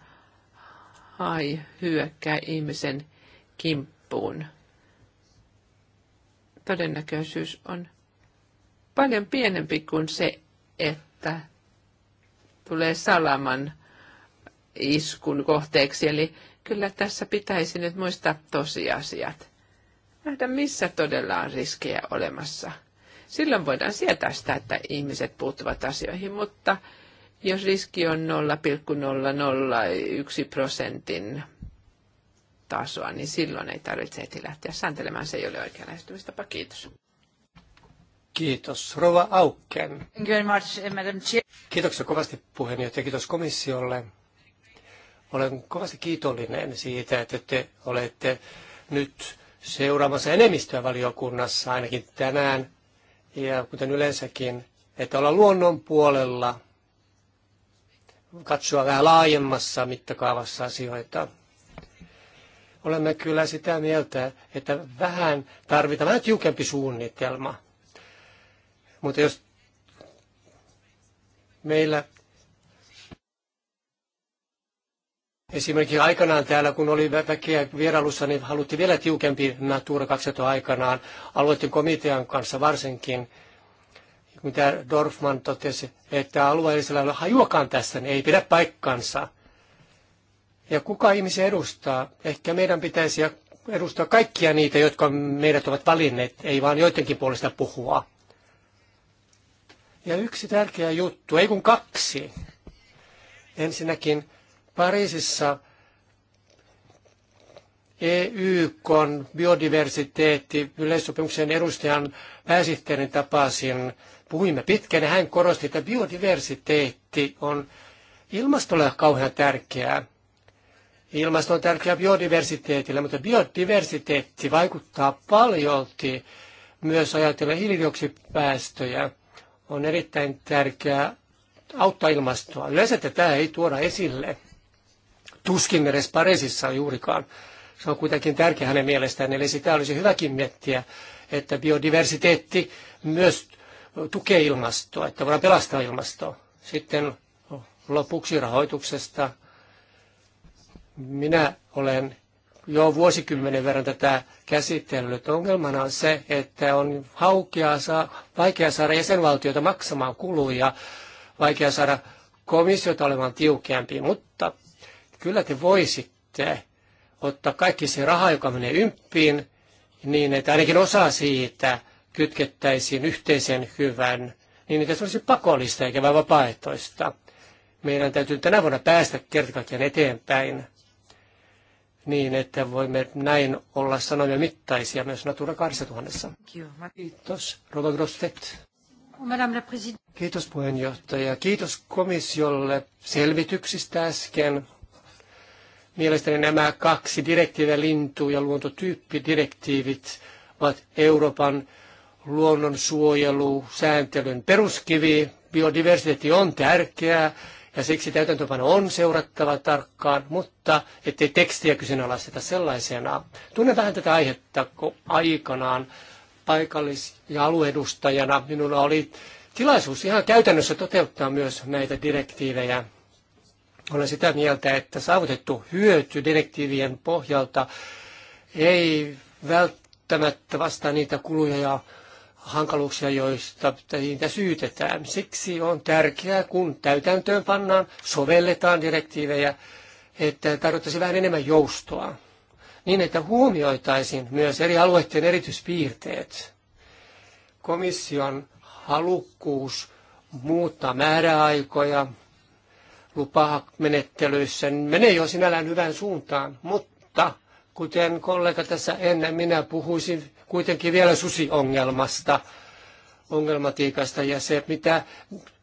hai hyökkää ihmisen kimppuun. Todennäköisyys on paljon pienempi kuin se, että tulee salaman iskun kohteeksi. Eli Kyllä tässä pitäisi nyt muistaa tosiasiat. Nähdä, missä todella on riskejä olemassa. Silloin voidaan sietää sitä, että ihmiset puuttuvat asioihin, mutta jos riski on 0,001 prosentin tasoa, niin silloin ei tarvitse heti lähteä sääntelemään. Se ei ole oikea lähestymistapa. Kiitos. Kiitos. Rova Aukken. Kiitoksia kovasti puheenjohtaja. Kiitos komissiolle olen kovasti kiitollinen siitä, että te olette nyt seuraamassa enemmistöä valiokunnassa ainakin tänään ja kuten yleensäkin, että olla luonnon puolella, katsoa vähän laajemmassa mittakaavassa asioita. Olemme kyllä sitä mieltä, että vähän tarvitaan vähän tiukempi suunnitelma. Mutta jos meillä Esimerkiksi aikanaan täällä, kun oli väkeä vierailussa, niin haluttiin vielä tiukempi Natura 2000 aikanaan, alueiden komitean kanssa varsinkin. Mitä Dorfman totesi, että alueellisella ei hajuakaan tässä, niin ei pidä paikkansa. Ja kuka ihmisiä edustaa? Ehkä meidän pitäisi edustaa kaikkia niitä, jotka meidät ovat valinneet, ei vaan joidenkin puolesta puhua. Ja yksi tärkeä juttu, ei kun kaksi. Ensinnäkin Pariisissa EYK biodiversiteetti yleissopimuksen edustajan pääsihteerin tapasin. Puhuimme pitkään ja hän korosti, että biodiversiteetti on ilmastolle kauhean tärkeää. Ilmasto on tärkeää biodiversiteetille, mutta biodiversiteetti vaikuttaa paljolti myös ajatellen hiilidioksipäästöjä. On erittäin tärkeää auttaa ilmastoa. Yleensä tätä ei tuoda esille tuskin edes Pariisissa juurikaan. Se on kuitenkin tärkeä hänen mielestään, eli sitä olisi hyväkin miettiä, että biodiversiteetti myös tukee ilmastoa, että voidaan pelastaa ilmastoa. Sitten lopuksi rahoituksesta. Minä olen jo vuosikymmenen verran tätä käsitellyt. Ongelmana on se, että on haukea, vaikea saada jäsenvaltioita maksamaan kuluja, vaikea saada komissiota olemaan tiukempi, mutta kyllä te voisitte ottaa kaikki se raha, joka menee ympiin, niin että ainakin osa siitä kytkettäisiin yhteisen hyvän, niin että se olisi pakollista eikä vain vapaaehtoista. Meidän täytyy tänä vuonna päästä kertakaikkiaan eteenpäin niin, että voimme näin olla sanoja mittaisia myös Natura 2000. Kiitos, Rova Grostet. Kiitos puheenjohtaja. Kiitos komissiolle selvityksistä äsken. Mielestäni nämä kaksi direktiiviä, lintu- ja luontotyyppidirektiivit, ovat Euroopan luonnonsuojelusääntelyn peruskivi. Biodiversiteetti on tärkeää ja siksi täytäntöpano on seurattava tarkkaan, mutta ettei tekstiä kyseenalaisteta sellaisenaan. Tunnen vähän tätä aihetta, kun aikanaan paikallis- ja alueedustajana minulla oli tilaisuus ihan käytännössä toteuttaa myös näitä direktiivejä. Olen sitä mieltä, että saavutettu hyöty direktiivien pohjalta ei välttämättä vastaa niitä kuluja ja hankaluuksia, joista niitä syytetään. Siksi on tärkeää, kun täytäntöön pannaan, sovelletaan direktiivejä, että tarvittaisiin vähän enemmän joustoa, niin että huomioitaisiin myös eri alueiden erityispiirteet. Komission halukkuus muuttaa määräaikoja lupamenettelyissä niin menee jo sinällään hyvään suuntaan, mutta kuten kollega tässä ennen, minä puhuisin kuitenkin vielä susiongelmasta, ongelmatiikasta ja se, mitä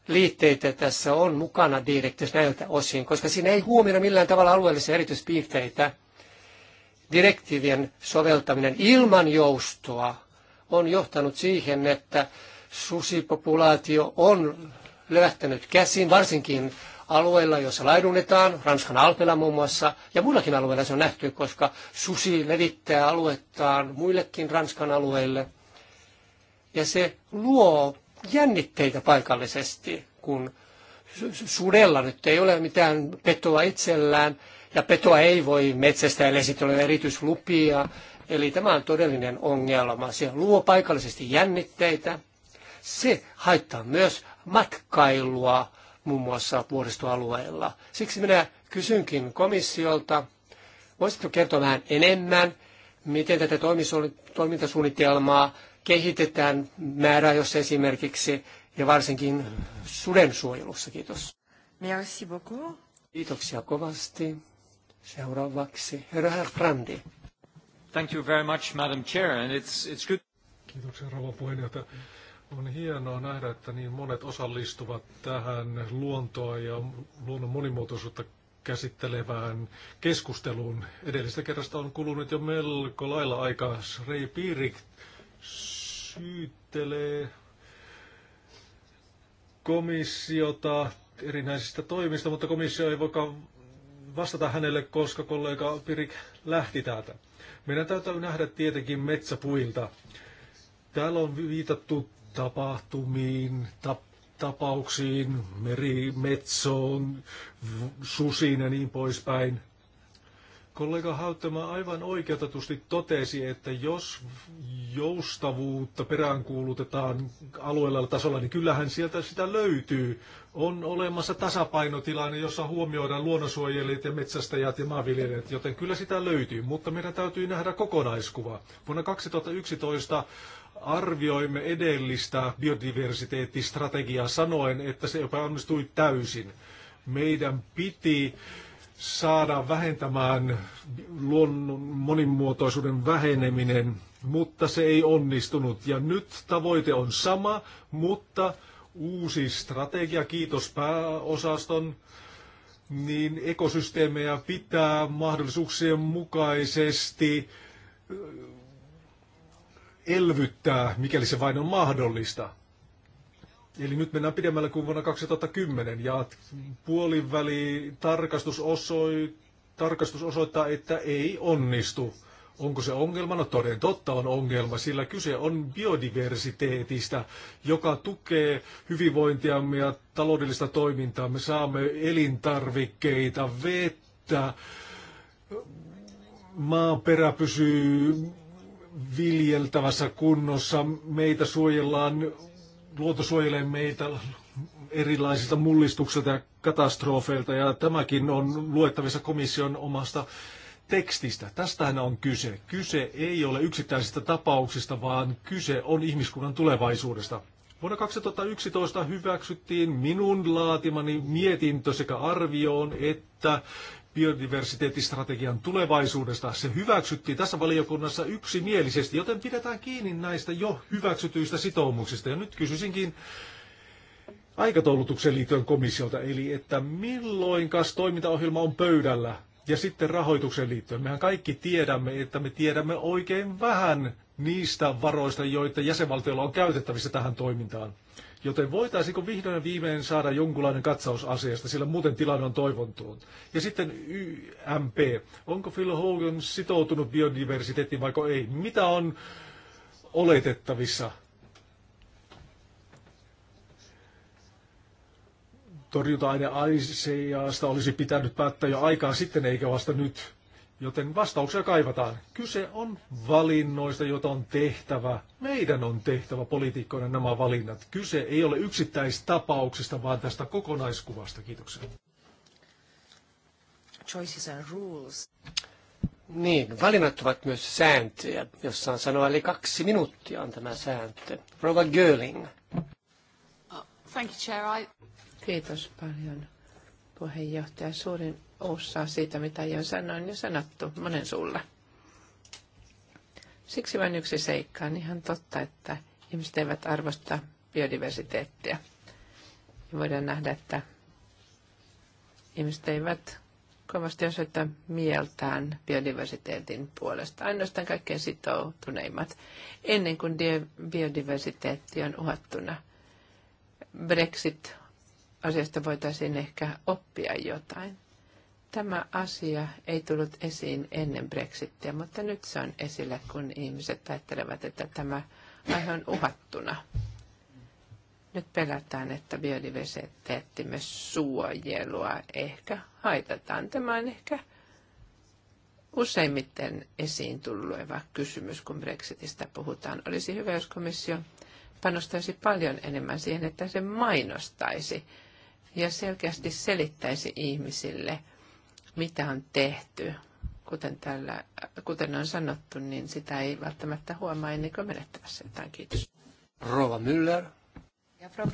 liitteitä tässä on mukana direktiivissä näiltä osin, koska siinä ei huomioida millään tavalla alueellisia erityispiirteitä. Direktiivien soveltaminen ilman joustoa on johtanut siihen, että susipopulaatio on lähtenyt käsiin, varsinkin alueilla, joissa laidunnetaan, Ranskan alpeilla muun muassa, ja muillakin alueilla se on nähty, koska susi levittää aluettaan muillekin Ranskan alueille. Ja se luo jännitteitä paikallisesti, kun sudella nyt ei ole mitään petoa itsellään, ja petoa ei voi metsästää, ellei sitten ole erityislupia. Eli tämä on todellinen ongelma. Se luo paikallisesti jännitteitä. Se haittaa myös matkailua muun muassa vuoristoalueilla. Siksi minä kysynkin komissiolta, voisitko kertoa vähän enemmän, miten tätä toimintasuunnitelmaa kehitetään määrä, jos esimerkiksi, ja varsinkin sudensuojelussa. Kiitos. Merci beaucoup. Kiitoksia kovasti. Seuraavaksi herra Herbrandi. Thank you very much, Madam Chair, and it's, it's good. Kiitoksia rouva puheenjohtaja. On hienoa nähdä, että niin monet osallistuvat tähän luontoa ja luonnon monimuotoisuutta käsittelevään keskusteluun. Edellistä kerrasta on kulunut jo melko lailla aikaa. Rei Piirik syyttelee komissiota erinäisistä toimista, mutta komissio ei voikaan vastata hänelle, koska kollega Pirik lähti täältä. Meidän täytyy nähdä tietenkin metsäpuilta. Täällä on viitattu tapahtumiin, tap, tapauksiin, merimetsoon, susiin ja niin poispäin. Kollega Hauttama aivan oikeutetusti totesi, että jos joustavuutta peräänkuulutetaan alueella tasolla, niin kyllähän sieltä sitä löytyy. On olemassa tasapainotilanne, jossa huomioidaan luonnonsuojelijat ja metsästäjät ja maanviljelijät, joten kyllä sitä löytyy, mutta meidän täytyy nähdä kokonaiskuva. Vuonna 2011 arvioimme edellistä biodiversiteettistrategiaa sanoen, että se onnistui täysin. Meidän piti saada vähentämään luonnon monimuotoisuuden väheneminen, mutta se ei onnistunut. Ja nyt tavoite on sama, mutta uusi strategia, kiitos pääosaston, niin ekosysteemejä pitää mahdollisuuksien mukaisesti elvyttää, mikäli se vain on mahdollista. Eli nyt mennään pidemmälle kuin vuonna 2010 ja puoliväli tarkastus, osoi, tarkastus osoittaa, että ei onnistu. Onko se ongelma? No toden totta on ongelma, sillä kyse on biodiversiteetistä, joka tukee hyvinvointiamme ja taloudellista toimintaa. Me saamme elintarvikkeita, vettä, maaperä pysyy viljeltävässä kunnossa. Meitä suojellaan, luonto suojelee meitä erilaisilta mullistuksilta ja katastrofeilta, ja tämäkin on luettavissa komission omasta tekstistä. Tästähän on kyse. Kyse ei ole yksittäisistä tapauksista, vaan kyse on ihmiskunnan tulevaisuudesta. Vuonna 2011 hyväksyttiin minun laatimani mietintö sekä arvioon että biodiversiteettistrategian tulevaisuudesta. Se hyväksyttiin tässä valiokunnassa yksimielisesti, joten pidetään kiinni näistä jo hyväksytyistä sitoumuksista. Ja nyt kysyisinkin aikataulutuksen liittyen komissiolta, eli että milloinkas toimintaohjelma on pöydällä ja sitten rahoitukseen liittyen. Mehän kaikki tiedämme, että me tiedämme oikein vähän niistä varoista, joita jäsenvaltioilla on käytettävissä tähän toimintaan. Joten voitaisiinko vihdoin ja viimein saada jonkunlainen katsaus asiasta, sillä muuten tilanne on toivontuun. Ja sitten YMP. Onko Phil Hogan sitoutunut biodiversiteettiin vaiko ei? Mitä on oletettavissa? torjunta aine olisi pitänyt päättää jo aikaa sitten, eikä vasta nyt. Joten vastauksia kaivataan. Kyse on valinnoista, joita on tehtävä. Meidän on tehtävä poliitikkoina nämä valinnat. Kyse ei ole yksittäistapauksista, vaan tästä kokonaiskuvasta. Kiitoksia. Choices and rules. Niin, valinnat ovat myös sääntöjä, jossa on sanoa, eli kaksi minuuttia on tämä sääntö. Rova Göling. Uh, thank you, Chair. I... Kiitos paljon puheenjohtaja. Suurin osa siitä, mitä jo sanoin, ja sanottu monen sulla. Siksi vain yksi seikka on ihan totta, että ihmiset eivät arvosta biodiversiteettiä. Ja voidaan nähdä, että ihmiset eivät kovasti osoita mieltään biodiversiteetin puolesta. Ainoastaan kaikkein sitoutuneimmat ennen kuin biodiversiteetti on uhattuna. Brexit asiasta voitaisiin ehkä oppia jotain. Tämä asia ei tullut esiin ennen Brexittiä, mutta nyt se on esillä, kun ihmiset ajattelevat, että tämä aihe on uhattuna. Nyt pelätään, että biodiversiteettimme suojelua ehkä haitataan. Tämä on ehkä useimmiten esiin tuleva kysymys, kun Brexitistä puhutaan. Olisi hyvä, jos komissio panostaisi paljon enemmän siihen, että se mainostaisi ja selkeästi selittäisi ihmisille, mitä on tehty. Kuten, tällä, kuten on sanottu, niin sitä ei välttämättä huomaa ennen kuin menettävässä jotain. Kiitos. Rova Müller. Ja Frau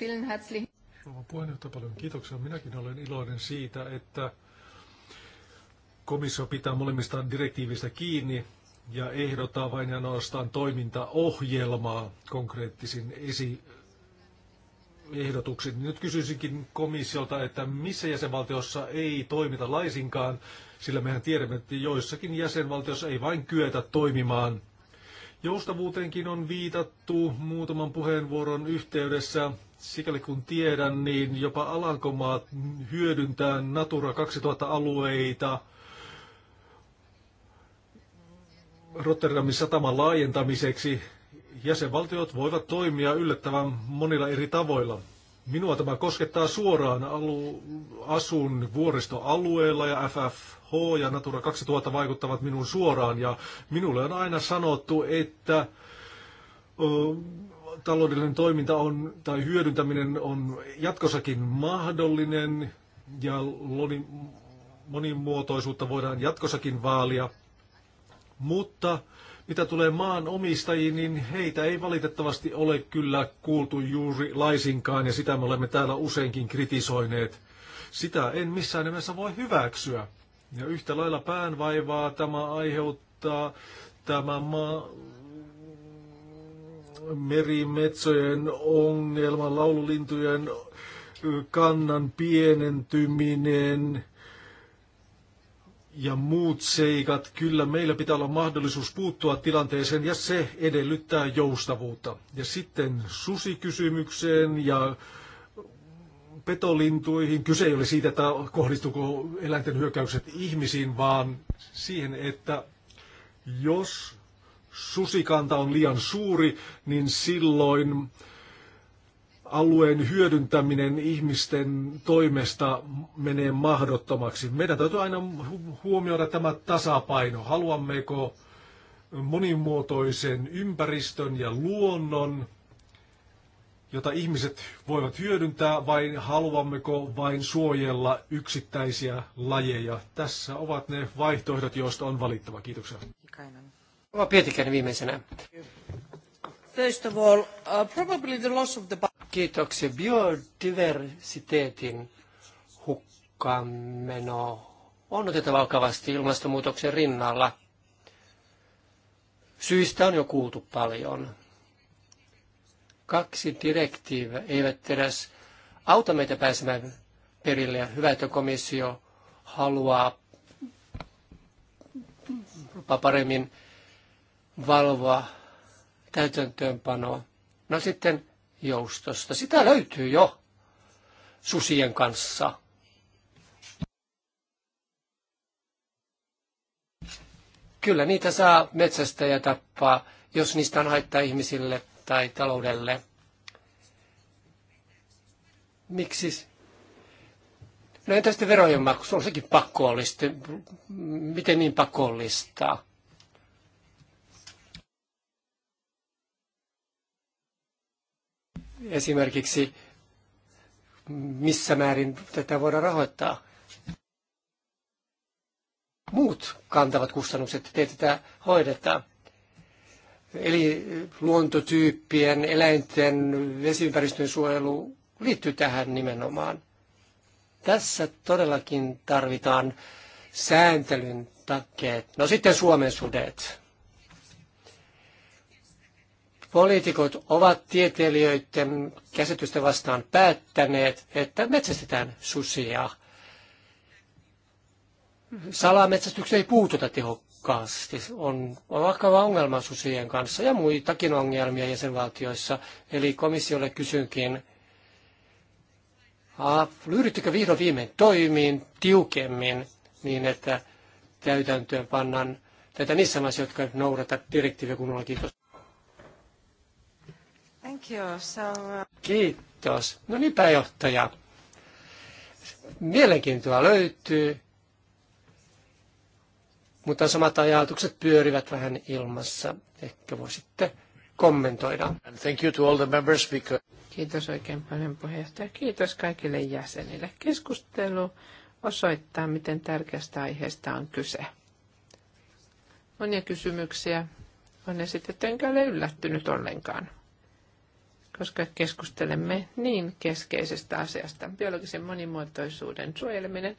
vielen herzlichen Rouva puheenjohtaja, paljon kiitoksia. Minäkin olen iloinen siitä, että komissio pitää molemmista direktiivistä kiinni ja ehdottaa vain ja nostaa toimintaohjelmaa konkreettisin esi- ehdotukset. Nyt kysyisinkin komissiolta, että missä jäsenvaltiossa ei toimita laisinkaan, sillä mehän tiedämme, että joissakin jäsenvaltiossa ei vain kyetä toimimaan. Joustavuuteenkin on viitattu muutaman puheenvuoron yhteydessä. Sikäli kun tiedän, niin jopa Alankomaat hyödyntää Natura 2000-alueita Rotterdamin sataman laajentamiseksi jäsenvaltiot voivat toimia yllättävän monilla eri tavoilla. Minua tämä koskettaa suoraan. Alu, asun vuoristoalueella ja FFH ja Natura 2000 vaikuttavat minun suoraan. Ja minulle on aina sanottu, että ö, taloudellinen toiminta on, tai hyödyntäminen on jatkossakin mahdollinen ja loni, monimuotoisuutta voidaan jatkossakin vaalia. Mutta mitä tulee maan omistajiin, niin heitä ei valitettavasti ole kyllä kuultu juuri laisinkaan, ja sitä me olemme täällä useinkin kritisoineet. Sitä en missään nimessä voi hyväksyä. Ja yhtä lailla päänvaivaa tämä aiheuttaa tämä maa, merimetsojen ongelma, laululintujen kannan pienentyminen, ja muut seikat, kyllä meillä pitää olla mahdollisuus puuttua tilanteeseen ja se edellyttää joustavuutta. Ja sitten susikysymykseen ja petolintuihin. Kyse ei ole siitä, että kohdistuuko eläinten hyökkäykset ihmisiin, vaan siihen, että jos susikanta on liian suuri, niin silloin alueen hyödyntäminen ihmisten toimesta menee mahdottomaksi. Meidän täytyy aina huomioida tämä tasapaino. Haluammeko monimuotoisen ympäristön ja luonnon, jota ihmiset voivat hyödyntää, vai haluammeko vain suojella yksittäisiä lajeja? Tässä ovat ne vaihtoehdot, joista on valittava. Kiitoksia. Pietikäinen viimeisenä. First of all, uh, probably the loss of the Kiitoksia. Biodiversiteetin hukkaammeno. on otettava vakavasti ilmastonmuutoksen rinnalla. Syistä on jo kuultu paljon. Kaksi direktiiviä eivät edes auta meitä pääsemään perille. Hyvä, että komissio haluaa paremmin valvoa täytäntöönpanoa. No sitten joustosta. Sitä löytyy jo susien kanssa. Kyllä niitä saa ja tappaa, jos niistä on haittaa ihmisille tai taloudelle. Miksi? No entä sitten verojen maksu? On sekin pakollista. Miten niin pakollista? esimerkiksi, missä määrin tätä voidaan rahoittaa. Muut kantavat kustannukset, te tätä hoidetaan. Eli luontotyyppien, eläinten, vesiympäristön suojelu liittyy tähän nimenomaan. Tässä todellakin tarvitaan sääntelyn takia. No sitten Suomen sudet. Poliitikot ovat tieteilijöiden käsitystä vastaan päättäneet, että metsästetään susia. Salametsästykseen ei puututa tehokkaasti. On vakava ongelma susien kanssa ja muitakin ongelmia jäsenvaltioissa. Eli komissiolle kysynkin, ryhdyttekö vihdoin viimein toimiin tiukemmin niin, että täytäntöön pannaan tätä niissä maissa, jotka noudata direktiiviä kunnolla. Kiitos. Thank you. So, uh... Kiitos. No niin, pääjohtaja. Mielenkiintoa löytyy, mutta samat ajatukset pyörivät vähän ilmassa. Ehkä voisitte kommentoida. And thank you to all the members because... Kiitos oikein paljon puheenjohtaja. Kiitos kaikille jäsenille. Keskustelu osoittaa, miten tärkeästä aiheesta on kyse. Monia kysymyksiä on esitetty, enkä ole yllättynyt ollenkaan koska keskustelemme niin keskeisestä asiasta, biologisen monimuotoisuuden suojeleminen,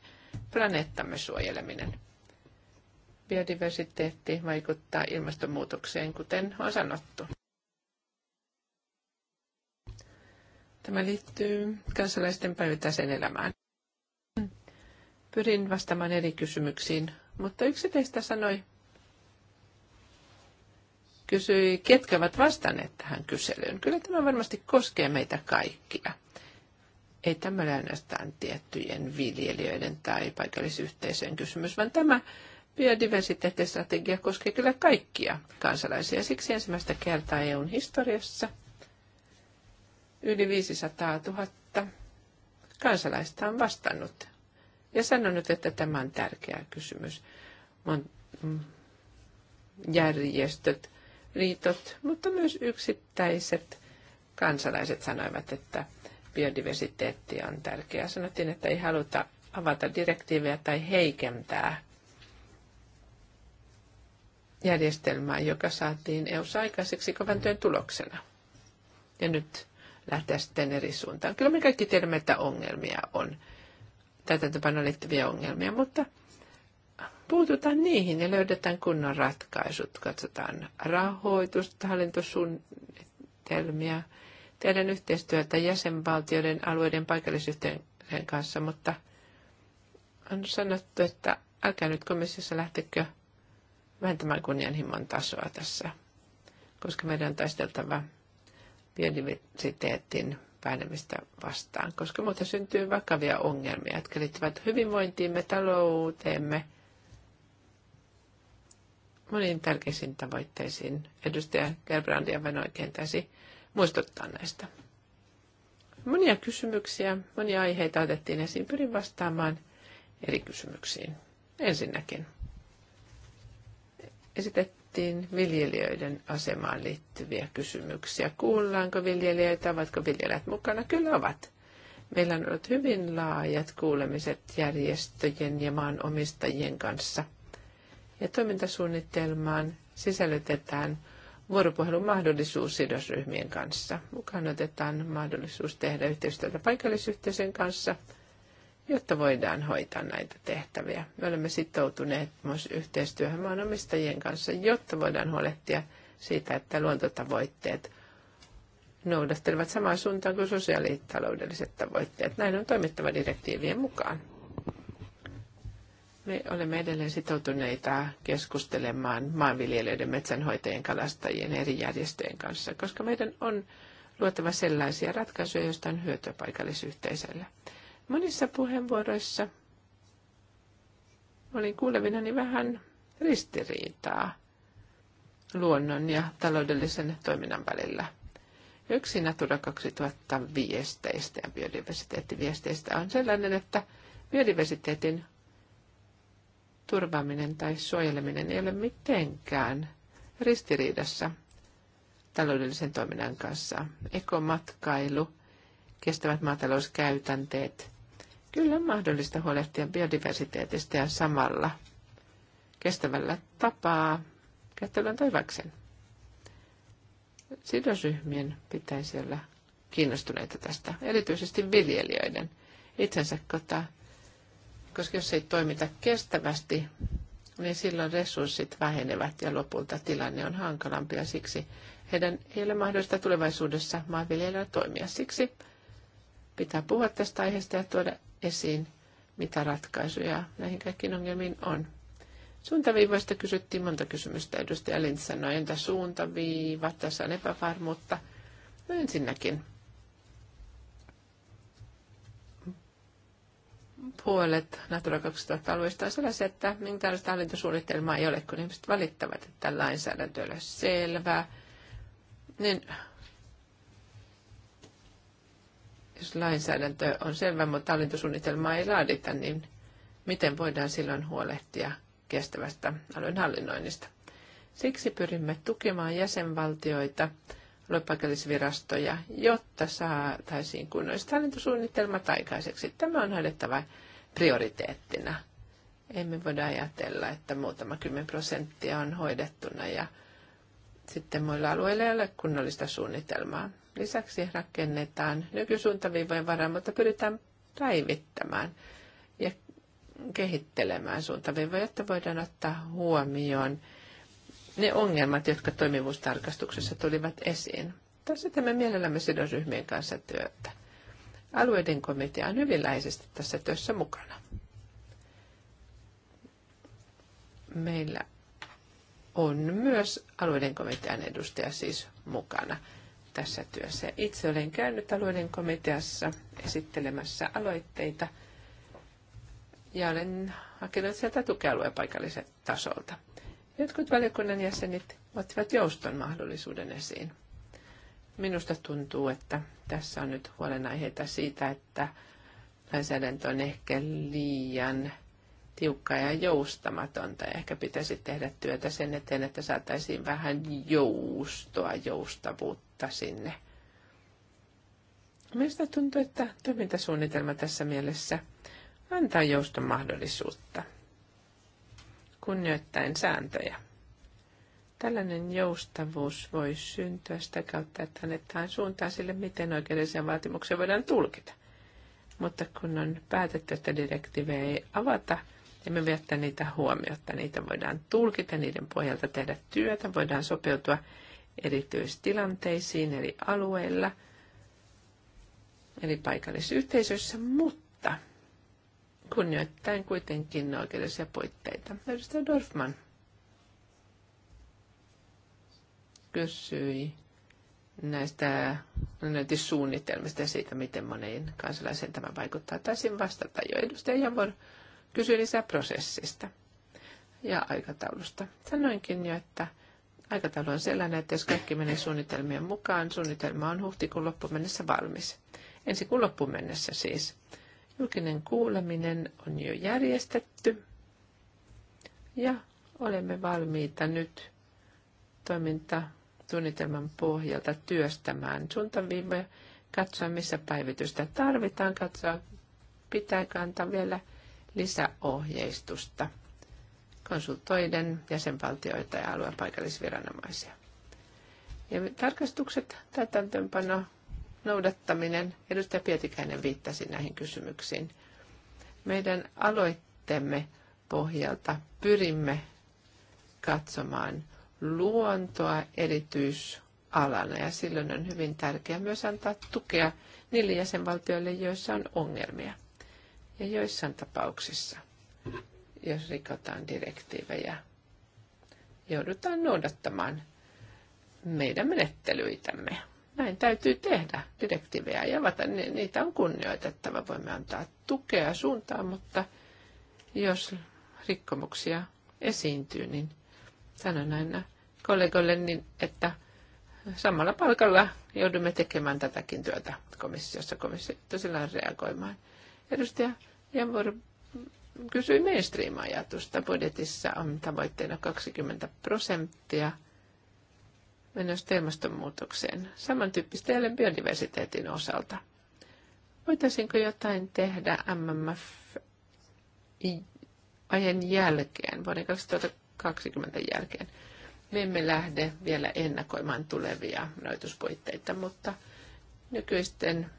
planeettamme suojeleminen. Biodiversiteetti vaikuttaa ilmastonmuutokseen, kuten on sanottu. Tämä liittyy kansalaisten päivittäiseen elämään. Pyrin vastaamaan eri kysymyksiin, mutta yksi teistä sanoi, kysyi, ketkä ovat vastanneet tähän kyselyyn. Kyllä tämä varmasti koskee meitä kaikkia. Ei tämä ole ainoastaan tiettyjen viljelijöiden tai paikallisyhteisöjen kysymys, vaan tämä biodiversiteettistrategia koskee kyllä kaikkia kansalaisia. Siksi ensimmäistä kertaa EUn historiassa yli 500 000 kansalaista on vastannut ja sanonut, että tämä on tärkeä kysymys. Mm, järjestöt liitot, mutta myös yksittäiset kansalaiset sanoivat, että biodiversiteetti on tärkeää. Sanottiin, että ei haluta avata direktiivejä tai heikentää järjestelmää, joka saatiin EUssa aikaiseksi kovan työn tuloksena. Ja nyt lähtee sitten eri suuntaan. Kyllä me kaikki tiedämme, että ongelmia on, täytäntöpanoon liittyviä ongelmia, mutta puututaan niihin ja löydetään kunnon ratkaisut. Katsotaan rahoitusta, hallintosuunnitelmia, tehdään yhteistyötä jäsenvaltioiden alueiden paikallisyhteen kanssa, mutta on sanottu, että älkää nyt komissiossa lähtekö vähentämään kunnianhimon tasoa tässä, koska meidän on taisteltava biodiversiteetin vähenemistä vastaan, koska muuten syntyy vakavia ongelmia, jotka liittyvät hyvinvointiimme, talouteemme – moniin tärkeisiin tavoitteisiin. Edustaja Gerbrandia vain oikein taisi muistuttaa näistä. Monia kysymyksiä, monia aiheita otettiin esiin. Pyrin vastaamaan eri kysymyksiin. Ensinnäkin esitettiin viljelijöiden asemaan liittyviä kysymyksiä. Kuullaanko viljelijöitä, ovatko viljelijät mukana? Kyllä ovat. Meillä on ollut hyvin laajat kuulemiset järjestöjen ja maanomistajien kanssa – ja toimintasuunnitelmaan sisällytetään vuoropuhelun mahdollisuus sidosryhmien kanssa. Mukaan otetaan mahdollisuus tehdä yhteistyötä paikallisyhteisön kanssa, jotta voidaan hoitaa näitä tehtäviä. Me olemme sitoutuneet myös yhteistyöhön maanomistajien kanssa, jotta voidaan huolehtia siitä, että luontotavoitteet noudattelevat samaan suuntaan kuin sosiaalitaloudelliset tavoitteet. Näin on toimittava direktiivien mukaan. Me olemme edelleen sitoutuneita keskustelemaan maanviljelijöiden, metsänhoitajien, kalastajien, eri järjestöjen kanssa, koska meidän on luotava sellaisia ratkaisuja, joista on hyötyä paikallisyhteisöllä. Monissa puheenvuoroissa olin kuulevinani vähän ristiriitaa luonnon ja taloudellisen toiminnan välillä. Yksi Natura 2000 viesteistä ja biodiversiteettiviesteistä on sellainen, että biodiversiteetin turvaaminen tai suojeleminen ei ole mitenkään ristiriidassa taloudellisen toiminnan kanssa. Ekomatkailu, kestävät maatalouskäytänteet. Kyllä on mahdollista huolehtia biodiversiteetistä ja samalla kestävällä tapaa käyttävän toivakseen. Sidosryhmien pitäisi olla kiinnostuneita tästä, erityisesti viljelijöiden itsensä kota koska jos ei toimita kestävästi, niin silloin resurssit vähenevät ja lopulta tilanne on hankalampi ja siksi heidän ei ole mahdollista tulevaisuudessa maanviljelijöillä toimia. Siksi pitää puhua tästä aiheesta ja tuoda esiin, mitä ratkaisuja näihin kaikkiin ongelmiin on. Suuntaviivoista kysyttiin monta kysymystä. Edustaja Lind sanoi, entä suuntaviiva? Tässä on epävarmuutta. No ensinnäkin, puolet Natura 2000-alueista on sellaisia, että minkäänlaista hallintosuunnitelmaa ei ole, kun ihmiset valittavat, että lainsäädäntö ei ole selvää. Niin jos lainsäädäntö on selvä, mutta hallintosuunnitelmaa ei laadita, niin miten voidaan silloin huolehtia kestävästä alueen hallinnoinnista? Siksi pyrimme tukemaan jäsenvaltioita – aluepaikallisvirastoja, jotta saataisiin kunnolliset hallintosuunnitelmat aikaiseksi. Tämä on hoidettava prioriteettina. Emme voida ajatella, että muutama kymmen prosenttia on hoidettuna ja sitten muilla alueilla ei ole kunnollista suunnitelmaa. Lisäksi rakennetaan nykysuuntaviivojen varaan, mutta pyritään päivittämään ja kehittelemään suuntaviivoja, jotta voidaan ottaa huomioon – ne ongelmat, jotka toimivuustarkastuksessa tulivat esiin. Tässä tämä mielellämme sidosryhmien kanssa työtä. Alueiden komitea on hyvin läheisesti tässä työssä mukana. Meillä on myös alueiden komitean edustaja siis mukana tässä työssä. Itse olen käynyt alueiden komiteassa esittelemässä aloitteita ja olen hakenut sieltä tukea paikalliset tasolta. Jotkut valiokunnan jäsenet ottivat jouston mahdollisuuden esiin. Minusta tuntuu, että tässä on nyt huolenaiheita siitä, että lainsäädäntö on ehkä liian tiukka ja joustamatonta. Ehkä pitäisi tehdä työtä sen eteen, että saataisiin vähän joustoa, joustavuutta sinne. Minusta tuntuu, että toimintasuunnitelma tässä mielessä antaa jouston mahdollisuutta kunnioittain sääntöjä. Tällainen joustavuus voi syntyä sitä kautta, että annetaan suuntaa sille, miten oikeudellisia vaatimuksia voidaan tulkita. Mutta kun on päätetty, että direktiivejä ei avata, emme me viettää niitä huomiota. Niitä voidaan tulkita, niiden pohjalta tehdä työtä, voidaan sopeutua erityistilanteisiin eri alueilla, eri paikallisyhteisöissä, mutta kunnioittain kuitenkin oikeudellisia puitteita. Edustaja Dorfman kysyi näistä suunnitelmista ja siitä, miten moneen kansalaiseen tämä vaikuttaa. Taisin vastata jo. Edustaja Javor kysyi lisää prosessista ja aikataulusta. Sanoinkin jo, että aikataulu on sellainen, että jos kaikki menee suunnitelmien mukaan, suunnitelma on huhtikuun loppuun mennessä valmis. Ensi kuun loppuun mennessä siis. Julkinen kuuleminen on jo järjestetty ja olemme valmiita nyt toimintasuunnitelman pohjalta työstämään suuntaviivoja, katsoa missä päivitystä tarvitaan, katsoa pitääkö antaa vielä lisäohjeistusta konsultoiden jäsenvaltioita ja aluepaikallisviranomaisia. Ja tarkastukset, täytäntöönpano, noudattaminen. Edustaja Pietikäinen viittasi näihin kysymyksiin. Meidän aloitteemme pohjalta pyrimme katsomaan luontoa erityisalana ja silloin on hyvin tärkeää myös antaa tukea niille jäsenvaltioille, joissa on ongelmia ja joissain tapauksissa, jos rikotaan direktiivejä, joudutaan noudattamaan meidän menettelyitämme. Näin täytyy tehdä direktiivejä ja avata. Niitä on kunnioitettava. Voimme antaa tukea suuntaan, mutta jos rikkomuksia esiintyy, niin sanon aina kollegoille, niin, että samalla palkalla joudumme tekemään tätäkin työtä komissiossa. Komissio tosiaan reagoimaan. Edustaja Janvor kysyi mainstream-ajatusta. Budjetissa on tavoitteena 20 prosenttia – menosta ilmastonmuutokseen. Samantyyppistä jälleen biodiversiteetin osalta. Voitaisinko jotain tehdä MMF ajan jälkeen, vuoden 2020 jälkeen? Me emme lähde vielä ennakoimaan tulevia rajoituspuitteita, mutta nykyisten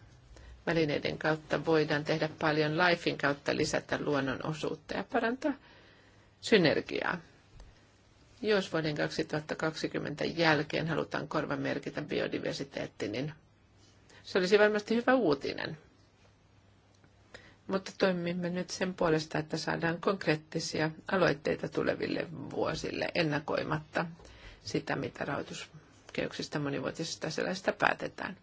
välineiden kautta voidaan tehdä paljon lifein kautta lisätä luonnon osuutta ja parantaa synergiaa jos vuoden 2020 jälkeen halutaan korvamerkitä biodiversiteetti, niin se olisi varmasti hyvä uutinen. Mutta toimimme nyt sen puolesta, että saadaan konkreettisia aloitteita tuleville vuosille ennakoimatta sitä, mitä rahoituskeuksista monivuotisesta sellaista päätetään.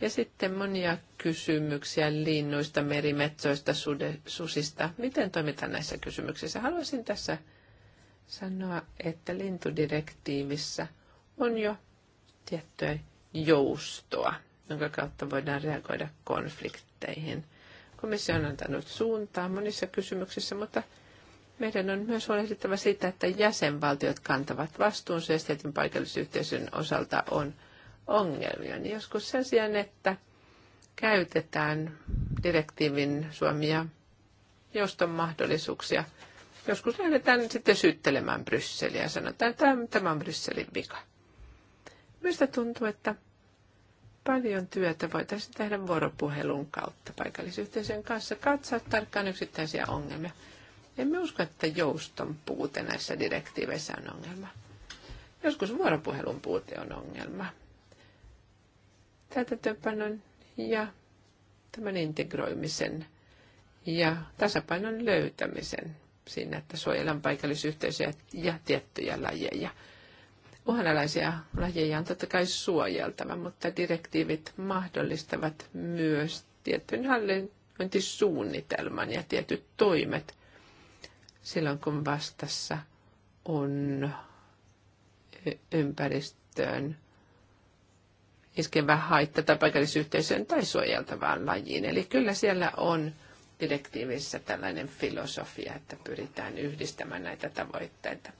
Ja sitten monia kysymyksiä linnuista, merimetsoista, sude, susista. Miten toimitaan näissä kysymyksissä? Haluaisin tässä sanoa, että lintudirektiivissä on jo tiettyä joustoa, jonka kautta voidaan reagoida konflikteihin. Komissio on antanut suuntaa monissa kysymyksissä, mutta meidän on myös huolehdittava siitä, että jäsenvaltiot kantavat vastuunsa ja tietyn paikallisyhteisön osalta on ongelmia. Niin joskus sen sijaan, että käytetään direktiivin suomia jouston mahdollisuuksia, Joskus lähdetään sitten syyttelemään Brysseliä ja sanotaan, että tämä on Brysselin vika. Minusta tuntuu, että paljon työtä voitaisiin tehdä vuoropuhelun kautta paikallisyhteisön kanssa, katsoa tarkkaan yksittäisiä ongelmia. Emme usko, että jouston puute näissä direktiiveissä on ongelma. Joskus vuoropuhelun puute on ongelma. Täytäntöönpanon ja tämän integroimisen ja tasapainon löytämisen siinä, että suojellaan paikallisyhteisöjä ja tiettyjä lajeja. Uhanalaisia lajeja on totta kai suojeltava, mutta direktiivit mahdollistavat myös tietyn hallinnointisuunnitelman ja tietyt toimet silloin, kun vastassa on ympäristöön iskevä haitta tai paikallisyhteisöön tai suojeltavaan lajiin. Eli kyllä siellä on direktiivissä tällainen filosofia, että pyritään yhdistämään näitä tavoitteita.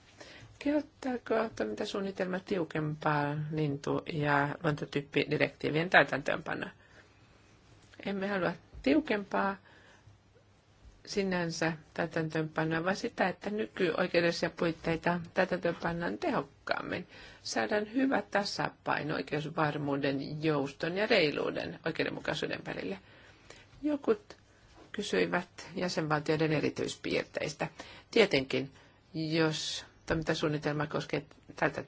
Kehottaako toimintasuunnitelma tiukempaa lintu- ja luontotyyppidirektiivien täytäntöönpanoa? Emme halua tiukempaa sinänsä täytäntöönpanoa, vaan sitä, että nykyoikeudellisia puitteita täytäntöönpannaan tehokkaammin. Saadaan hyvä tasapaino oikeusvarmuuden, jouston ja reiluuden oikeudenmukaisuuden välille. Jokut kysyivät jäsenvaltioiden erityispiirteistä. Tietenkin, jos toimintasuunnitelma koskee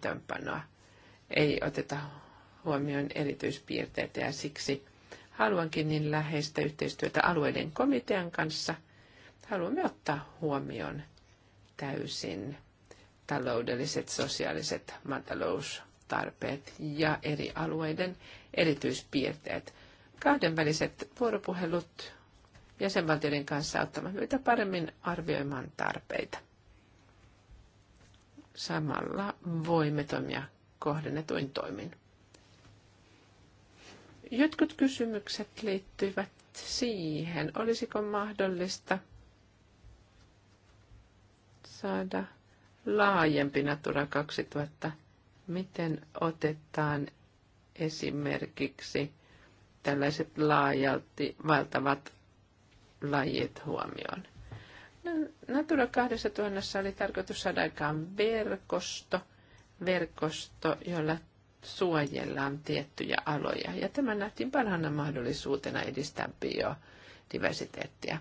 tömpanoa, ei oteta huomioon erityispiirteitä ja siksi haluankin niin läheistä yhteistyötä alueiden komitean kanssa. Haluamme ottaa huomioon täysin taloudelliset, sosiaaliset maataloustarpeet ja eri alueiden erityispiirteet. Kahdenväliset vuoropuhelut jäsenvaltioiden kanssa auttamaan meitä paremmin arvioimaan tarpeita. Samalla voimme toimia kohdennetuin toimin. Jotkut kysymykset liittyvät siihen, olisiko mahdollista saada laajempi Natura 2000, miten otetaan esimerkiksi tällaiset laajalti valtavat lajit huomioon. No, Natura 2000 oli tarkoitus saada aikaan verkosto, verkosto, jolla suojellaan tiettyjä aloja. Ja tämä nähtiin parhaana mahdollisuutena edistää biodiversiteettiä.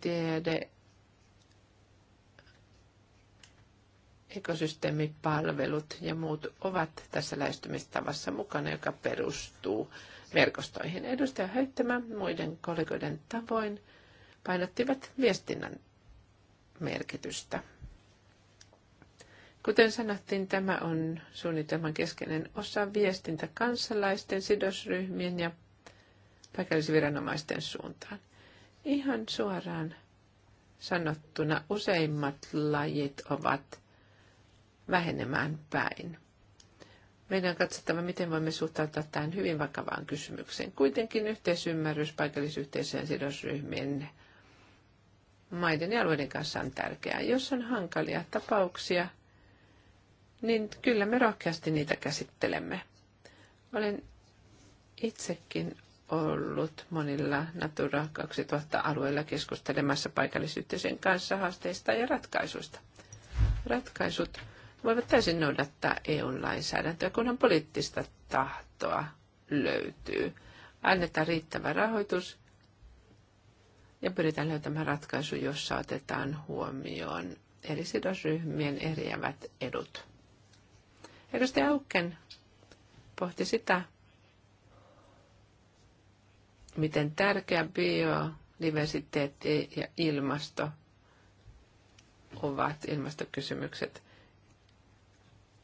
tiede ekosysteemipalvelut ja muut ovat tässä lähestymistavassa mukana, joka perustuu verkostoihin. Edustaja Höyttämä muiden kollegoiden tavoin painottivat viestinnän merkitystä. Kuten sanottiin, tämä on suunnitelman keskeinen osa viestintä kansalaisten, sidosryhmien ja paikallisviranomaisten suuntaan. Ihan suoraan sanottuna useimmat lajit ovat vähenemään päin. Meidän on katsottava, miten voimme suhtautua tähän hyvin vakavaan kysymykseen. Kuitenkin yhteisymmärrys paikallisyhteisöjen sidosryhmien maiden ja alueiden kanssa on tärkeää. Jos on hankalia tapauksia, niin kyllä me rohkeasti niitä käsittelemme. Olen itsekin ollut monilla Natura 2000-alueilla keskustelemassa paikallisyhteisön kanssa haasteista ja ratkaisuista. Ratkaisut voivat täysin noudattaa EUn lainsäädäntöä, kunhan poliittista tahtoa löytyy. Annetaan riittävä rahoitus ja pyritään löytämään ratkaisu, jossa otetaan huomioon eri sidosryhmien eriävät edut. Edustaja Aukken pohti sitä, miten tärkeä biodiversiteetti ja ilmasto ovat ilmastokysymykset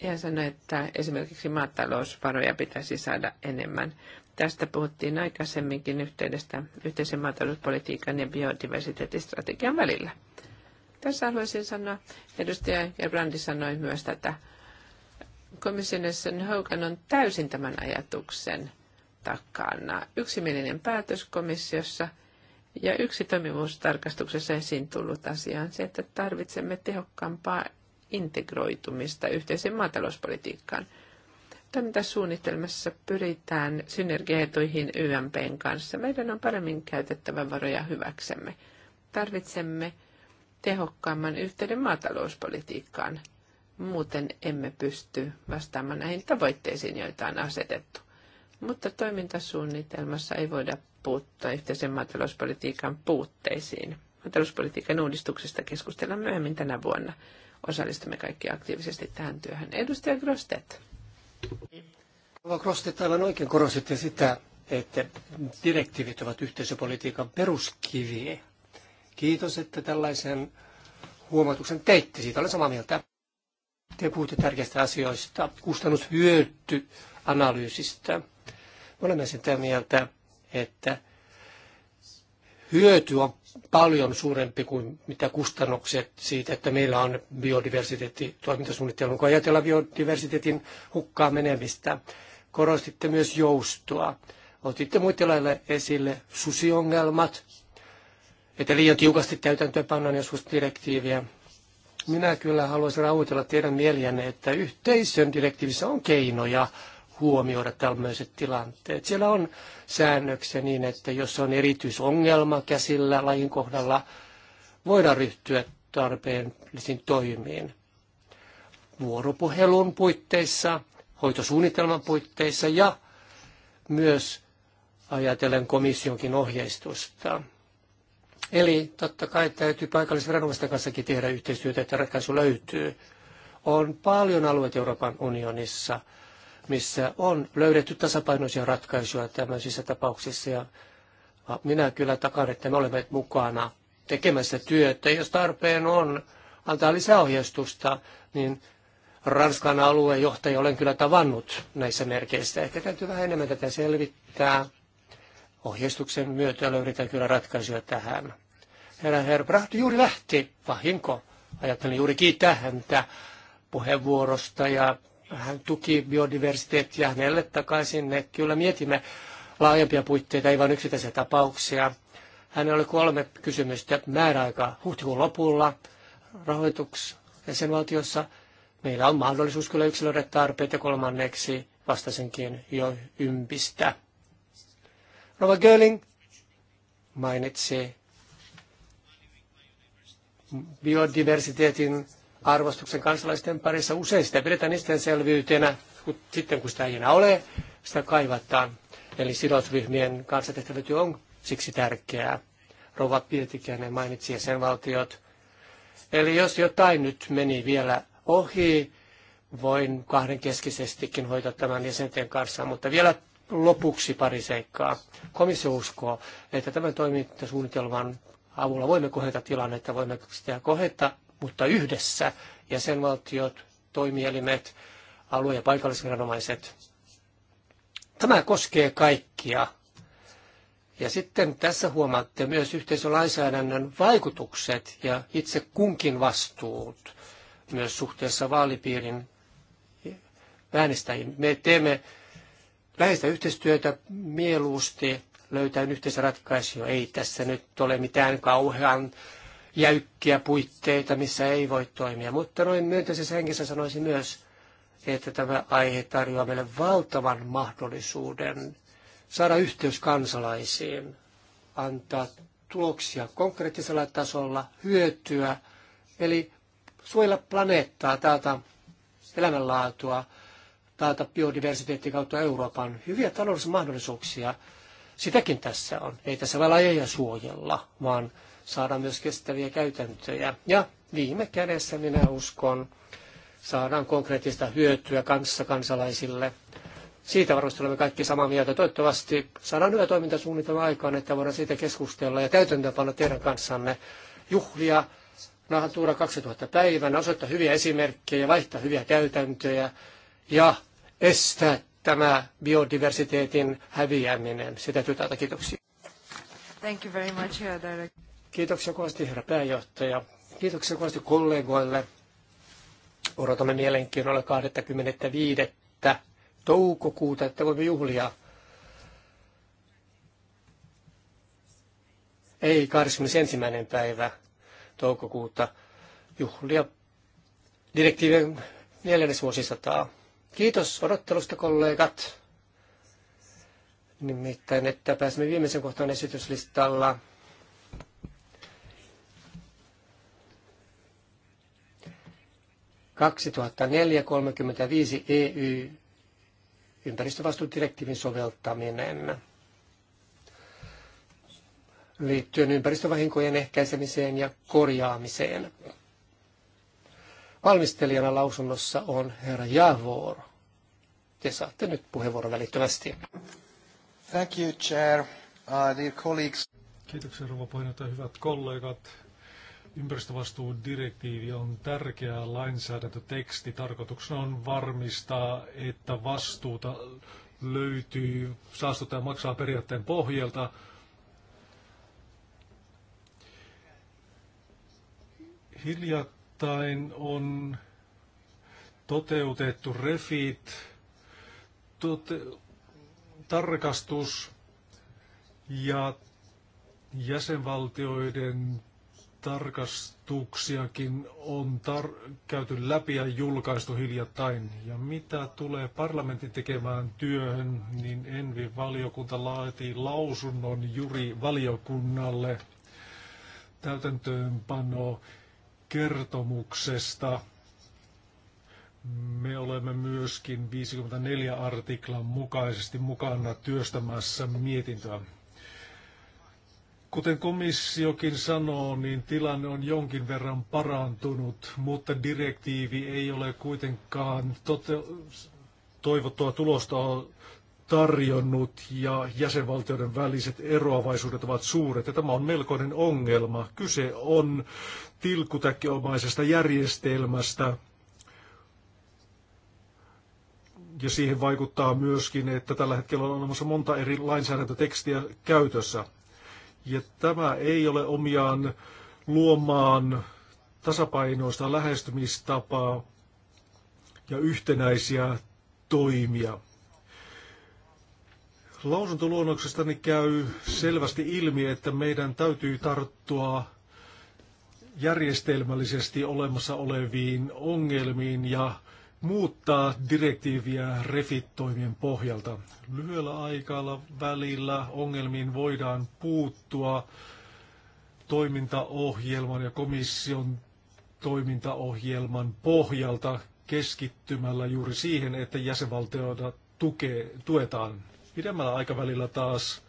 ja sanoi, että esimerkiksi maatalousvaroja pitäisi saada enemmän. Tästä puhuttiin aikaisemminkin yhteydestä yhteisen maatalouspolitiikan ja biodiversiteettistrategian välillä. Tässä haluaisin sanoa, edustaja Gerbrandi sanoi myös tätä, komissionissa Hogan on täysin tämän ajatuksen takana. Yksimielinen päätös komissiossa ja yksi toimivuustarkastuksessa esiin tullut asia on se, että tarvitsemme tehokkaampaa integroitumista yhteiseen maatalouspolitiikkaan. Toimintasuunnitelmassa pyritään synergiaetuihin YMPn kanssa. Meidän on paremmin käytettävä varoja hyväksemme. Tarvitsemme tehokkaamman yhteyden maatalouspolitiikkaan. Muuten emme pysty vastaamaan näihin tavoitteisiin, joita on asetettu. Mutta toimintasuunnitelmassa ei voida puuttua yhteisen maatalouspolitiikan puutteisiin. Maatalouspolitiikan uudistuksesta keskustellaan myöhemmin tänä vuonna osallistumme kaikki aktiivisesti tähän työhön. Edustaja Grostet. Rova Grostet, aivan oikein korostitte sitä, että direktiivit ovat yhteisöpolitiikan peruskiviä. Kiitos, että tällaisen huomautuksen teitte. Siitä olen samaa mieltä. Te puhutte tärkeistä asioista, kustannushyötyanalyysistä. Me olemme sitä mieltä, että hyöty on paljon suurempi kuin mitä kustannukset siitä, että meillä on biodiversiteetti toimintasuunnitelma, kun ajatellaan biodiversiteetin hukkaa menemistä. Korostitte myös joustoa. Otitte muiden lailla esille susiongelmat, että liian tiukasti täytäntöön pannaan joskus direktiiviä. Minä kyllä haluaisin rauhoitella teidän mieliänne, että yhteisön direktiivissä on keinoja huomioida tämmöiset tilanteet. Siellä on säännöksiä niin, että jos on erityisongelma käsillä lajin kohdalla, voidaan ryhtyä tarpeellisiin toimiin. Vuoropuhelun puitteissa, hoitosuunnitelman puitteissa ja myös ajatellen komissionkin ohjeistusta. Eli totta kai täytyy paikallisviranomaisten kanssakin tehdä yhteistyötä, että ratkaisu löytyy. On paljon alueita Euroopan unionissa, missä on löydetty tasapainoisia ratkaisuja tämmöisissä tapauksissa. Ja minä kyllä takaan, että me olemme mukana tekemässä työtä. Jos tarpeen on antaa lisäohjeistusta, niin Ranskan aluejohtaja olen kyllä tavannut näissä merkeissä. Ehkä täytyy vähän enemmän tätä selvittää. Ohjeistuksen myötä löydetään kyllä ratkaisuja tähän. Herra Herbracht juuri lähti, vahinko. Ajattelin juuri kiittää häntä puheenvuorosta ja hän tuki biodiversiteettiä hänelle takaisin. Me kyllä mietimme laajempia puitteita, ei vain yksittäisiä tapauksia. Hänellä oli kolme kysymystä määräaika huhtikuun lopulla rahoituks jäsenvaltiossa. Meillä on mahdollisuus kyllä yksilöiden tarpeet ja kolmanneksi vastasinkin jo ympistä. Rova Göling mainitsi biodiversiteetin arvostuksen kansalaisten parissa. Usein sitä pidetään itsestäänselvyytenä, sitten kun sitä ei enää ole, sitä kaivataan. Eli sidosryhmien kanssa tehtävä työ on siksi tärkeää. Rouva Pietikäinen mainitsi jäsenvaltiot. Eli jos jotain nyt meni vielä ohi, voin kahdenkeskisestikin hoitaa tämän jäsenten kanssa, mutta vielä lopuksi pari seikkaa. Komissio uskoo, että tämän toimintasuunnitelman avulla voimme kohdata tilannetta, voimme sitä kohdata mutta yhdessä jäsenvaltiot, toimielimet, alue- ja paikallisviranomaiset. Tämä koskee kaikkia. Ja sitten tässä huomaatte myös yhteisölainsäädännön vaikutukset ja itse kunkin vastuut myös suhteessa vaalipiirin äänestäjiin. Me teemme läheistä yhteistyötä mieluusti löytää yhteisen ratkaisun. Ei tässä nyt ole mitään kauhean jäykkiä puitteita, missä ei voi toimia. Mutta noin myönteisessä hengessä sanoisin myös, että tämä aihe tarjoaa meille valtavan mahdollisuuden saada yhteys kansalaisiin, antaa tuloksia konkreettisella tasolla, hyötyä, eli suojella planeettaa, taata elämänlaatua, taata biodiversiteetti kautta Euroopan. Hyviä taloudellisia mahdollisuuksia. Sitäkin tässä on. Ei tässä vain lajeja suojella, vaan saada myös kestäviä käytäntöjä. Ja viime kädessä minä uskon, saadaan konkreettista hyötyä kanssa kansalaisille. Siitä varmasti olemme kaikki samaa mieltä. Toivottavasti saadaan hyvä toimintasuunnitelma aikaan, että voidaan siitä keskustella ja täytäntöönpanna teidän kanssanne juhlia nahan Nahantuura 2000 päivänä, osoittaa hyviä esimerkkejä, vaihtaa hyviä käytäntöjä ja estää tämä biodiversiteetin häviäminen. Sitä työtä kiitoksia. Thank you very much, Kiitoksia kovasti herra pääjohtaja. Kiitoksia kovasti kollegoille. Odotamme mielenkiinnolla 25. toukokuuta, että voimme juhlia. Ei 21. päivä toukokuuta juhlia direktiivin neljännesvuosisataa. Kiitos odottelusta kollegat. Nimittäin, että pääsemme viimeisen kohtaan esityslistalla. 2004-35 EY ympäristövastuudirektiivin soveltaminen liittyen ympäristövahinkojen ehkäisemiseen ja korjaamiseen. Valmistelijana lausunnossa on herra Javor. Te saatte nyt puheenvuoron välittömästi. Thank you, Chair. Uh, dear colleagues. Kiitoksia, rouva puheenjohtaja. Hyvät kollegat, Ympäristövastuudirektiivi on tärkeä lainsäädäntöteksti. Tarkoituksena on varmistaa, että vastuuta löytyy saastuttaja maksaa periaatteen pohjalta. Hiljattain on toteutettu refit, tote, tarkastus ja jäsenvaltioiden tarkastuksiakin on tar- käyty läpi ja julkaistu hiljattain. Ja mitä tulee parlamentin tekemään työhön, niin Envi-valiokunta laati lausunnon juri valiokunnalle täytäntöönpano kertomuksesta. Me olemme myöskin 54 artiklan mukaisesti mukana työstämässä mietintöä. Kuten komissiokin sanoo, niin tilanne on jonkin verran parantunut, mutta direktiivi ei ole kuitenkaan tote- toivottua tulosta tarjonnut ja jäsenvaltioiden väliset eroavaisuudet ovat suuret. Ja tämä on melkoinen ongelma. Kyse on tilkkutäkkiomaisesta järjestelmästä, ja siihen vaikuttaa myöskin, että tällä hetkellä on olemassa monta eri lainsäädäntötekstiä käytössä. Ja tämä ei ole omiaan luomaan tasapainoista lähestymistapaa ja yhtenäisiä toimia. Lausuntoluonnoksestani käy selvästi ilmi, että meidän täytyy tarttua järjestelmällisesti olemassa oleviin ongelmiin ja muuttaa direktiiviä refittoimien pohjalta. Lyhyellä aikalla välillä ongelmiin voidaan puuttua toimintaohjelman ja komission toimintaohjelman pohjalta keskittymällä juuri siihen, että jäsenvaltioita tukee, tuetaan. Pidemmällä aikavälillä taas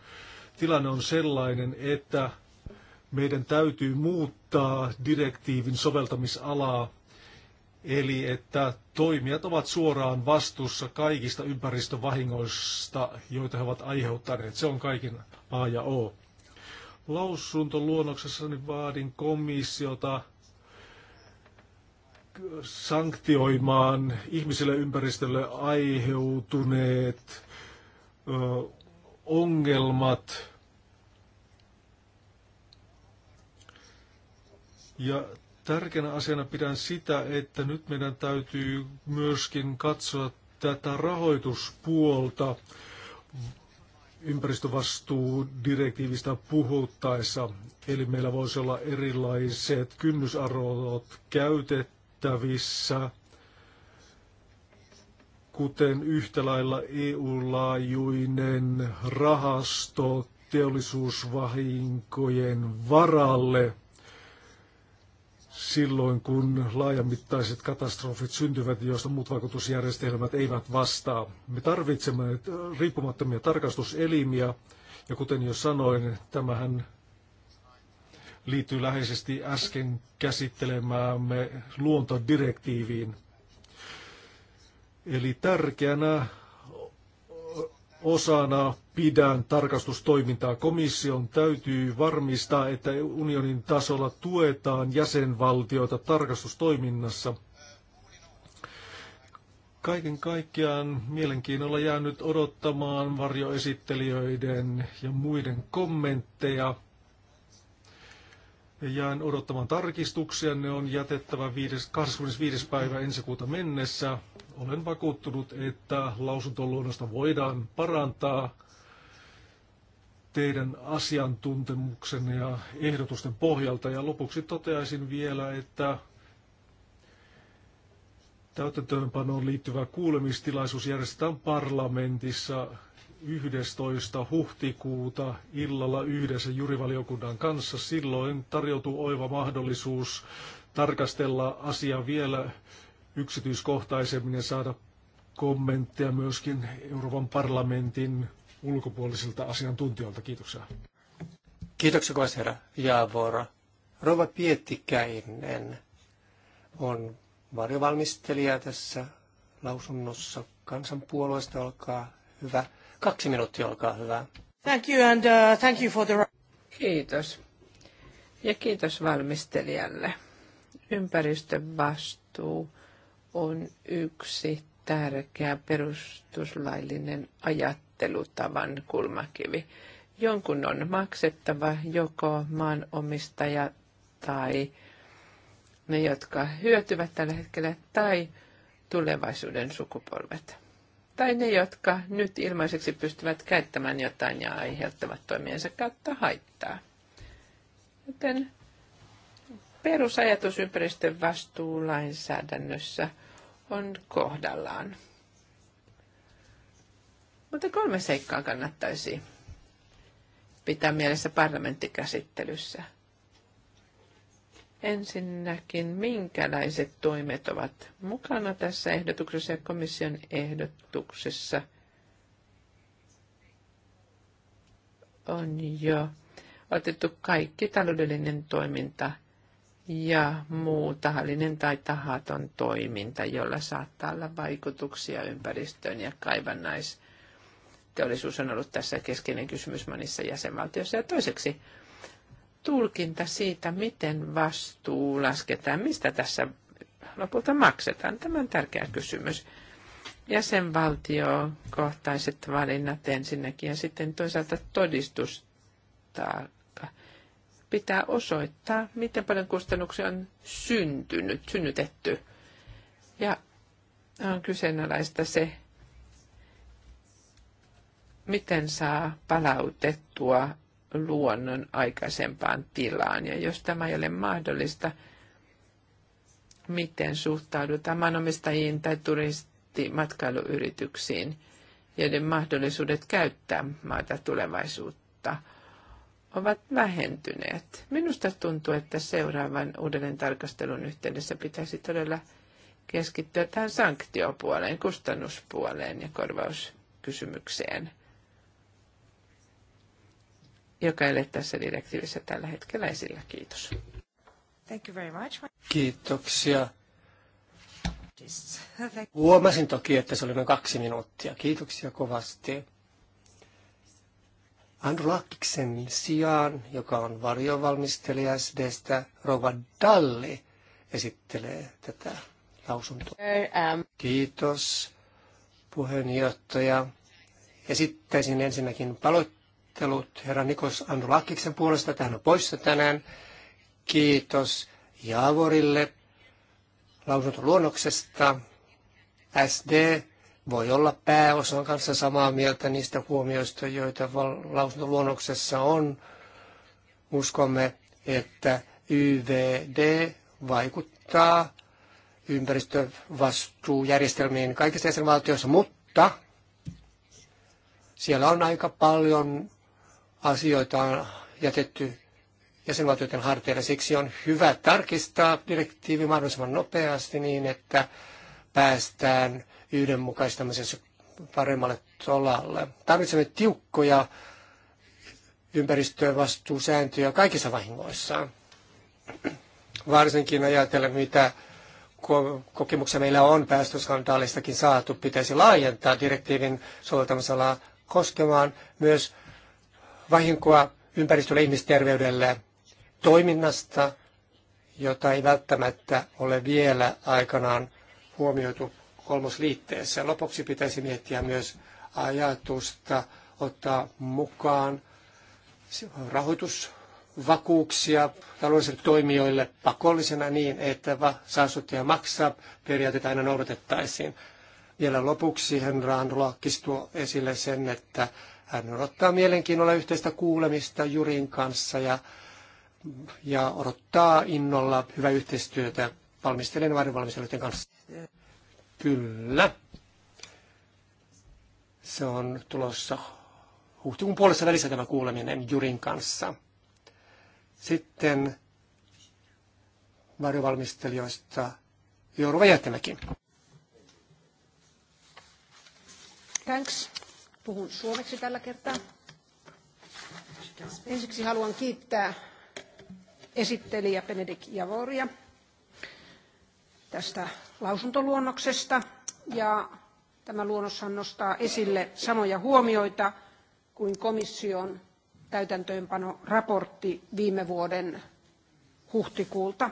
tilanne on sellainen, että meidän täytyy muuttaa direktiivin soveltamisalaa Eli että toimijat ovat suoraan vastuussa kaikista ympäristövahingoista, joita he ovat aiheuttaneet. Se on kaikin A ja O. Lausuntoluonnoksessani vaadin komissiota sanktioimaan ihmisille ympäristölle aiheutuneet ö, ongelmat. Ja Tärkeänä asiana pidän sitä, että nyt meidän täytyy myöskin katsoa tätä rahoituspuolta ympäristövastuudirektiivistä puhuttaessa. Eli meillä voisi olla erilaiset kynnysarvot käytettävissä, kuten yhtä lailla EU-laajuinen rahasto teollisuusvahinkojen varalle – silloin, kun laajamittaiset katastrofit syntyvät, joista muut vaikutusjärjestelmät eivät vastaa. Me tarvitsemme riippumattomia tarkastuselimiä, ja kuten jo sanoin, tämähän liittyy läheisesti äsken käsittelemäämme luontodirektiiviin. Eli tärkeänä osana pidän tarkastustoimintaa. Komission täytyy varmistaa, että unionin tasolla tuetaan jäsenvaltioita tarkastustoiminnassa. Kaiken kaikkiaan mielenkiinnolla jäänyt odottamaan varjoesittelijöiden ja muiden kommentteja. Jään odottamaan tarkistuksia. Ne on jätettävä 25. päivä ensi kuuta mennessä. Olen vakuuttunut, että lausuntoluonnosta voidaan parantaa teidän asiantuntemuksen ja ehdotusten pohjalta. Ja lopuksi toteaisin vielä, että täytäntöönpanoon liittyvä kuulemistilaisuus järjestetään parlamentissa 11. huhtikuuta illalla yhdessä jurivaliokunnan kanssa. Silloin tarjoutuu oiva mahdollisuus tarkastella asiaa vielä yksityiskohtaisemmin ja saada kommentteja myöskin Euroopan parlamentin ulkopuolisilta asiantuntijoilta. Kiitoksia. Kiitoksia kovasti herra Jaavora. Rova Piettikäinen on varjovalmistelija tässä lausunnossa kansanpuolueesta. Olkaa hyvä. Kaksi minuuttia, olkaa hyvä. Thank you and uh, thank you for the... Kiitos. Ja kiitos valmistelijalle. Ympäristön vastuu on yksi tärkeä perustuslaillinen ajattelutavan kulmakivi. Jonkun on maksettava joko maanomistaja tai ne, jotka hyötyvät tällä hetkellä, tai tulevaisuuden sukupolvet. Tai ne, jotka nyt ilmaiseksi pystyvät käyttämään jotain ja aiheuttavat toimiensa kautta haittaa. Joten perusajatus ympäristön vastuulainsäädännössä – on kohdallaan. Mutta kolme seikkaa kannattaisi pitää mielessä parlamenttikäsittelyssä. Ensinnäkin, minkälaiset toimet ovat mukana tässä ehdotuksessa ja komission ehdotuksessa on jo otettu kaikki taloudellinen toiminta – ja muu tahallinen tai tahaton toiminta, jolla saattaa olla vaikutuksia ympäristöön ja kaivannais, Teollisuus on ollut tässä keskeinen kysymys monissa jäsenvaltioissa. Ja toiseksi tulkinta siitä, miten vastuu lasketaan, mistä tässä lopulta maksetaan. Tämä on tärkeä kysymys. Jäsenvaltiokohtaiset valinnat ensinnäkin ja sitten toisaalta todistusta pitää osoittaa, miten paljon kustannuksia on syntynyt, synnytetty. Ja on kyseenalaista se, miten saa palautettua luonnon aikaisempaan tilaan. Ja jos tämä ei ole mahdollista, miten suhtaudutaan maanomistajiin tai turistimatkailuyrityksiin, joiden mahdollisuudet käyttää maata tulevaisuutta – ovat vähentyneet. Minusta tuntuu, että seuraavan uudelleen tarkastelun yhteydessä pitäisi todella keskittyä tähän sanktiopuoleen, kustannuspuoleen ja korvauskysymykseen, joka ei ole tässä direktiivissä tällä hetkellä esillä. Kiitos. Thank you very much. Kiitoksia. Huomasin toki, että se oli noin kaksi minuuttia. Kiitoksia kovasti. Andrulakiksen sijaan, joka on varjovalmistelija SDstä, Rova Dalli esittelee tätä lausuntoa. Um, Kiitos puheenjohtaja. Esittäisin ensinnäkin paloittelut herra Nikos Andrulakiksen puolesta, Tähän on poissa tänään. Kiitos Jaavorille lausuntoluonnoksesta. SD voi olla pääosan kanssa samaa mieltä niistä huomioista, joita lausuntoluonnoksessa on. Uskomme, että YVD vaikuttaa ympäristövastuujärjestelmiin kaikissa jäsenvaltioissa, mutta siellä on aika paljon asioita jätetty jäsenvaltioiden harteille. Siksi on hyvä tarkistaa direktiivi mahdollisimman nopeasti niin, että päästään yhdenmukaistamisessa paremmalle tolalle. Tarvitsemme tiukkoja ympäristövastuusääntöjä kaikissa vahingoissa. Varsinkin ajatellen, mitä kokemuksia meillä on päästöskandaalistakin saatu, pitäisi laajentaa direktiivin soveltamisalaa koskemaan myös vahinkoa ympäristölle ja ihmisterveydelle toiminnasta, jota ei välttämättä ole vielä aikanaan huomioitu kolmosliitteessä. Lopuksi pitäisi miettiä myös ajatusta ottaa mukaan rahoitusvakuuksia taloudellisille toimijoille pakollisena niin, että saastuttaja maksaa periaatteita aina noudatettaisiin. Vielä lopuksi Henra Androlakis tuo esille sen, että hän odottaa mielenkiinnolla yhteistä kuulemista Jurin kanssa ja, ja odottaa innolla hyvää yhteistyötä valmistelijan ja kanssa. Kyllä. Se on tulossa huhtikuun puolessa välissä tämä kuuleminen Jurin kanssa. Sitten varjovalmistelijoista Jouruva Jättämäki. Thanks. Puhun suomeksi tällä kertaa. Ensiksi haluan kiittää esittelijä Benedikt Javoria tästä lausuntoluonnoksesta. Ja tämä luonnoshan nostaa esille samoja huomioita kuin komission täytäntöönpanoraportti viime vuoden huhtikuulta.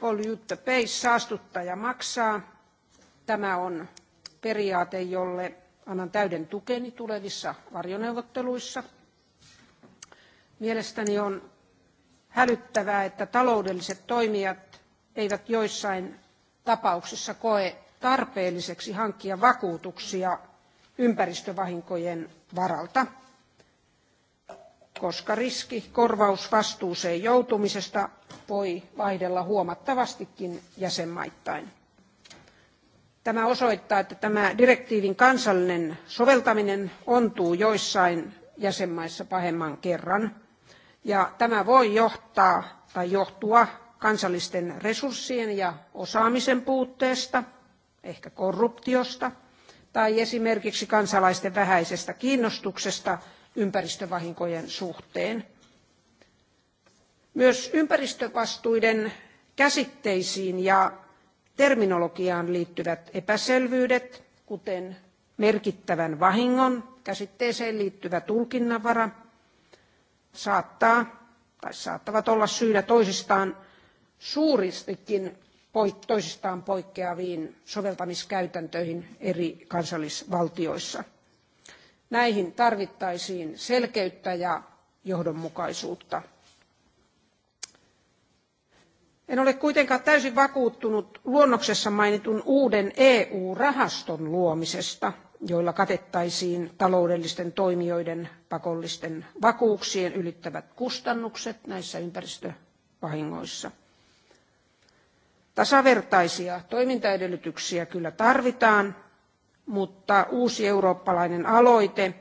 Pollute pays, saastuttaja maksaa. Tämä on periaate, jolle annan täyden tukeni tulevissa varjoneuvotteluissa. Mielestäni on hälyttävää, että taloudelliset toimijat eivät joissain tapauksissa koe tarpeelliseksi hankkia vakuutuksia ympäristövahinkojen varalta, koska riski korvausvastuuseen joutumisesta voi vaihdella huomattavastikin jäsenmaittain. Tämä osoittaa, että tämä direktiivin kansallinen soveltaminen ontuu joissain jäsenmaissa pahemman kerran. Ja tämä voi johtaa tai johtua kansallisten resurssien ja osaamisen puutteesta, ehkä korruptiosta tai esimerkiksi kansalaisten vähäisestä kiinnostuksesta ympäristövahinkojen suhteen. Myös ympäristövastuiden käsitteisiin ja terminologiaan liittyvät epäselvyydet, kuten merkittävän vahingon käsitteeseen liittyvä tulkinnanvara saattaa tai saattavat olla syynä toisistaan suuristikin toisistaan poikkeaviin soveltamiskäytäntöihin eri kansallisvaltioissa. Näihin tarvittaisiin selkeyttä ja johdonmukaisuutta. En ole kuitenkaan täysin vakuuttunut luonnoksessa mainitun uuden EU-rahaston luomisesta – joilla katettaisiin taloudellisten toimijoiden pakollisten vakuuksien ylittävät kustannukset näissä ympäristövahingoissa. Tasavertaisia toimintaedellytyksiä kyllä tarvitaan, mutta uusi eurooppalainen aloite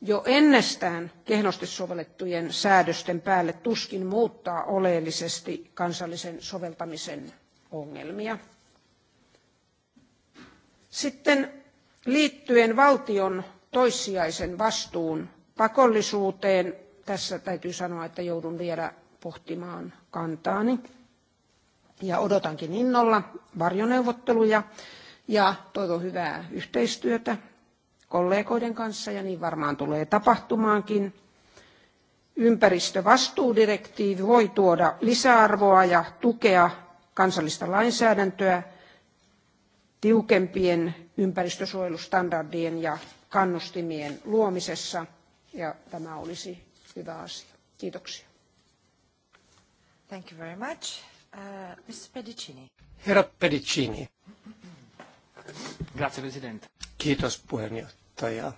jo ennestään kehnosti sovellettujen säädösten päälle tuskin muuttaa oleellisesti kansallisen soveltamisen ongelmia. Sitten Liittyen valtion toissijaisen vastuun pakollisuuteen, tässä täytyy sanoa, että joudun vielä pohtimaan kantaani ja odotankin innolla varjoneuvotteluja ja toivon hyvää yhteistyötä kollegoiden kanssa ja niin varmaan tulee tapahtumaankin. Ympäristövastuudirektiivi voi tuoda lisäarvoa ja tukea kansallista lainsäädäntöä tiukempien ympäristösuojelustandardien ja kannustimien luomisessa ja tämä olisi hyvä asia. Kiitoksia. Thank you very much. Uh, Mr. Pedicini. Herra Pedicini. Grazie, Presidente. Kiitos puheenjohtaja.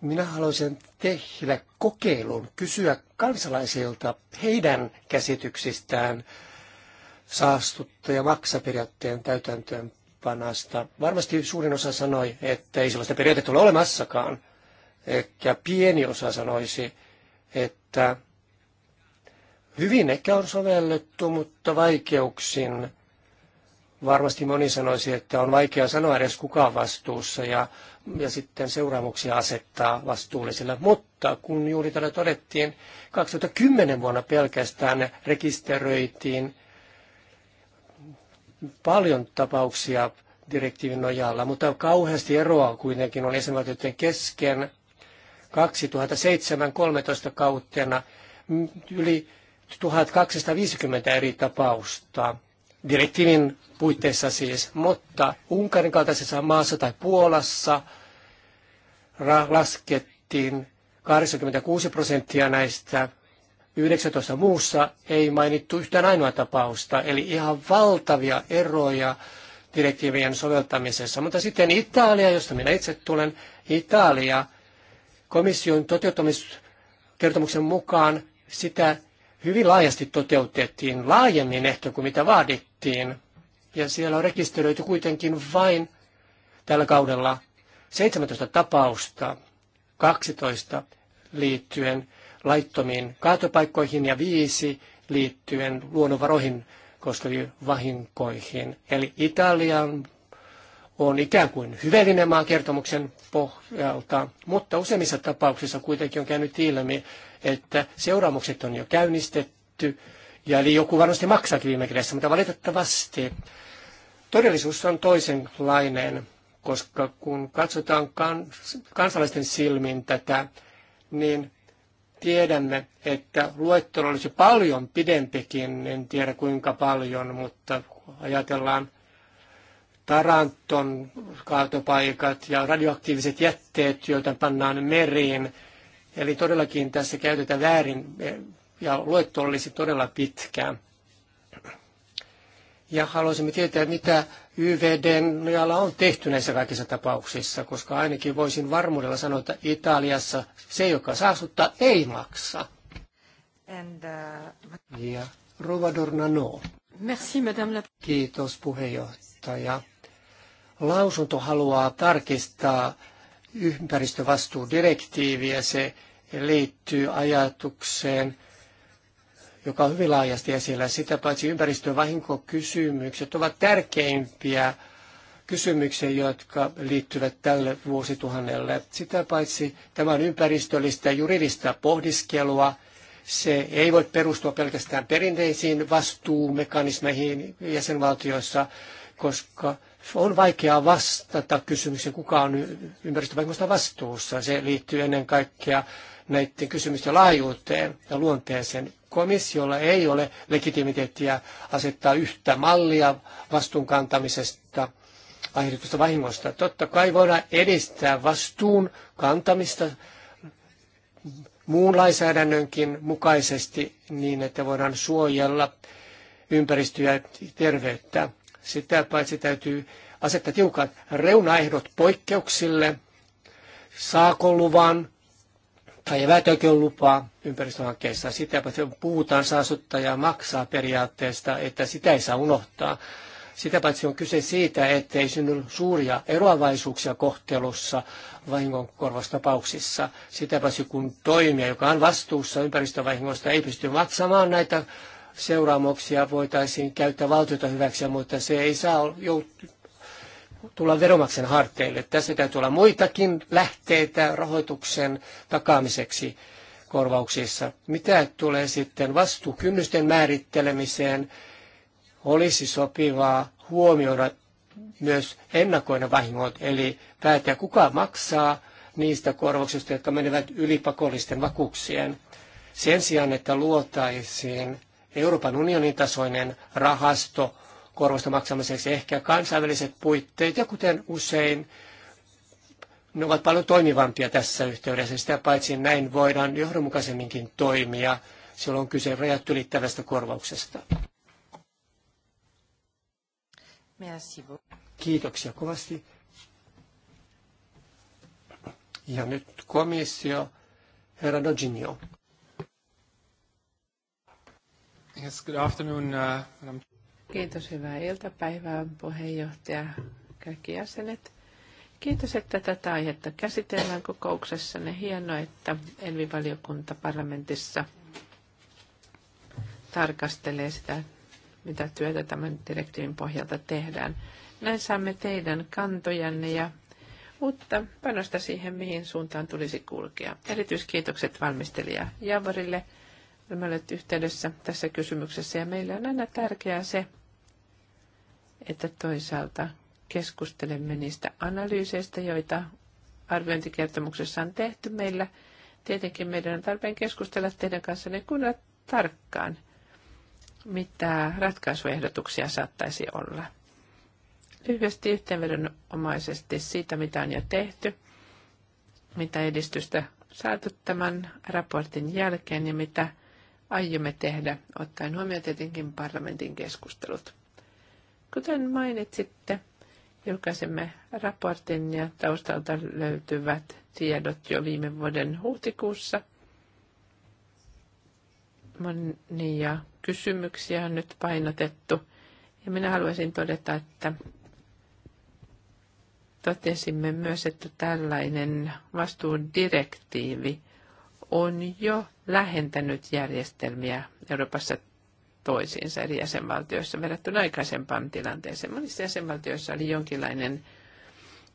Minä haluaisin tehdä kokeilun, kysyä kansalaisilta heidän käsityksistään saastuttaja maksaperiaatteen täytäntöönpanasta. Varmasti suurin osa sanoi, että ei sellaista periaatetta ole olemassakaan. Ehkä pieni osa sanoisi, että hyvin ehkä on sovellettu, mutta vaikeuksin. Varmasti moni sanoisi, että on vaikea sanoa edes kuka on vastuussa ja, ja sitten seuraamuksia asettaa vastuullisille. Mutta kun juuri tällä todettiin, 2010 vuonna pelkästään rekisteröitiin paljon tapauksia direktiivin nojalla, mutta kauheasti eroa kuitenkin on jäsenvaltioiden kesken 2007-2013 kautena yli 1250 eri tapausta direktiivin puitteissa siis, mutta Unkarin kaltaisessa maassa tai Puolassa laskettiin 86 prosenttia näistä 19 muussa ei mainittu yhtään ainoa tapausta, eli ihan valtavia eroja direktiivien soveltamisessa. Mutta sitten Italia, josta minä itse tulen, Italia komission toteuttamiskertomuksen mukaan sitä hyvin laajasti toteutettiin, laajemmin ehkä kuin mitä vaadittiin. Ja siellä on rekisteröity kuitenkin vain tällä kaudella 17 tapausta, 12 liittyen laittomiin kaatopaikkoihin ja viisi liittyen luonnonvaroihin koskeviin vahinkoihin. Eli Italia on ikään kuin hyvällinen maa kertomuksen pohjalta, mutta useimmissa tapauksissa kuitenkin on käynyt ilmi, että seuraamukset on jo käynnistetty, ja eli joku varmasti maksaa viime kädessä, mutta valitettavasti todellisuus on toisenlainen, koska kun katsotaan kans, kansalaisten silmin tätä, niin tiedämme, että luettelo olisi paljon pidempikin, en tiedä kuinka paljon, mutta ajatellaan Taranton kaatopaikat ja radioaktiiviset jätteet, joita pannaan meriin. Eli todellakin tässä käytetään väärin ja luettelo olisi todella pitkä. Ja haluaisimme tietää, mitä YVDn nojalla on tehty näissä kaikissa tapauksissa, koska ainakin voisin varmuudella sanoa, että Italiassa se, joka saastuttaa, ei maksa. And, uh... Ja Merci, madame la... Kiitos puheenjohtaja. Lausunto haluaa tarkistaa ympäristövastuudirektiiviä. Se liittyy ajatukseen – joka on hyvin laajasti esillä. Sitä paitsi ympäristövahinkokysymykset ovat tärkeimpiä kysymyksiä, jotka liittyvät tälle vuosituhannelle. Sitä paitsi tämä on ympäristöllistä juridista pohdiskelua. Se ei voi perustua pelkästään perinteisiin vastuumekanismeihin jäsenvaltioissa, koska on vaikea vastata kysymykseen, kuka on ympäristövaikutusta vastuussa. Se liittyy ennen kaikkea näiden kysymysten laajuuteen ja luonteeseen. Komissiolla ei ole legitimiteettiä asettaa yhtä mallia vastuunkantamisesta aiheutetusta vahingosta. Totta kai voidaan edistää vastuun kantamista muun lainsäädännönkin mukaisesti niin, että voidaan suojella ympäristöä ja terveyttä. Sitä paitsi täytyy asettaa tiukat reunaehdot poikkeuksille, saako luvan, tai lupaa ympäristöhankkeessa. Sitä puhutaan ja maksaa periaatteesta, että sitä ei saa unohtaa. Sitä paitsi on kyse siitä, ettei synny suuria eroavaisuuksia kohtelussa vahingonkorvaustapauksissa. Sitä paitsi kun toimija, joka on vastuussa ympäristövahingosta, ei pysty maksamaan näitä seuraamuksia, voitaisiin käyttää valtiota hyväksi, mutta se ei saa joutua tulla veromaksen harteille. Tässä täytyy olla muitakin lähteitä rahoituksen takaamiseksi korvauksissa. Mitä tulee sitten vastuukynnysten määrittelemiseen, olisi sopivaa huomioida myös ennakoina vahingot, eli päättää kuka maksaa niistä korvauksista, jotka menevät yli pakollisten vakuuksien. Sen sijaan, että luotaisiin Euroopan unionin tasoinen rahasto korvasta maksamiseksi ehkä kansainväliset puitteet, ja kuten usein ne ovat paljon toimivampia tässä yhteydessä. Sitä paitsi näin voidaan johdonmukaisemminkin toimia, silloin on kyse rajat ylittävästä korvauksesta. Kiitoksia kovasti. Ja nyt komissio, herra Doginio. Yes, good afternoon, uh, Kiitos, hyvää iltapäivää puheenjohtaja, kaikki jäsenet. Kiitos, että tätä aihetta käsitellään Ne hieno, että elvi valiokunta parlamentissa tarkastelee sitä, mitä työtä tämän direktiivin pohjalta tehdään. Näin saamme teidän kantojanne ja uutta panosta siihen, mihin suuntaan tulisi kulkea. Erityiskiitokset valmistelija Javorille. Olemme olleet yhteydessä tässä kysymyksessä ja meillä on aina tärkeää se, että toisaalta keskustelemme niistä analyyseistä, joita arviointikertomuksessa on tehty meillä. Tietenkin meidän on tarpeen keskustella teidän kanssa ne kunnat tarkkaan, mitä ratkaisuehdotuksia saattaisi olla. Lyhyesti yhteenvedonomaisesti siitä, mitä on jo tehty, mitä edistystä saatu tämän raportin jälkeen ja mitä aiomme tehdä, ottaen huomioon tietenkin parlamentin keskustelut. Kuten mainitsitte, julkaisemme raportin ja taustalta löytyvät tiedot jo viime vuoden huhtikuussa. Monia kysymyksiä on nyt painotettu. Ja minä haluaisin todeta, että totesimme myös, että tällainen vastuudirektiivi on jo lähentänyt järjestelmiä Euroopassa toisiinsa eri jäsenvaltioissa verrattuna aikaisempaan tilanteeseen. Monissa jäsenvaltioissa oli jonkinlainen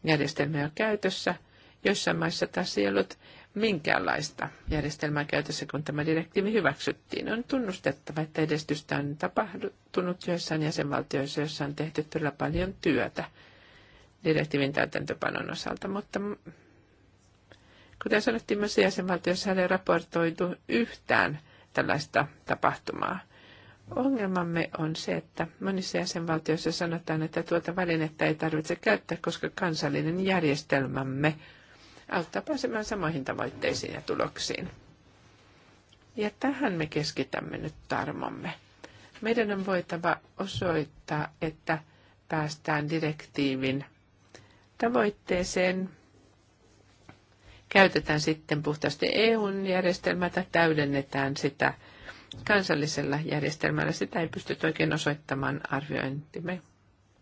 järjestelmä jo käytössä, joissain maissa taas ei ollut minkäänlaista järjestelmää käytössä, kun tämä direktiivi hyväksyttiin. On tunnustettava, että edistystä on tapahtunut joissain jäsenvaltioissa, joissa on tehty todella paljon työtä direktiivin täytäntöpanon osalta, mutta kuten sanottiin, myös jäsenvaltioissa ei raportoitu yhtään tällaista tapahtumaa – Ongelmamme on se, että monissa jäsenvaltioissa sanotaan, että tuota välinettä ei tarvitse käyttää, koska kansallinen järjestelmämme auttaa pääsemään samoihin tavoitteisiin ja tuloksiin. Ja tähän me keskitämme nyt tarmomme. Meidän on voitava osoittaa, että päästään direktiivin tavoitteeseen. Käytetään sitten puhtaasti EUn järjestelmää tai täydennetään sitä – kansallisella järjestelmällä sitä ei pysty oikein osoittamaan arviointimme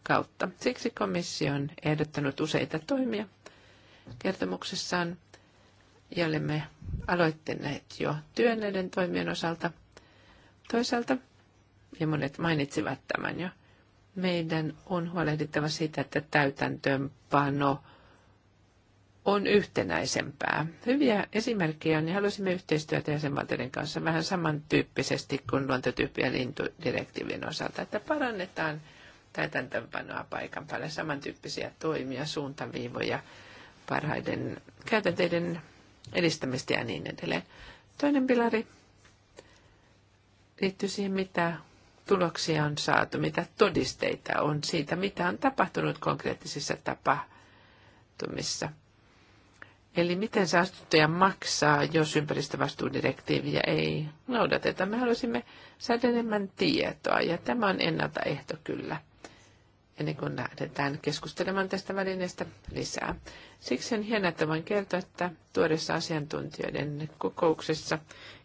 kautta. Siksi komissio on ehdottanut useita toimia kertomuksessaan, ja olemme aloittaneet jo työn näiden toimien osalta. Toisaalta, ja monet mainitsivat tämän jo, meidän on huolehdittava siitä, että täytäntöönpano – on yhtenäisempää. Hyviä esimerkkejä on, niin haluaisimme yhteistyötä jäsenvaltioiden kanssa vähän samantyyppisesti kuin luontotyyppien ja lintudirektiivin osalta, että parannetaan täytäntöönpanoa paikan päällä, samantyyppisiä toimia, suuntaviivoja, parhaiden käytänteiden edistämistä ja niin edelleen. Toinen pilari liittyy siihen, mitä tuloksia on saatu, mitä todisteita on siitä, mitä on tapahtunut konkreettisissa tapahtumissa – Eli miten saastuttaja maksaa, jos ympäristövastuudirektiiviä ei noudateta? Me haluaisimme saada enemmän tietoa, ja tämä on ennaltaehto kyllä, ennen kuin lähdetään keskustelemaan tästä välineestä lisää. Siksi on hienoa, että voin kertoa, että tuoreessa asiantuntijoiden kokouksessa,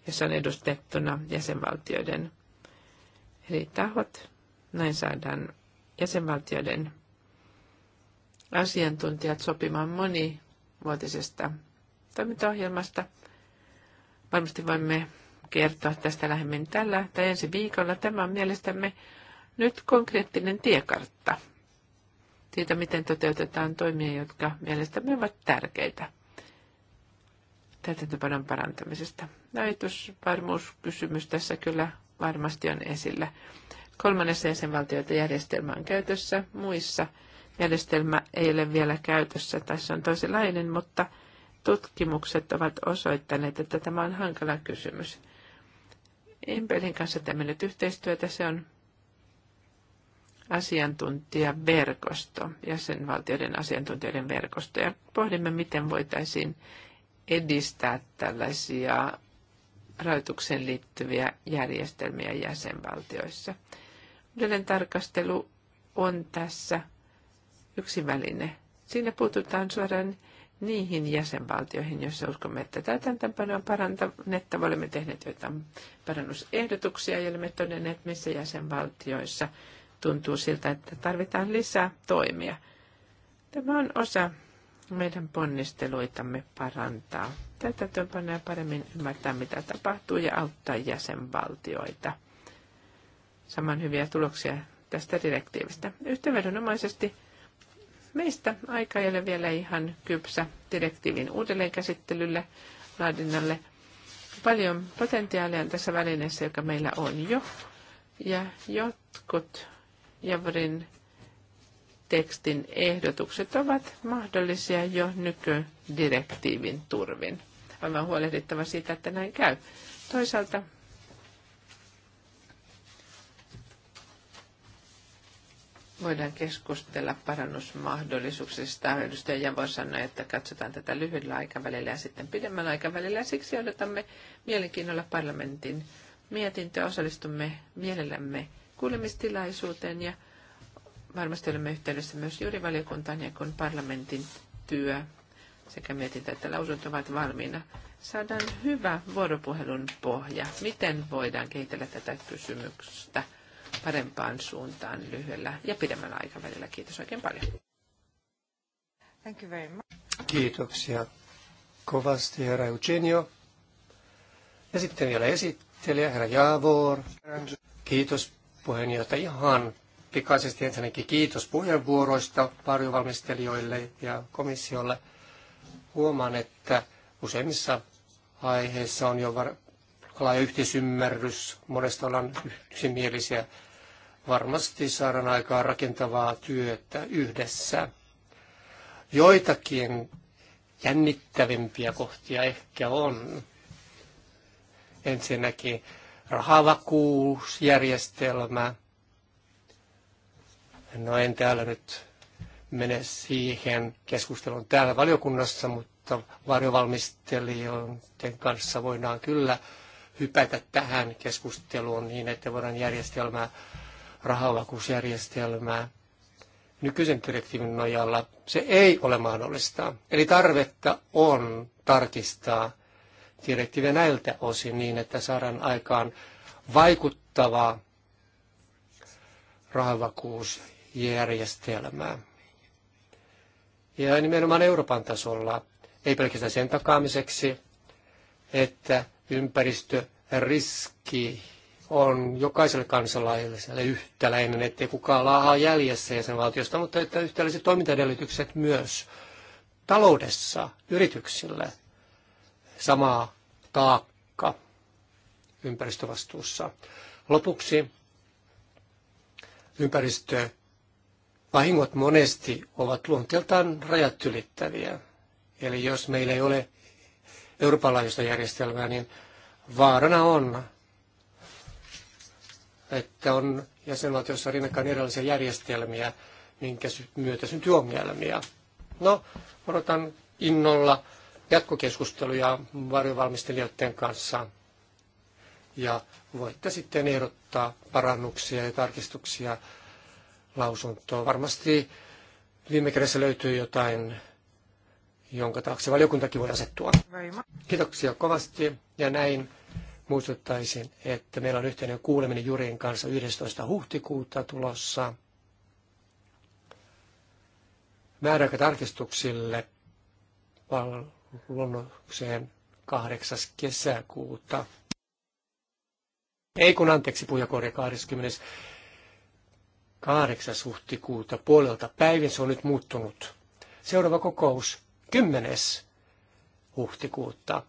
jossa on edustettuna jäsenvaltioiden eri tahot, näin saadaan jäsenvaltioiden asiantuntijat sopimaan moni vuotisesta toimintaohjelmasta. Varmasti voimme kertoa tästä lähemmin tällä tai ensi viikolla. Tämä on mielestämme nyt konkreettinen tiekartta siitä, miten toteutetaan toimia, jotka mielestämme ovat tärkeitä täytäntöpanon parantamisesta. Ajatusvarmuuskysymys tässä kyllä varmasti on esillä. Kolmannessa jäsenvaltioita järjestelmä on käytössä, muissa – järjestelmä ei ole vielä käytössä tai se on toisenlainen, mutta tutkimukset ovat osoittaneet, että tämä on hankala kysymys. Impelin kanssa tämmöinen yhteistyötä. Se on asiantuntijaverkosto, jäsenvaltioiden asiantuntijoiden verkosto. Ja pohdimme, miten voitaisiin edistää tällaisia rahoitukseen liittyviä järjestelmiä jäsenvaltioissa. Uudelleen tarkastelu on tässä yksi väline. Siinä puututaan suoraan niihin jäsenvaltioihin, joissa uskomme, että täytäntöönpanoa parannettava. Olemme tehneet joitain parannusehdotuksia ja olemme todenneet, missä jäsenvaltioissa tuntuu siltä, että tarvitaan lisää toimia. Tämä on osa meidän ponnisteluitamme parantaa täytäntöönpanoa ja paremmin ymmärtää, mitä tapahtuu ja auttaa jäsenvaltioita. Saman hyviä tuloksia tästä direktiivistä. Yhteenvedonomaisesti Meistä aika ei ole vielä ihan kypsä direktiivin uudelleenkäsittelylle, laadinnalle. Paljon potentiaalia on tässä välineessä, joka meillä on jo. Ja jotkut Javrin tekstin ehdotukset ovat mahdollisia jo nykydirektiivin turvin. Aivan huolehdittava siitä, että näin käy. Toisaalta voidaan keskustella parannusmahdollisuuksista. Edustaja Javo sanoi, että katsotaan tätä lyhyellä aikavälillä ja sitten pidemmällä aikavälillä. Siksi odotamme mielenkiinnolla parlamentin mietintöä. Osallistumme mielellämme kuulemistilaisuuteen ja varmasti olemme yhteydessä myös valiokuntaan ja kun parlamentin työ sekä mietintö että lausunto ovat valmiina. Saadaan hyvä vuoropuhelun pohja. Miten voidaan kehitellä tätä kysymystä – parempaan suuntaan lyhyellä ja pidemmällä aikavälillä. Kiitos oikein paljon. Thank you very much. Kiitoksia kovasti, herra Eugenio. Ja sitten vielä esittelijä, herra Javor. Kiitos puheenjohtaja ihan pikaisesti ensinnäkin kiitos puheenvuoroista varjovalmistelijoille ja komissiolle. Huomaan, että useimmissa aiheissa on jo var- laaja yhteisymmärrys, monesta ollaan yksimielisiä varmasti saadaan aikaa rakentavaa työtä yhdessä. Joitakin jännittävimpiä kohtia ehkä on. Ensinnäkin rahavakuusjärjestelmä. No en täällä nyt mene siihen keskusteluun täällä valiokunnassa, mutta varjovalmistelijoiden kanssa voidaan kyllä hypätä tähän keskusteluun niin, että voidaan järjestelmää rahavakuusjärjestelmää. Nykyisen direktiivin nojalla se ei ole mahdollista. Eli tarvetta on tarkistaa direktiiviä näiltä osin niin, että saadaan aikaan vaikuttava rahavakuusjärjestelmää. Ja nimenomaan Euroopan tasolla, ei pelkästään sen takaamiseksi, että ympäristöriski on jokaiselle kansalaiselle yhtäläinen, ettei kukaan laahaa jäljessä jäsenvaltiosta, mutta että yhtäläiset toimintaedellytykset myös taloudessa yrityksille sama taakka ympäristövastuussa. Lopuksi ympäristövahingot monesti ovat luonteeltaan rajat ylittäviä. Eli jos meillä ei ole Euroopan laajuista järjestelmää, niin vaarana on, että on on rinnakkain erilaisia järjestelmiä, minkä myötä syntyy ongelmia. No, odotan innolla jatkokeskusteluja varjovalmistelijoiden kanssa. Ja voitte sitten ehdottaa parannuksia ja tarkistuksia lausuntoon. Varmasti viime kädessä löytyy jotain, jonka taakse valiokuntakin voi asettua. Kiitoksia kovasti ja näin muistuttaisin, että meillä on yhteinen kuuleminen Jurin kanssa 11. huhtikuuta tulossa. Määräaika tarkistuksille luonnokseen 8. kesäkuuta. Ei kun anteeksi, puhujakorja 28. huhtikuuta puolelta päivin. Se on nyt muuttunut. Seuraava kokous 10. huhtikuuta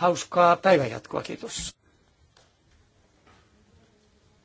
hauskaa päivänjatkoa. Kiitos.